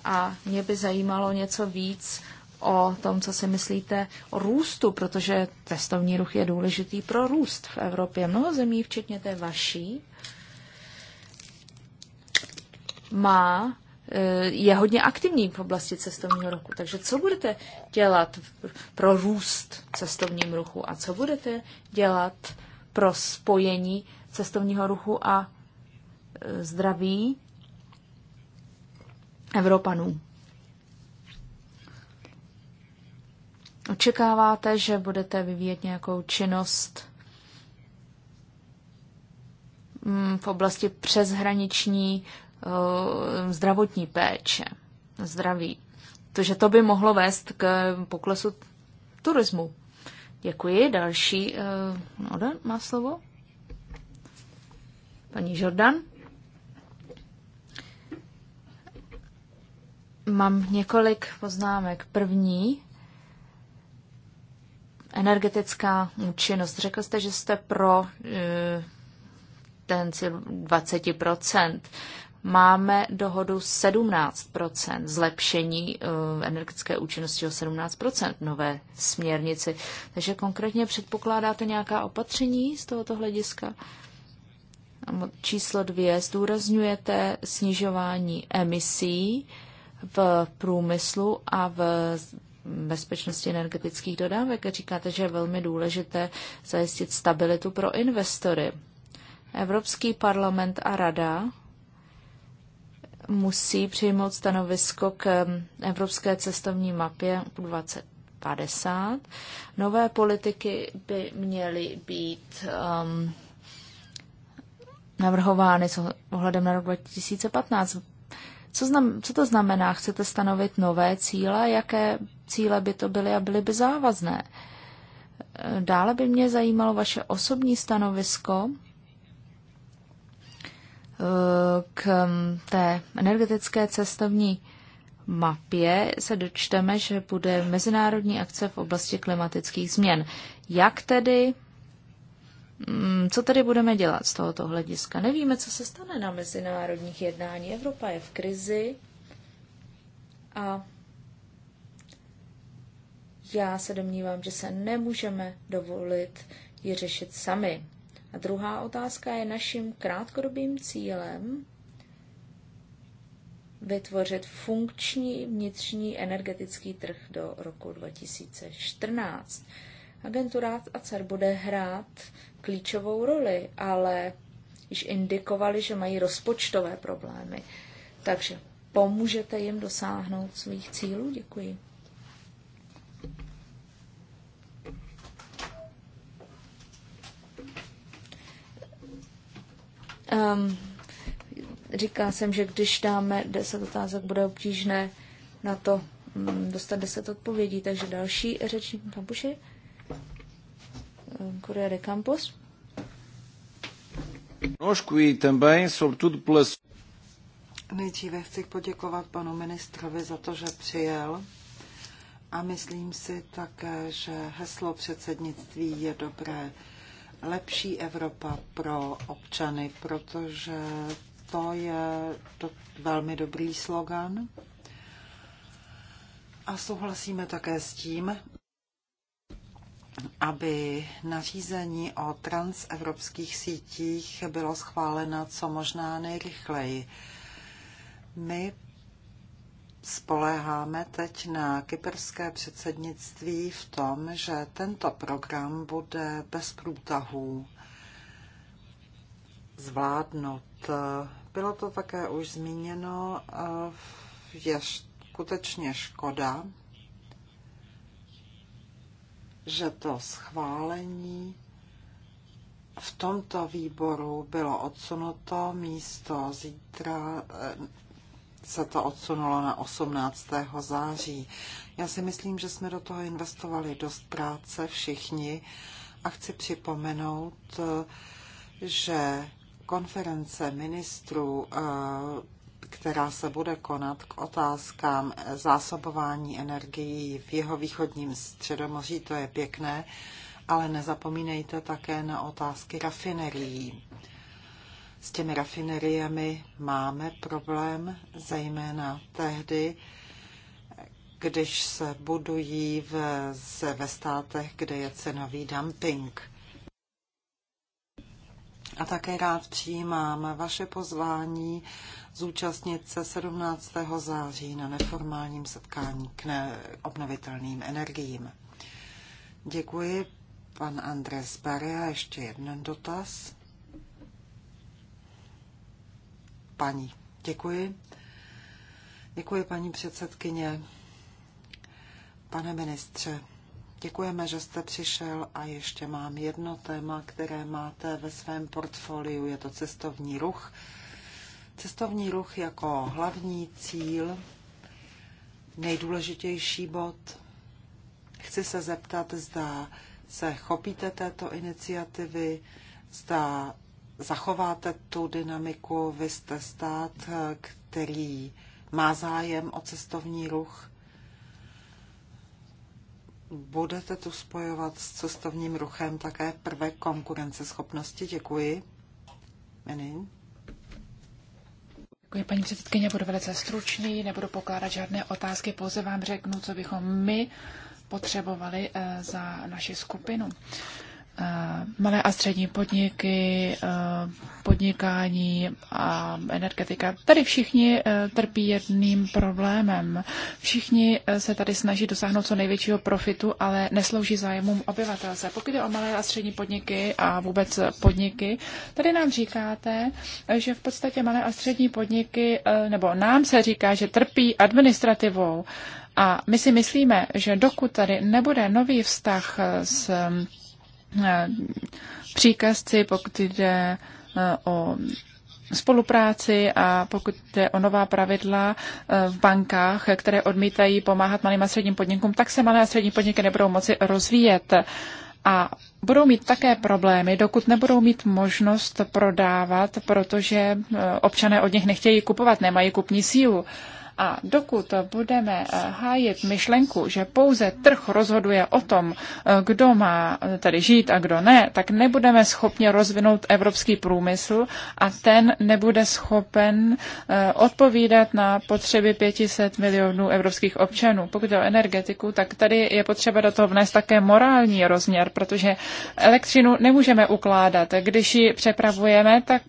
a mě by zajímalo něco víc o tom, co si myslíte o růstu, protože cestovní ruch je důležitý pro růst v Evropě. Mnoho zemí, včetně té vaší, má, eh, je hodně aktivní v oblasti cestovního ruchu. Takže co budete dělat pro růst cestovním ruchu a co budete dělat pro spojení cestovního ruchu a e, zdraví Evropanů. Očekáváte, že budete vyvíjet nějakou činnost mm, v oblasti přeshraniční e, zdravotní péče, zdraví. Protože to by mohlo vést k poklesu turismu. Děkuji. Další. E, Oda má slovo. Paní Jordan? Mám několik poznámek. První, energetická účinnost. Řekl jste, že jste pro e, ten cíl 20%. Máme dohodu 17%, zlepšení e, energetické účinnosti o 17%, nové směrnici. Takže konkrétně předpokládáte nějaká opatření z tohoto hlediska? Uh, Číslo dvě. Zdůrazňujete snižování emisí v průmyslu a v bezpečnosti energetických dodávek. Říkáte, že je velmi důležité zajistit stabilitu pro investory. Evropský parlament a rada musí přijmout stanovisko k Evropské cestovní mapě 2050. Nové politiky by měly být um, navrhovány s ohledem na rok 2015. Co, znam, co to znamená? Chcete stanovit nové cíle? Jaké cíle by to byly a byly by závazné? Dále by mě zajímalo vaše osobní stanovisko eh, k hm, té energetické cestovní mapě se dočteme, že bude mezinárodní akce v oblasti klimatických změn. Jak tedy Mm, co tedy budeme dělat z tohoto hlediska? Nevíme, co se stane na mezinárodních jednání. Evropa je v krizi a já se domnívám, že se nemůžeme dovolit ji řešit sami. A druhá otázka je naším krátkodobým cílem vytvořit funkční vnitřní energetický trh do roku 2014. Agentura ACER bude hrát klíčovou roli, ale již indikovali, že mají rozpočtové problémy. Takže pomůžete jim dosáhnout svých cílů? Děkuji. Um, říká jsem, že když dáme 10 otázek, bude obtížné na to mm, dostat 10 odpovědí. Takže další řečník, Babuši. Correia de Campos. Nejdříve chci poděkovat panu ministrovi za to, že přijel. A myslím si také, že heslo předsednictví je dobré. Lepší Evropa pro občany, protože to je to velmi dobrý slogan. A souhlasíme také s tím, aby nařízení o transevropských sítích bylo schváleno co možná nejrychleji. My spoléháme teď na kyperské předsednictví v tom, že tento program bude bez průtahů zvládnout. Bylo to také už zmíněno, eh, je skutečně škoda, že to schválení v tomto výboru bylo odsunuto místo zítra eh, se to odsunulo na 18. září. Já si myslím, že jsme do toho investovali dost práce všichni a chci připomenout, eh, že konference ministrů eh, která se bude konat k otázkám zásobování energií v jeho východním středomoří, to je pěkné, ale nezapomínejte také na otázky rafinerií. S těmi rafineriemi máme problém, zejména tehdy, když se budují v, se ve státech, kde je cenový dumping. A také rád přijímám vaše pozvání zúčastnit se 17. září na neformálním setkání k ne- obnovitelným energiím. Děkuji. Pan Andres Baria, ještě jeden dotaz. Paní, děkuji. Děkuji, paní předsedkyně. Pane ministře, děkujeme, že jste přišel a ještě mám jedno téma, které máte ve svém portfoliu. Je to cestovní ruch Cestovní ruch jako hlavní cíl, nejdůležitější bod. Chci se zeptat, zda se chopíte této iniciativy, zda zachováte tu dynamiku. Vy jste stát, který má zájem o cestovní ruch. Budete tu spojovat s cestovním ruchem také prvé konkurenceschopnosti? Děkuji. Menin. Děkuji, paní předsedkyně, budu velice stručný, nebudu pokládat žádné otázky, pouze vám řeknu, co bychom my potřebovali eh, za naši skupinu. Eh, malé a střední podniky, eh, podnikání a energetika. Tady všichni eh, trpí jedným problémem. Všichni se tady snaží dosáhnout co největšího profitu, ale neslouží zájemům obyvatelce. Pokud je o malé a střední podniky a vůbec podniky, tady nám říkáte, že v podstatě malé a střední podniky, nebo nám se říká, že trpí administrativou. A my si myslíme, že dokud tady nebude nový vztah s Eh, příkazci, pokud jde eh, o spolupráci a pokud jde o nová pravidla eh, v bankách, které odmítají pomáhat malým a středním podnikům, tak se malé a střední podniky nebudou moci rozvíjet a budou mít také problémy, dokud nebudou mít možnost prodávat, protože občané od nich nechtějí kupovat, nemají kupní sílu. A dokud budeme eh, hájit myšlenku, že pouze trh rozhoduje o tom, eh, kdo má eh, tady žít a kdo ne, tak nebudeme schopni rozvinout evropský průmysl a ten nebude schopen odpovídat na potřeby 500 milionů evropských občanů. Pokud je o energetiku, tak tady je potřeba do toho vnést také morální rozměr, protože elektřinu nemůžeme ukládat. Když ji přepravujeme, tak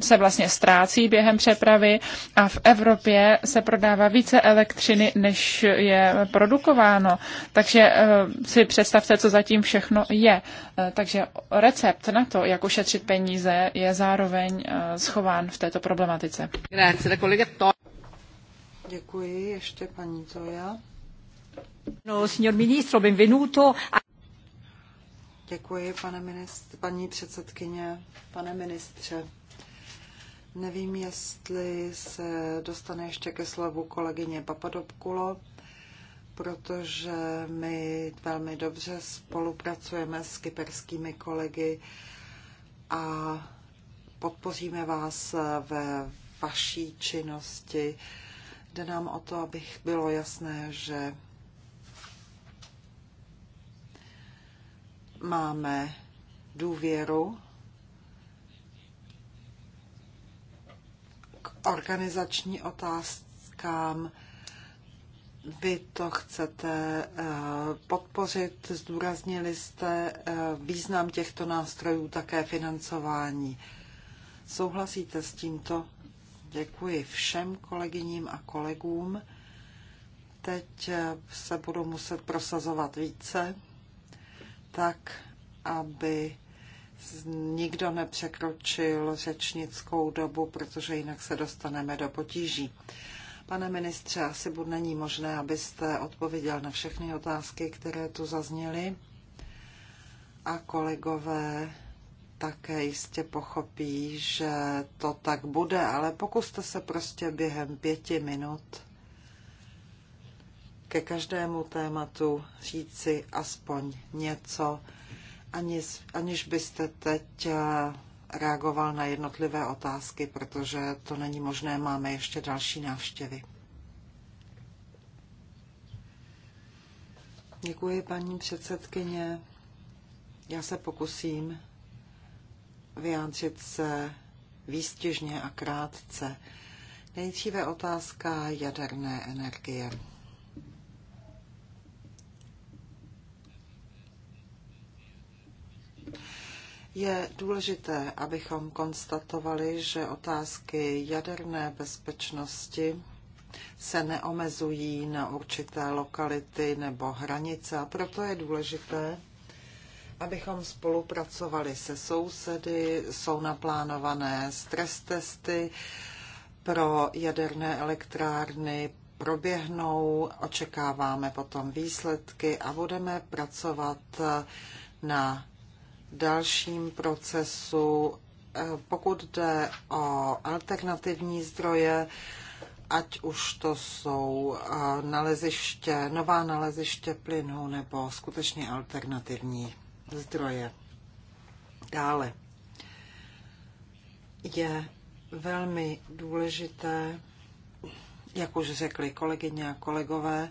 se vlastně ztrácí během přepravy a v Evropě se prodává více elektřiny, než je produkováno. Takže eh, si představte, co zatím všechno je. Eh, takže recept na to, jak ušetřit peníze, je zároveň eh, schován v této problematice. Děkuji, ještě paní Zoja. No, signor ministro, benvenuto. Děkuji, pane ministr, paní předsedkyně, pane ministře. Nevím, jestli se dostane ještě ke slovu kolegyně Papadopkulo, protože my velmi dobře spolupracujeme s kyperskými kolegy a podpoříme vás ve vaší činnosti. Jde nám o to, abych bylo jasné, že máme důvěru organizační otázkám. Vy to chcete eh, podpořit, zdůraznili jste eh, význam těchto nástrojů, také financování. Souhlasíte s tímto? Děkuji všem kolegyním a kolegům. Teď eh, se budu muset prosazovat více, tak aby nikdo nepřekročil řečnickou dobu, protože jinak se dostaneme do potíží. Pane ministře, asi bude není možné, abyste odpověděl na všechny otázky, které tu zazněly. A kolegové také jistě pochopí, že to tak bude, ale pokuste se prostě během pěti minut ke každému tématu říci aspoň něco, aniž, aniž byste teď eh, reagoval na jednotlivé otázky, protože to není možné, máme ještě další návštěvy. Děkuji, paní předsedkyně. Já se pokusím vyjádřit se výstěžně a krátce. Nejdříve otázka jaderné energie. Je důležité, abychom konstatovali, že otázky jaderné bezpečnosti se neomezují na určité lokality nebo hranice a proto je důležité, abychom spolupracovali se sousedy, jsou naplánované stres testy pro jaderné elektrárny, proběhnou, očekáváme potom výsledky a budeme pracovat na dalším procesu. Eh, pokud jde o alternativní zdroje, ať už to jsou eh, naleziště, nová naleziště plynu nebo skutečně alternativní zdroje. Dále je velmi důležité, jak už řekli kolegyně a kolegové,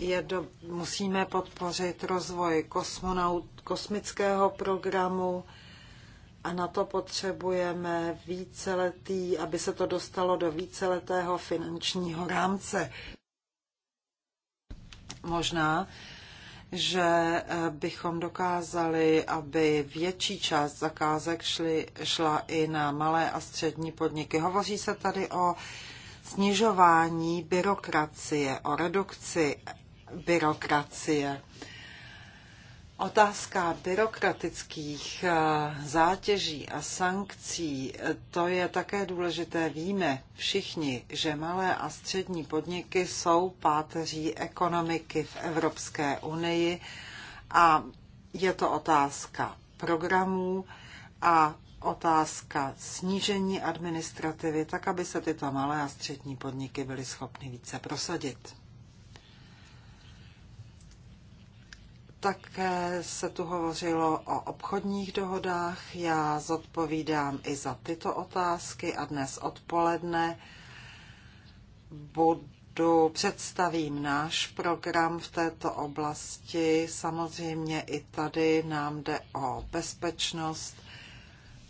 je do, musíme podpořit rozvoj kosmonaut, kosmického programu a na to potřebujeme víceletý, aby se to dostalo do víceletého finančního rámce. Možná, že eh, bychom dokázali, aby větší část zakázek šly, šla i na malé a střední podniky. Hovoří se tady o snižování byrokracie, o redukci byrokracie. Otázka byrokratických eh, zátěží a sankcí, eh, to je také důležité. Víme všichni, že malé a střední podniky jsou páteří ekonomiky v Evropské unii a je to otázka programů a otázka snížení administrativy, tak aby se tyto malé a střední podniky byly schopny více prosadit. Také se tu hovořilo o obchodních dohodách. Já zodpovídám i za tyto otázky a dnes odpoledne budu představím náš program v této oblasti. Samozřejmě i tady nám jde o bezpečnost,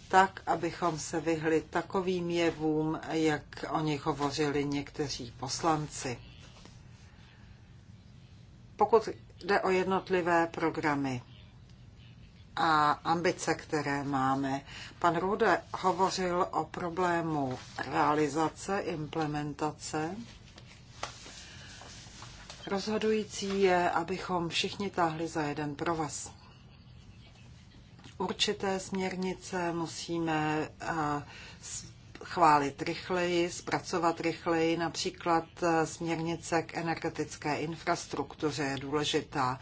tak, abychom se vyhli takovým jevům, jak o nich hovořili někteří poslanci. Pokud jde o jednotlivé programy a ambice, které máme. Pan Rude hovořil o problému realizace, implementace. Rozhodující je, abychom všichni táhli za jeden provaz. Určité směrnice musíme schválit rychleji, zpracovat rychleji. Například eh, směrnice k energetické infrastruktuře je důležitá.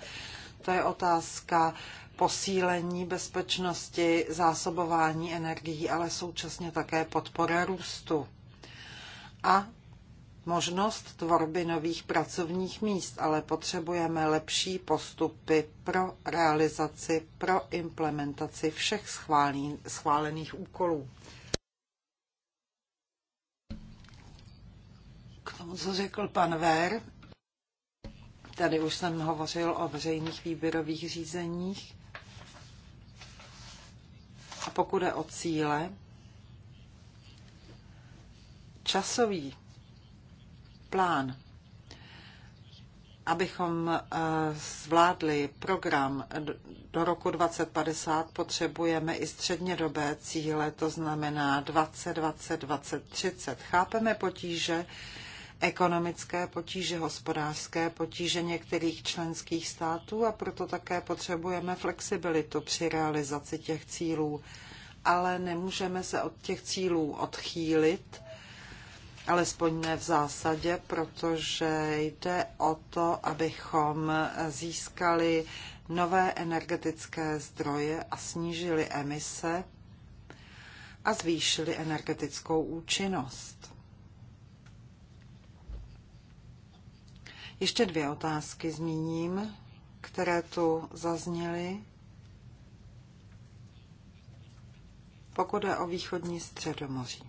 To je otázka posílení bezpečnosti, zásobování energií, ale současně také podpora růstu. A možnost tvorby nových pracovních míst, ale potřebujeme lepší postupy pro realizaci, pro implementaci všech schválených úkolů. k tomu, co řekl pan Ver. Tady už jsem hovořil o veřejných výběrových řízeních. A pokud je o cíle, časový plán, abychom eh, zvládli program do roku 2050, potřebujeme i střednědobé cíle, to znamená 2020-2030. Chápeme potíže, ekonomické potíže, hospodářské potíže některých členských států a proto také potřebujeme flexibilitu při realizaci těch cílů. Ale nemůžeme se od těch cílů odchýlit, alespoň ne v zásadě, protože jde o to, abychom získali nové energetické zdroje a snížili emise a zvýšili energetickou účinnost. Ještě dvě otázky zmíním, které tu zazněly. Pokud je o východní středomoří.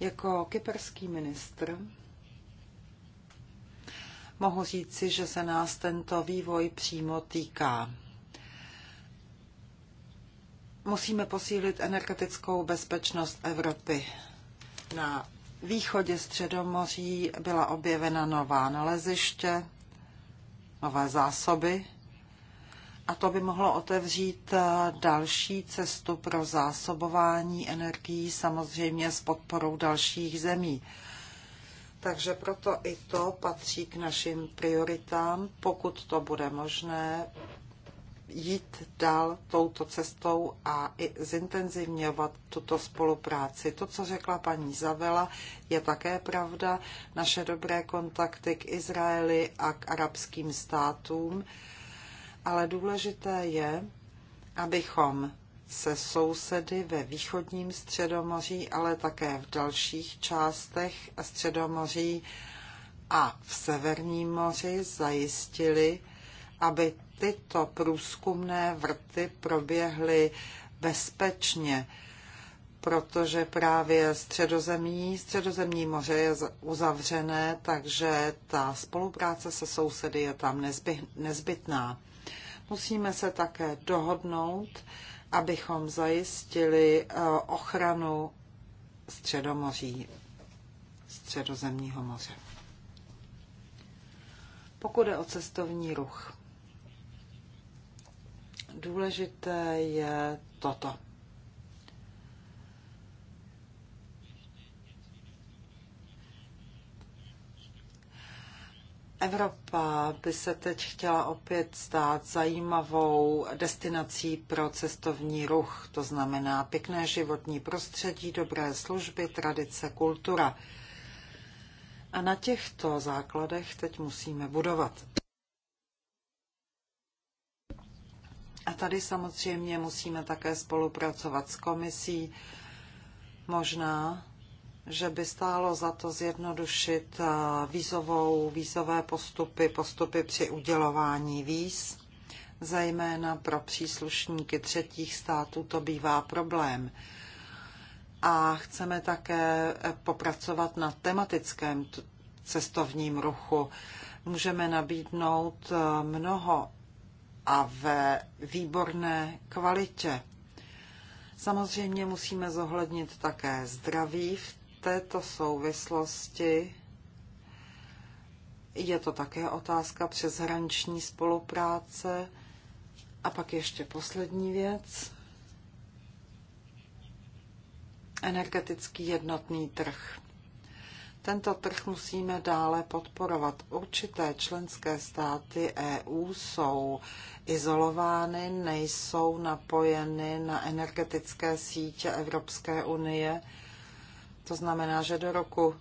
Jako kyperský ministr mohu říci, že se nás tento vývoj přímo týká. Musíme posílit energetickou bezpečnost Evropy na východě Středomoří byla objevena nová naleziště, nové zásoby a to by mohlo otevřít eh, další cestu pro zásobování energií, samozřejmě s podporou dalších zemí. Takže proto i to patří k našim prioritám, pokud to bude možné, jít dál touto cestou a i zintenzivňovat tuto spolupráci. To, co řekla paní Zavela, je také pravda. Naše dobré kontakty k Izraeli a k arabským státům. Ale důležité je, abychom se sousedy ve východním středomoří, ale také v dalších částech středomoří a v severním moři zajistili, aby tyto průzkumné vrty proběhly bezpečně, protože právě středozemí, středozemní moře je uzavřené, takže ta spolupráce se sousedy je tam nezbytná. Musíme se také dohodnout, abychom zajistili eh, ochranu středomoří, středozemního moře. Pokud je o cestovní ruch, důležité je toto. Evropa by se teď chtěla opět stát zajímavou destinací pro cestovní ruch, to znamená pěkné životní prostředí, dobré služby, tradice, kultura. A na těchto základech teď musíme budovat. A tady samozřejmě musíme také spolupracovat s komisí. Možná, že by stálo za to zjednodušit eh, vízovou, vízové postupy, postupy při udělování víz. Zejména pro příslušníky třetích států to bývá problém. A chceme také eh, popracovat na tematickém cestovním ruchu. Můžeme nabídnout eh, mnoho a ve výborné kvalitě. Samozřejmě musíme zohlednit také zdraví. V této souvislosti je to také otázka přeshraniční spolupráce. A pak ještě poslední věc. Energetický jednotný trh. Tento trh musíme dále podporovat. Určité členské státy EU jsou izolovány, nejsou napojeny na energetické sítě Evropské unie. To znamená, že do roku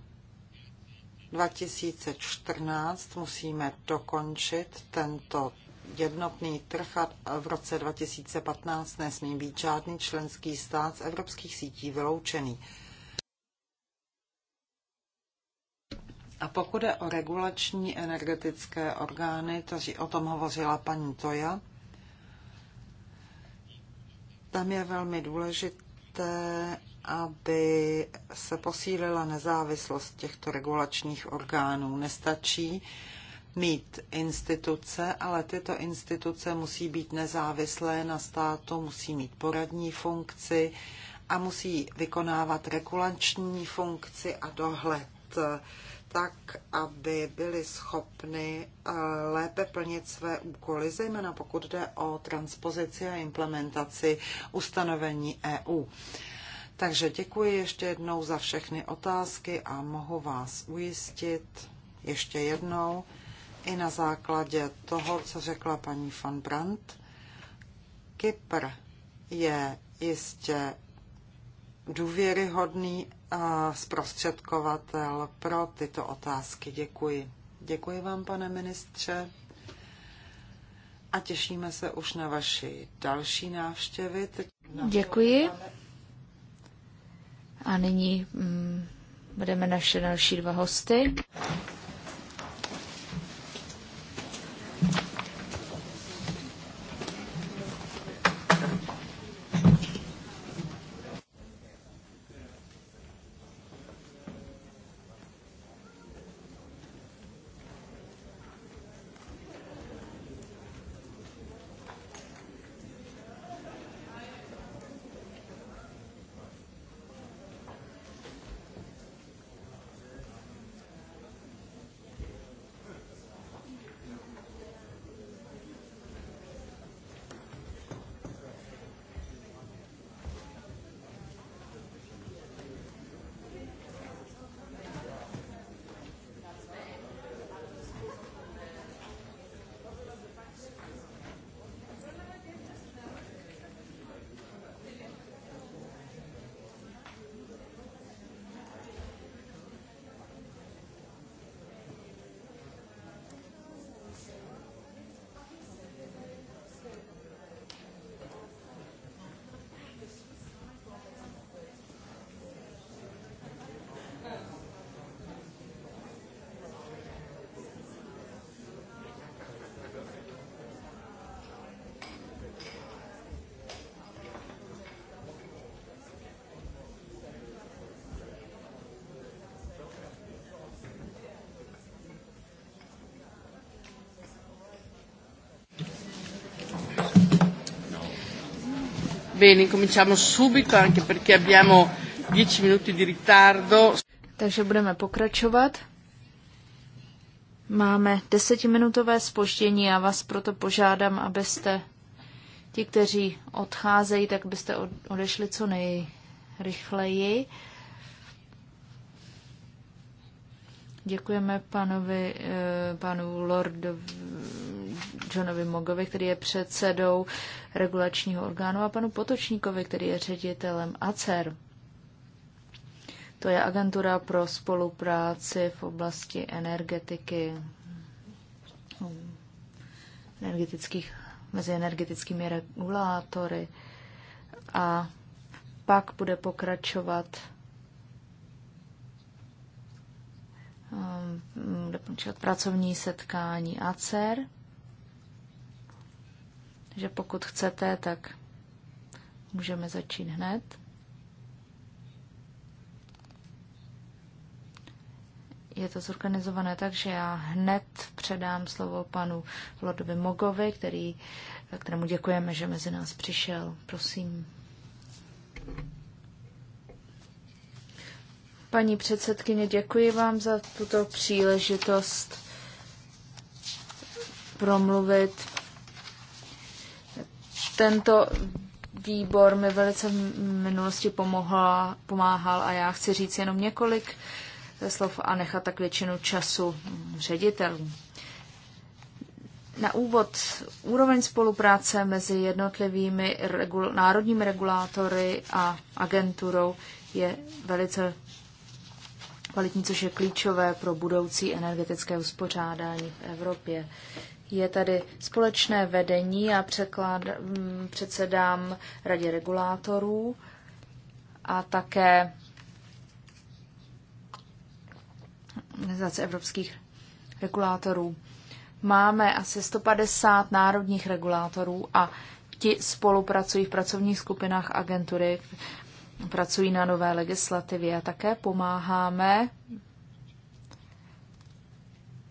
2014 musíme dokončit tento jednotný trh a v roce 2015 nesmí být žádný členský stát z evropských sítí vyloučený. A pokud je o regulační energetické orgány, to, o tom hovořila paní Toja, tam je velmi důležité, aby se posílila nezávislost těchto regulačních orgánů. Nestačí mít instituce, ale tyto instituce musí být nezávislé na státu, musí mít poradní funkci a musí vykonávat regulační funkci a dohled tak, aby byly schopny eh, lépe plnit své úkoly, zejména pokud jde o transpozici a implementaci ustanovení EU. Takže děkuji ještě jednou za všechny otázky a mohu vás ujistit ještě jednou i na základě toho, co řekla paní von Brandt. Kypr je jistě důvěryhodný zprostředkovatel pro tyto otázky. Děkuji. Děkuji vám, pane ministře. A těšíme se už na vaši další návštěvy. Teď Děkuji. A nyní mm, budeme naše další dva hosty. Bene, incominciamo subito anche perché abbiamo 10 minuti di ritardo. Takže budeme pokračovat. Máme desetiminutové spoždění a vás proto požádám, abyste ti, kteří odcházejí, tak byste odešli co nejrychleji. Děkujeme panovi, eh, panu Lordovi Johnovi Mogovi, který je předsedou regulačního orgánu, a panu Potočníkovi, který je ředitelem ACER. To je agentura pro spolupráci v oblasti energetiky, energetických, mezi energetickými regulátory. A pak bude pokračovat um, bude pracovní setkání ACER že pokud chcete, tak můžeme začít hned. Je to zorganizované tak, že já hned předám slovo panu Lodovi Mogovi, který, kterému děkujeme, že mezi nás přišel. Prosím. Paní předsedkyně, děkuji vám za tuto příležitost promluvit tento výbor mi velice v minulosti pomohla, pomáhal a já chci říct jenom několik slov a nechat tak většinu času ředitelům. Na úvod úroveň spolupráce mezi jednotlivými regul- národními regulátory a agenturou je velice kvalitní, což je klíčové pro budoucí energetické uspořádání v Evropě. Je tady společné vedení a mm, předsedám radě regulátorů a také organizace evropských regulátorů. Máme asi 150 národních regulátorů a ti spolupracují v pracovních skupinách agentury, pracují na nové legislativě a také pomáháme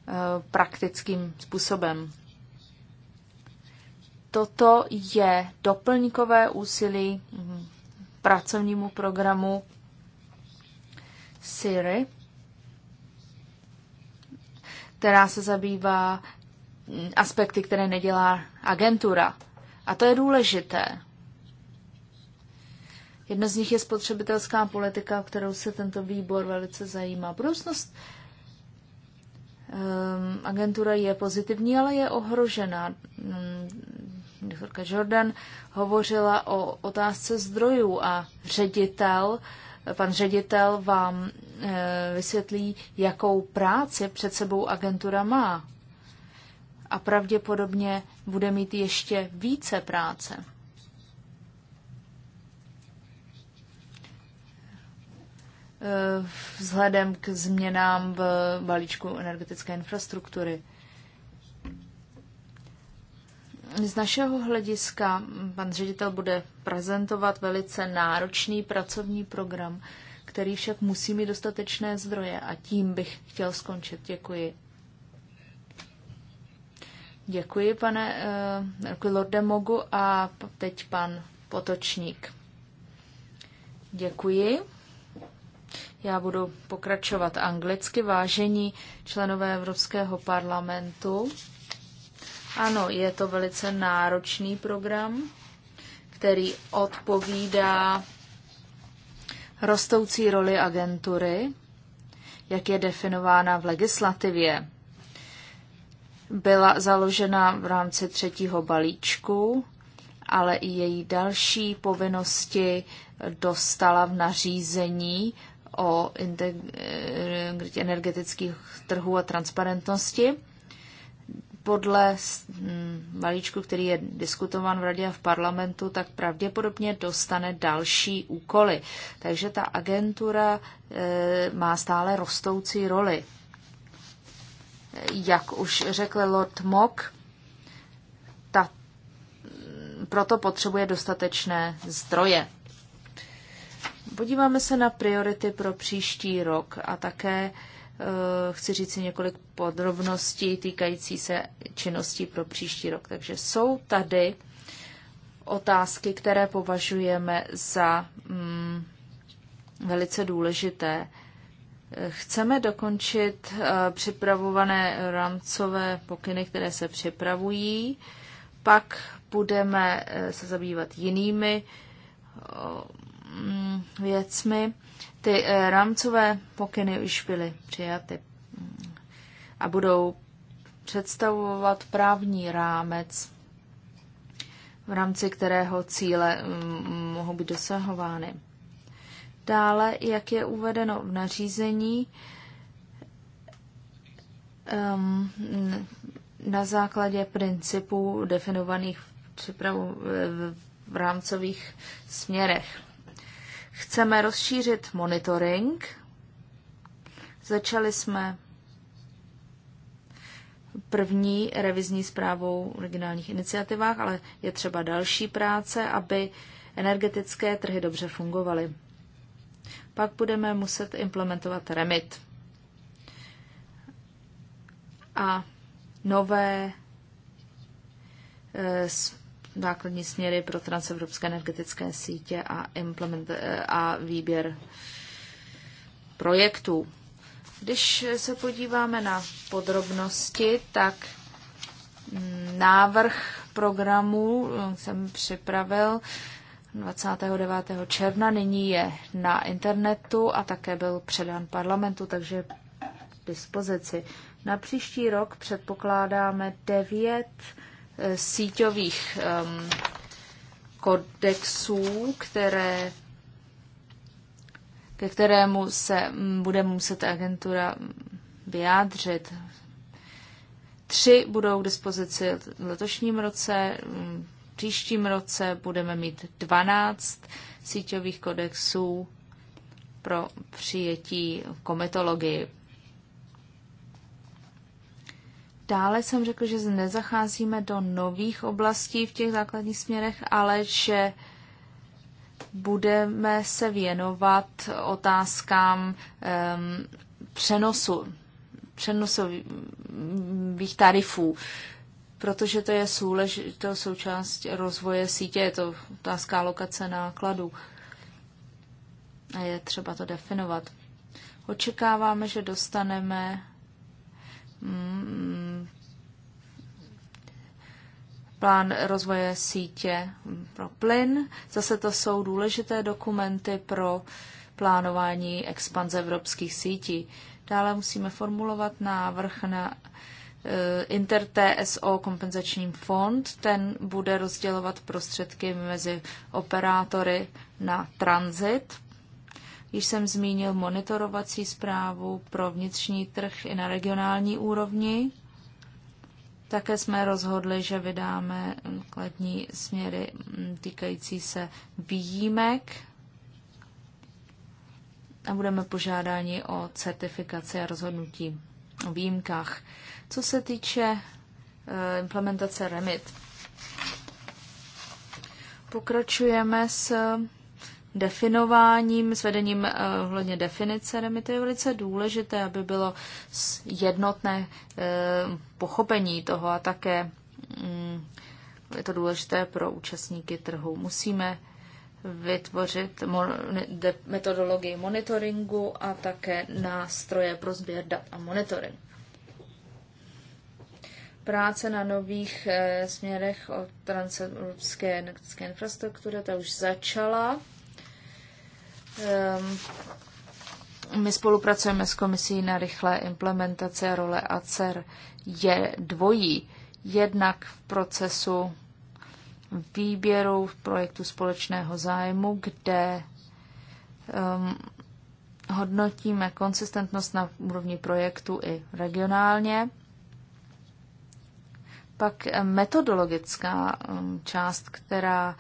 Eh, praktickým způsobem. Toto je doplňkové úsilí mhm, pracovnímu programu Siri, která se zabývá mm, aspekty, které nedělá agentura. A to je důležité. Jedno z nich je spotřebitelská politika, kterou se tento výbor velice zajímá. Budoucnost Ehm, agentura je pozitivní, ale je ohrožena. Hm, doktorka Jordan hovořila o otázce zdrojů a ředitel, pan ředitel vám eh, vysvětlí, jakou práci před sebou agentura má. A pravděpodobně bude mít ještě více práce. Eh, vzhledem k změnám v balíčku energetické infrastruktury. Z našeho hlediska pan ředitel bude prezentovat velice náročný pracovní program, který však musí mít dostatečné zdroje a tím bych chtěl skončit. Děkuji. Děkuji, pane uh, Lorde Mogu a teď pan Potočník. Děkuji. Já budu pokračovat anglicky. Vážení členové Evropského parlamentu, ano, je to velice náročný program, který odpovídá rostoucí roli agentury, jak je definována v legislativě. Byla založena v rámci třetího balíčku, ale i její další povinnosti dostala v nařízení o integritě energetických trhů a transparentnosti. Podle balíčku, který je diskutován v Radě a v parlamentu, tak pravděpodobně dostane další úkoly. Takže ta agentura e, má stále rostoucí roli. Jak už řekl Lord Mock, ta, proto potřebuje dostatečné zdroje. Podíváme se na priority pro příští rok a také eh, chci říct si několik podrobností týkající se činností pro příští rok. Takže jsou tady otázky, které považujeme za mm, velice důležité. Chceme dokončit eh, připravované rámcové pokyny, které se připravují. Pak budeme eh, se zabývat jinými Mm, věcmi. Ty eh, rámcové pokyny už byly přijaty mm, a budou představovat právní rámec, v rámci kterého cíle mm, mohou být dosahovány. Dále, jak je uvedeno v nařízení, ehm, na základě principů definovaných v, v rámcových směrech. Chceme rozšířit monitoring. Začali jsme první revizní zprávou o regionálních iniciativách, ale je třeba další práce, aby energetické trhy dobře fungovaly. Pak budeme muset implementovat remit a nové eh, základní směry pro transevropské energetické sítě a, implement, a výběr projektů. Když se podíváme na podrobnosti, tak mm, návrh programu jsem připravil 29. června, nyní je na internetu a také byl předán parlamentu, takže k dispozici. Na příští rok předpokládáme devět Eh, síťových um, kodexů, které, ke kterému se bude muset agentura vyjádřit. Tři budou k dispozici v letošním roce, v příštím roce budeme mít 12 síťových kodexů pro přijetí komitologii Dále jsem řekl, že nezacházíme do nových oblastí v těch základních směrech, ale že budeme se věnovat otázkám um, přenosu, přenosových tarifů, protože to je to součást rozvoje sítě, je to otázka lokace nákladů. A je třeba to definovat. Očekáváme, že dostaneme Mm, plán rozvoje sítě pro plyn. Zase to jsou důležité dokumenty pro plánování expanze evropských sítí. Dále musíme formulovat návrh na eh, Inter TSO kompenzační fond. Ten bude rozdělovat prostředky mezi operátory na tranzit Již jsem zmínil monitorovací zprávu pro vnitřní trh i na regionální úrovni. Také jsme rozhodli, že vydáme kladní směry týkající se výjimek a budeme požádáni o certifikaci a rozhodnutí o výjimkách. Co se týče eh, implementace REMIT, pokračujeme s definováním, s vedením eh, hledně definice remity je velice důležité, aby bylo jednotné eh, pochopení toho a také mm, je to důležité pro účastníky trhu. Musíme vytvořit metodologii monitoringu a také nástroje pro sběr dat a monitoring. Práce na nových eh, směrech o transevropské energetické infrastruktury, ta už začala Ehm, my spolupracujeme s komisí na rychlé implementace role ACER. Je dvojí. Jednak v procesu výběru projektu společného zájmu, kde um, hodnotíme konsistentnost na úrovni projektu i regionálně. Pak metodologická ehm, část, která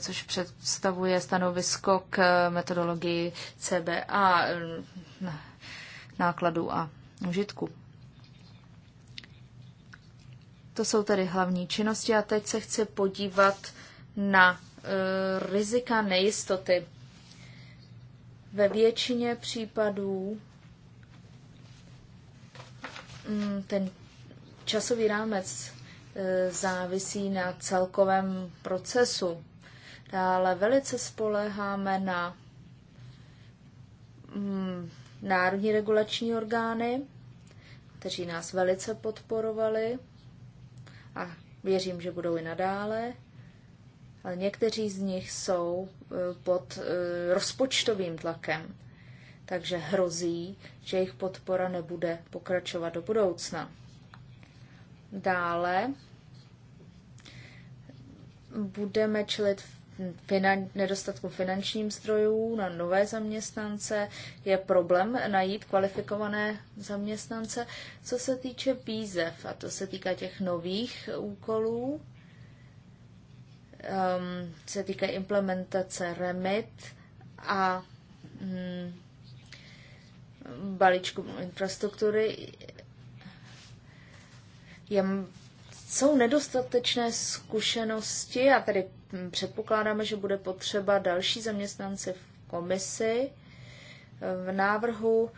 což představuje stanovisko k metodologii CBA eh, nákladu a užitku. To jsou tedy hlavní činnosti a teď se chci podívat na e, rizika nejistoty. Ve většině případů mm, ten časový rámec E, závisí na celkovém procesu. Dále velice spoleháme na mm, národní regulační orgány, kteří nás velice podporovali a věřím, že budou i nadále. Ale někteří z nich jsou e, pod e, rozpočtovým tlakem, takže hrozí, že jejich podpora nebude pokračovat do budoucna. Dále budeme čelit finan- nedostatku finančním zdrojů na nové zaměstnance. Je problém najít kvalifikované zaměstnance. Co se týče výzev, a to se týká těch nových úkolů, um, se týká implementace REMIT a mm, balíčku infrastruktury, jsou nedostatečné zkušenosti a tedy předpokládáme, že bude potřeba další zaměstnanci v komisi. V návrhu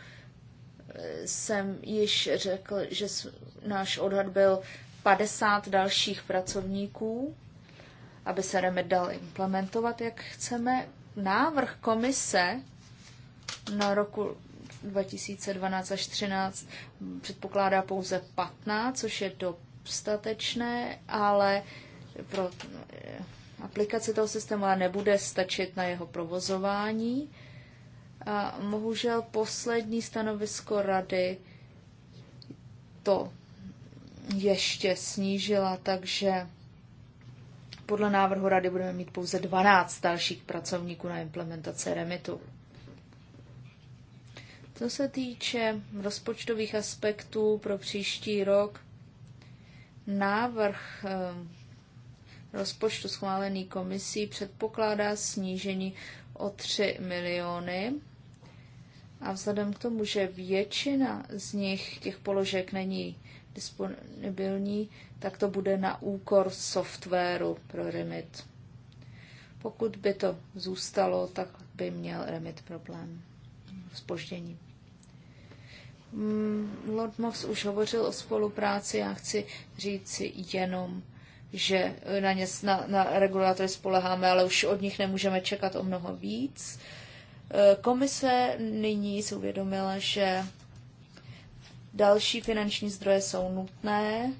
eh, jsem již řekl, že náš odhad byl 50 dalších pracovníků, aby se remit dal implementovat, jak chceme. Návrh komise na roku 2012 až 13 předpokládá pouze 15, což je dostatečné, ale pro eh, aplikaci toho systému ale nebude stačit na jeho provozování. A mohužel poslední stanovisko rady to ještě snížila, takže podle návrhu rady budeme mít pouze 12 dalších pracovníků na implementaci remitu. Co se týče rozpočtových aspektů pro příští rok, návrh eh, rozpočtu schválený komisí předpokládá snížení o 3 miliony. A vzhledem k tomu, že většina z nich, těch položek, není disponibilní, tak to bude na úkor softwaru pro Remit. Pokud by to zůstalo, tak by měl Remit problém s požděním. Mm, Lord Moss už hovořil o spolupráci, já chci říci jenom, že na ně na, na regulátory spoleháme, ale už od nich nemůžeme čekat o mnoho víc. E, komise nyní si uvědomila, že další finanční zdroje jsou nutné,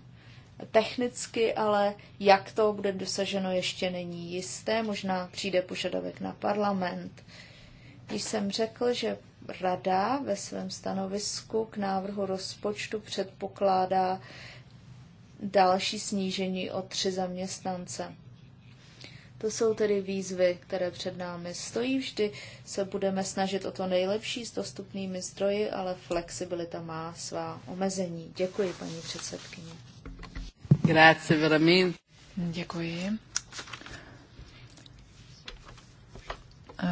technicky, ale jak to bude dosaženo ještě není jisté, možná přijde požadavek na parlament. Když jsem řekl, že Rada ve svém stanovisku k návrhu rozpočtu předpokládá další snížení o tři zaměstnance. To jsou tedy výzvy, které před námi stojí. Vždy se budeme snažit o to nejlepší s dostupnými zdroji, ale flexibilita má svá omezení. Děkuji, paní předsedkyně. Grazie, veramente. Děkuji.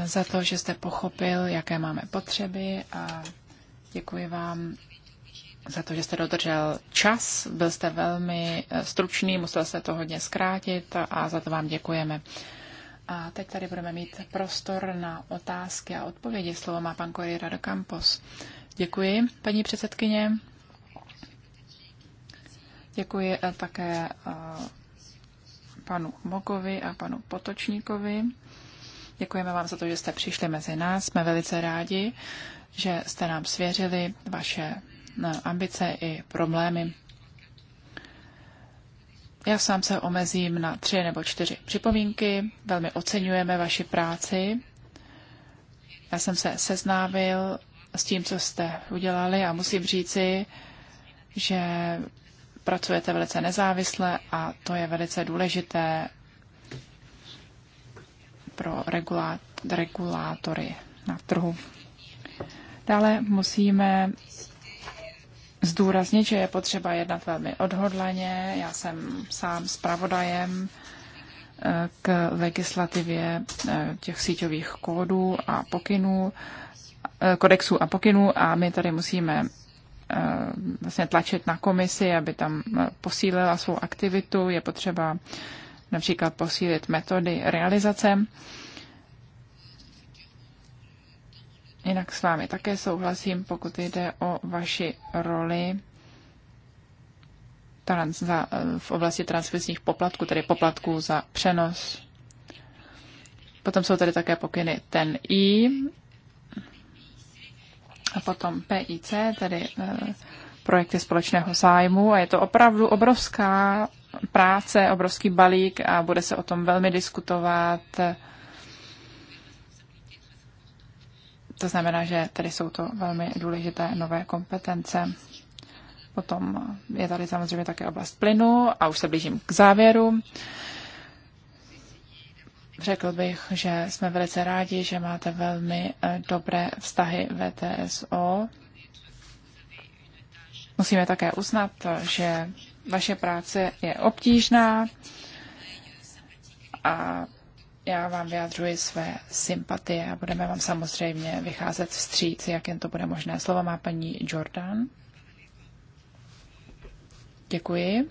za to, že jste pochopil, jaké máme potřeby a děkuji vám za to, že jste dodržel čas. Byl jste velmi eh, stručný, musel jste to hodně zkrátit a za to vám děkujeme. A teď tady budeme mít prostor na otázky a odpovědi. Slovo má pan Corriera do Campos. Děkuji, paní předsedkyně. Děkuji eh, také eh, panu Mokovi a panu Potočníkovi Děkujeme vám za to, že jste přišli mezi nás. Jsme velice rádi, že jste nám svěřili vaše eh, ambice i problémy. Já sám se omezím na tři nebo čtyři připomínky. Velmi oceňujeme vaši práci. Já jsem se seznávil s tím, co jste udělali a musím říci, že pracujete velice nezávisle a to je velice důležité pro regulát, regulátory na trhu. Dále musíme zdůraznit, že je potřeba jednat velmi odhodlaně. Já jsem sám zpravodajem eh, k legislativě eh, těch síťových kódů a pokynů, eh, kodexů a pokynů a my tady musíme vlastně tlačit na komisi, aby tam posílila svou aktivitu. Je potřeba například posílit metody realizace. Jinak s vámi také souhlasím, pokud jde o vaši roli trans, za, v oblasti transmisních poplatků, tedy poplatků za přenos. Potom jsou tady také pokyny ten I a potom PIC, tedy eh, projekty společného zájmu a je to opravdu obrovská práce, obrovský balík a bude se o tom velmi diskutovat. To znamená, že tady jsou to velmi důležité nové kompetence. Potom je tady samozřejmě také oblast plynu a už se blížím k závěru. Řekl bych, že jsme velice rádi, že máte velmi eh, dobré vztahy VTSO. Musíme také uznat, že vaše práce je obtížná a já vám vyjadřuji své sympatie a budeme vám samozřejmě vycházet vstříc, jak jen to bude možné. Slovo má paní Jordan. Děkuji.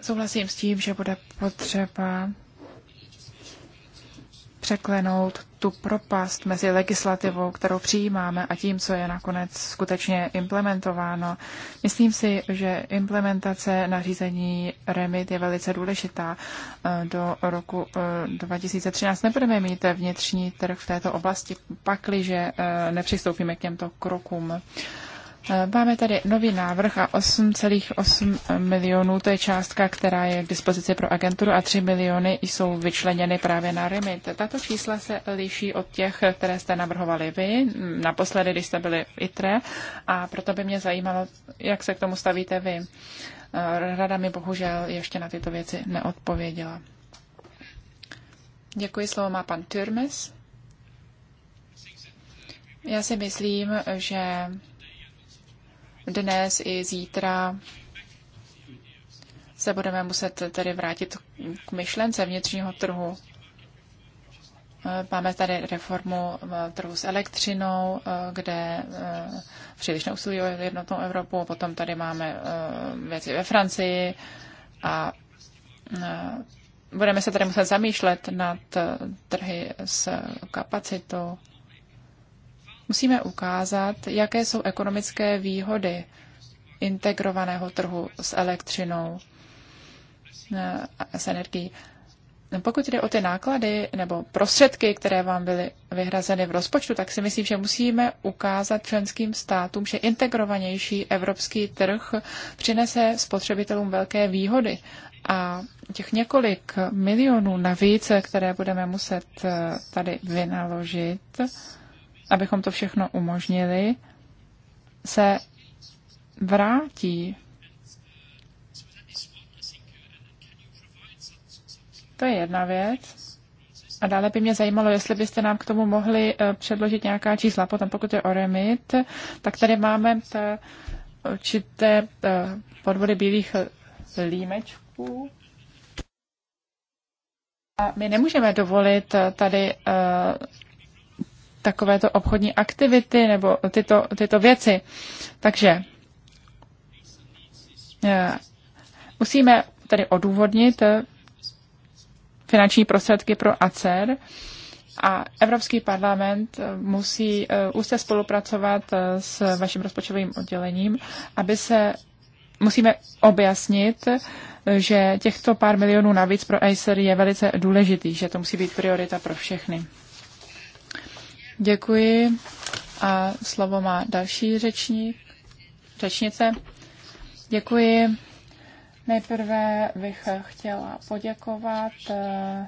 Souhlasím s tím, že bude potřeba překlenout tu propast mezi legislativou, kterou přijímáme, a tím, co je nakonec skutečně implementováno. Myslím si, že implementace nařízení REMIT je velice důležitá. Eh, do roku 2013 eh, nebudeme mít vnitřní trh v této oblasti, pakliže eh, nepřistoupíme k těmto krokům. Eh, máme tady nový návrh a 8,8 eh, milionů, to je částka, která je k dispozici pro agenturu a 3 miliony jsou vyčleněny právě na remit. Tato čísla se liší od těch, které jste navrhovali vy, mm, naposledy, když jste byli v ITRE a proto by mě zajímalo, jak se k tomu stavíte vy. Eh, rada mi bohužel ještě na tyto věci neodpověděla. Děkuji, slovo má pan Turmes. Já si myslím, že dnes i zítra se budeme muset tedy vrátit k myšlence vnitřního trhu. Máme tady reformu eh, trhu s elektřinou, eh, kde eh, příliš neusilují o jednotnou Evropu. Potom tady máme věci ve Francii a budeme se tady muset zamýšlet nad trhy s kapacitou. Musíme ukázat, jaké jsou ekonomické výhody integrovaného trhu s elektřinou, eh, s energií. Pokud jde o ty náklady nebo prostředky, které vám byly vyhrazeny v rozpočtu, tak si myslím, že musíme ukázat členským státům, že integrovanější evropský trh přinese spotřebitelům velké výhody. A těch několik milionů navíc, které budeme muset eh, tady vynaložit, abychom to všechno umožnili, se vrátí. To je jedna věc. A dále by mě zajímalo, jestli byste nám k tomu mohli eh, předložit nějaká čísla. Potom pokud je o remit, tak tady máme ta určité eh, podvody bílých eh, límečků. A my nemůžeme dovolit tady takovéto obchodní aktivity nebo tyto, tyto věci. Takže eh, musíme tedy odůvodnit eh, finanční prostředky pro ACER a Evropský parlament eh, musí úzce spolupracovat s vaším rozpočtovým oddělením, aby se musíme objasnit, že těchto pár milionů navíc pro Acer je velice důležitý, že to musí být priorita pro všechny. Děkuji a slovo má další řečník, řečnice. Děkuji. Nejprve bych chtěla poděkovat eh,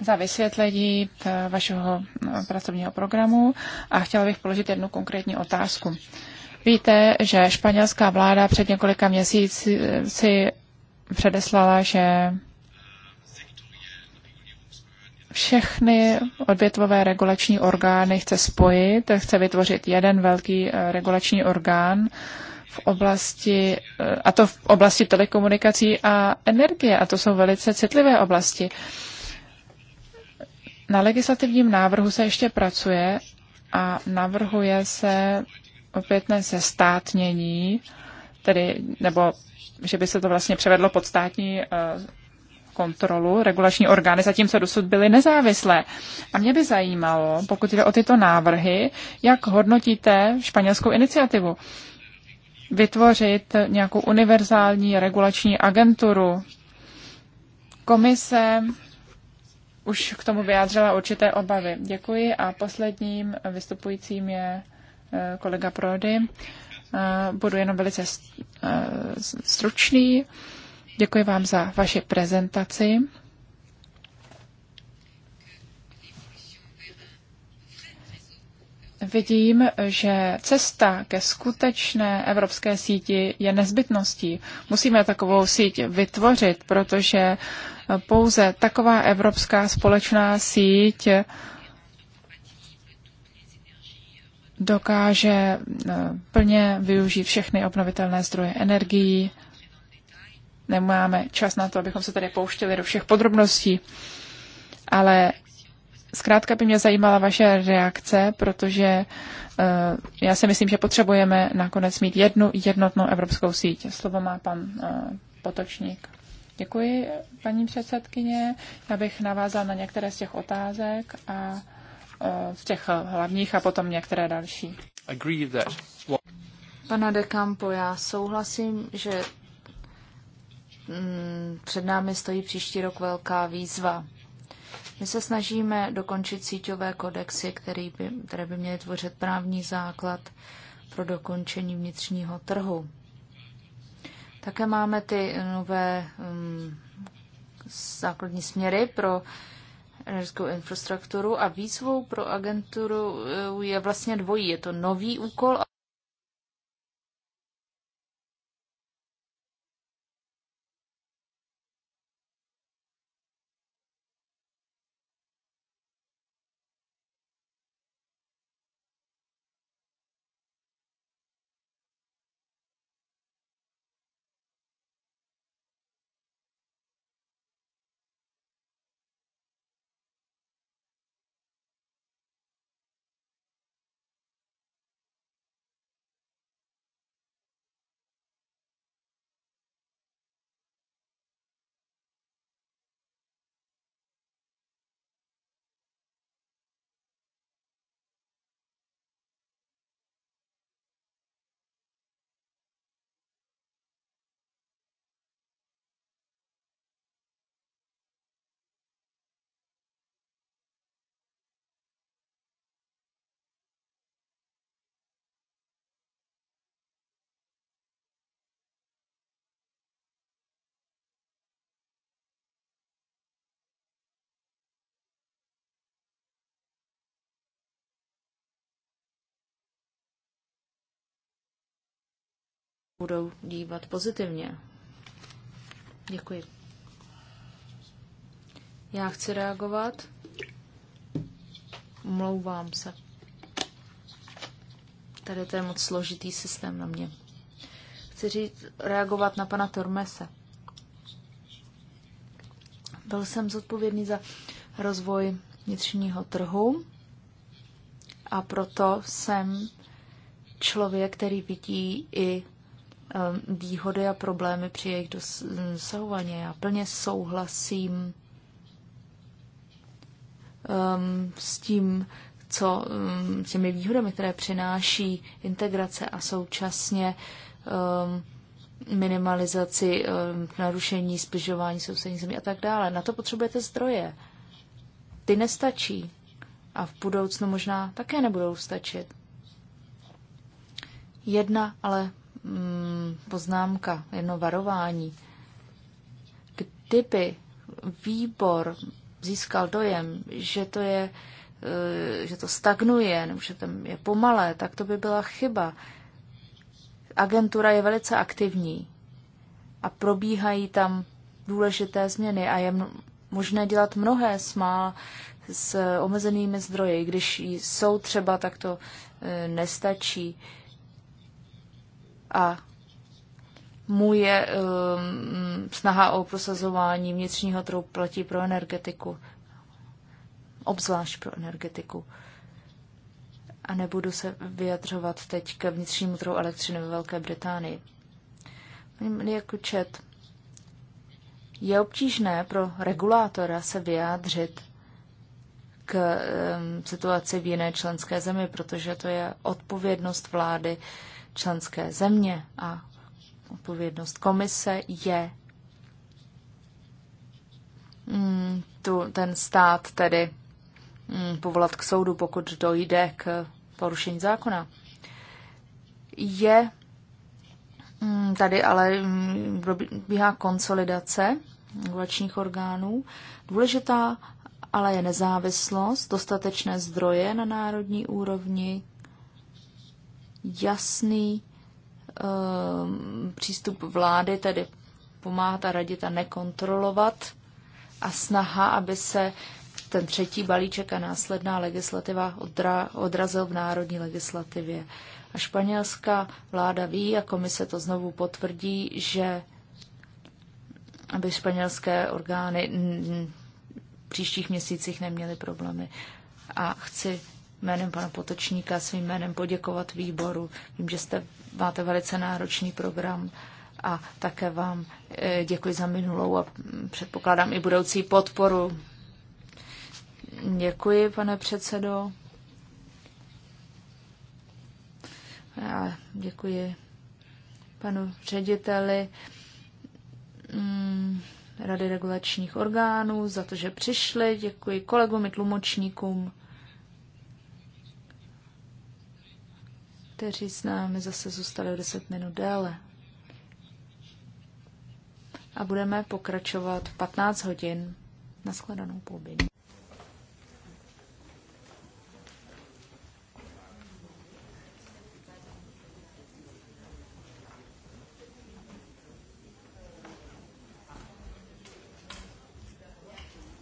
za vysvětlení eh, vašeho eh, pracovního programu a chtěla bych položit jednu konkrétní otázku. Víte, že španělská vláda před několika měsíci předeslala, že všechny odvětvové regulační orgány chce spojit, chce vytvořit jeden velký eh, regulační orgán v oblasti, eh, a to v oblasti telekomunikací a energie, a to jsou velice citlivé oblasti. Na legislativním návrhu se ještě pracuje a navrhuje se opětné státnění, tedy, nebo že by se to vlastně převedlo pod státní eh, kontrolu, regulační orgány zatímco dosud byly nezávislé. A mě by zajímalo, pokud jde o tyto návrhy, jak hodnotíte španělskou iniciativu vytvořit nějakou univerzální regulační agenturu. Komise už k tomu vyjádřila určité obavy. Děkuji a posledním vystupujícím je eh, kolega Prody. Eh, budu jenom velice eh, stručný. Děkuji vám za vaši prezentaci. Vidím, že cesta ke skutečné evropské síti je nezbytností. Musíme takovou síť vytvořit, protože pouze taková evropská společná síť dokáže eh, plně využít všechny obnovitelné zdroje energií nemáme čas na to, abychom se tady pouštěli do všech podrobností, ale zkrátka by mě zajímala vaše reakce, protože uh, já si myslím, že potřebujeme nakonec mít jednu jednotnou evropskou síť. Slovo má pan uh, Potočník. Děkuji, paní předsedkyně. Já bych navázal na některé z těch otázek a uh, z těch hlavních a potom některé další. Pana de Campo, já souhlasím, že Mm, před námi stojí příští rok velká výzva. My se snažíme dokončit síťové kodexy, který by, které by měly tvořit právní základ pro dokončení vnitřního trhu. Také máme ty nové um, základní směry pro energetickou infrastrukturu a výzvou pro agenturu eh, je vlastně dvojí. Je to nový úkol. budou dívat pozitivně. Děkuji. Já chci reagovat. Mlouvám se. Tady to je moc složitý systém na mě. Chci říct, reagovat na pana Tormese. Byl jsem zodpovědný za rozvoj vnitřního trhu a proto jsem člověk, který vidí i Ehm, výhody a problémy při jejich dosahování. Já plně souhlasím um, s tím, co um, ehm, s těmi výhodami, které přináší integrace a současně um, minimalizaci um, narušení, spěžování sousední zemí a tak dále. Na to potřebujete zdroje. Ty nestačí a v budoucnu možná také nebudou stačit. Jedna ale Mm, poznámka, jedno varování. Kdyby výbor získal dojem, že to je eh, že to stagnuje, nebo že tam je pomalé, tak to by byla chyba. Agentura je velice aktivní a probíhají tam důležité změny a je možné dělat mnohé s, má, s omezenými zdroji. Když jsou třeba, tak to eh, nestačí a je um, snaha o prosazování vnitřního trhu platí pro energetiku, obzvlášť pro energetiku. A nebudu se vyjadřovat teď ke vnitřnímu trhu elektřiny ve Velké Británii. Jako čet, je obtížné pro regulátora se vyjádřit k um, situaci v jiné členské zemi, protože to je odpovědnost vlády uh, členské země a odpovědnost komise je mm, tu, ten stát tedy mm, povolat k soudu, pokud dojde k porušení zákona. Je mm, tady ale probíhá konsolidace regulačních orgánů. Důležitá ale je nezávislost, dostatečné zdroje na národní úrovni, jasný um, přístup vlády, tedy pomáhat a radit a nekontrolovat a snaha, aby se ten třetí balíček a následná legislativa odra, odrazil v národní legislativě. A španělská vláda ví, a komise to znovu potvrdí, že aby španělské orgány v příštích měsících neměly problémy. A chci jménem pana Potočníka, svým jménem poděkovat výboru. Vím, že jste, máte velice náročný program a také vám e, děkuji za minulou a předpokládám i budoucí podporu. Děkuji, pane předsedo. Já děkuji panu řediteli mm, Rady regulačních orgánů za to, že přišli. Děkuji kolegům i tlumočníkům. kteří s námi zase zůstali o 10 minut déle. A budeme pokračovat v 15 hodin. Naschledanou po obědě.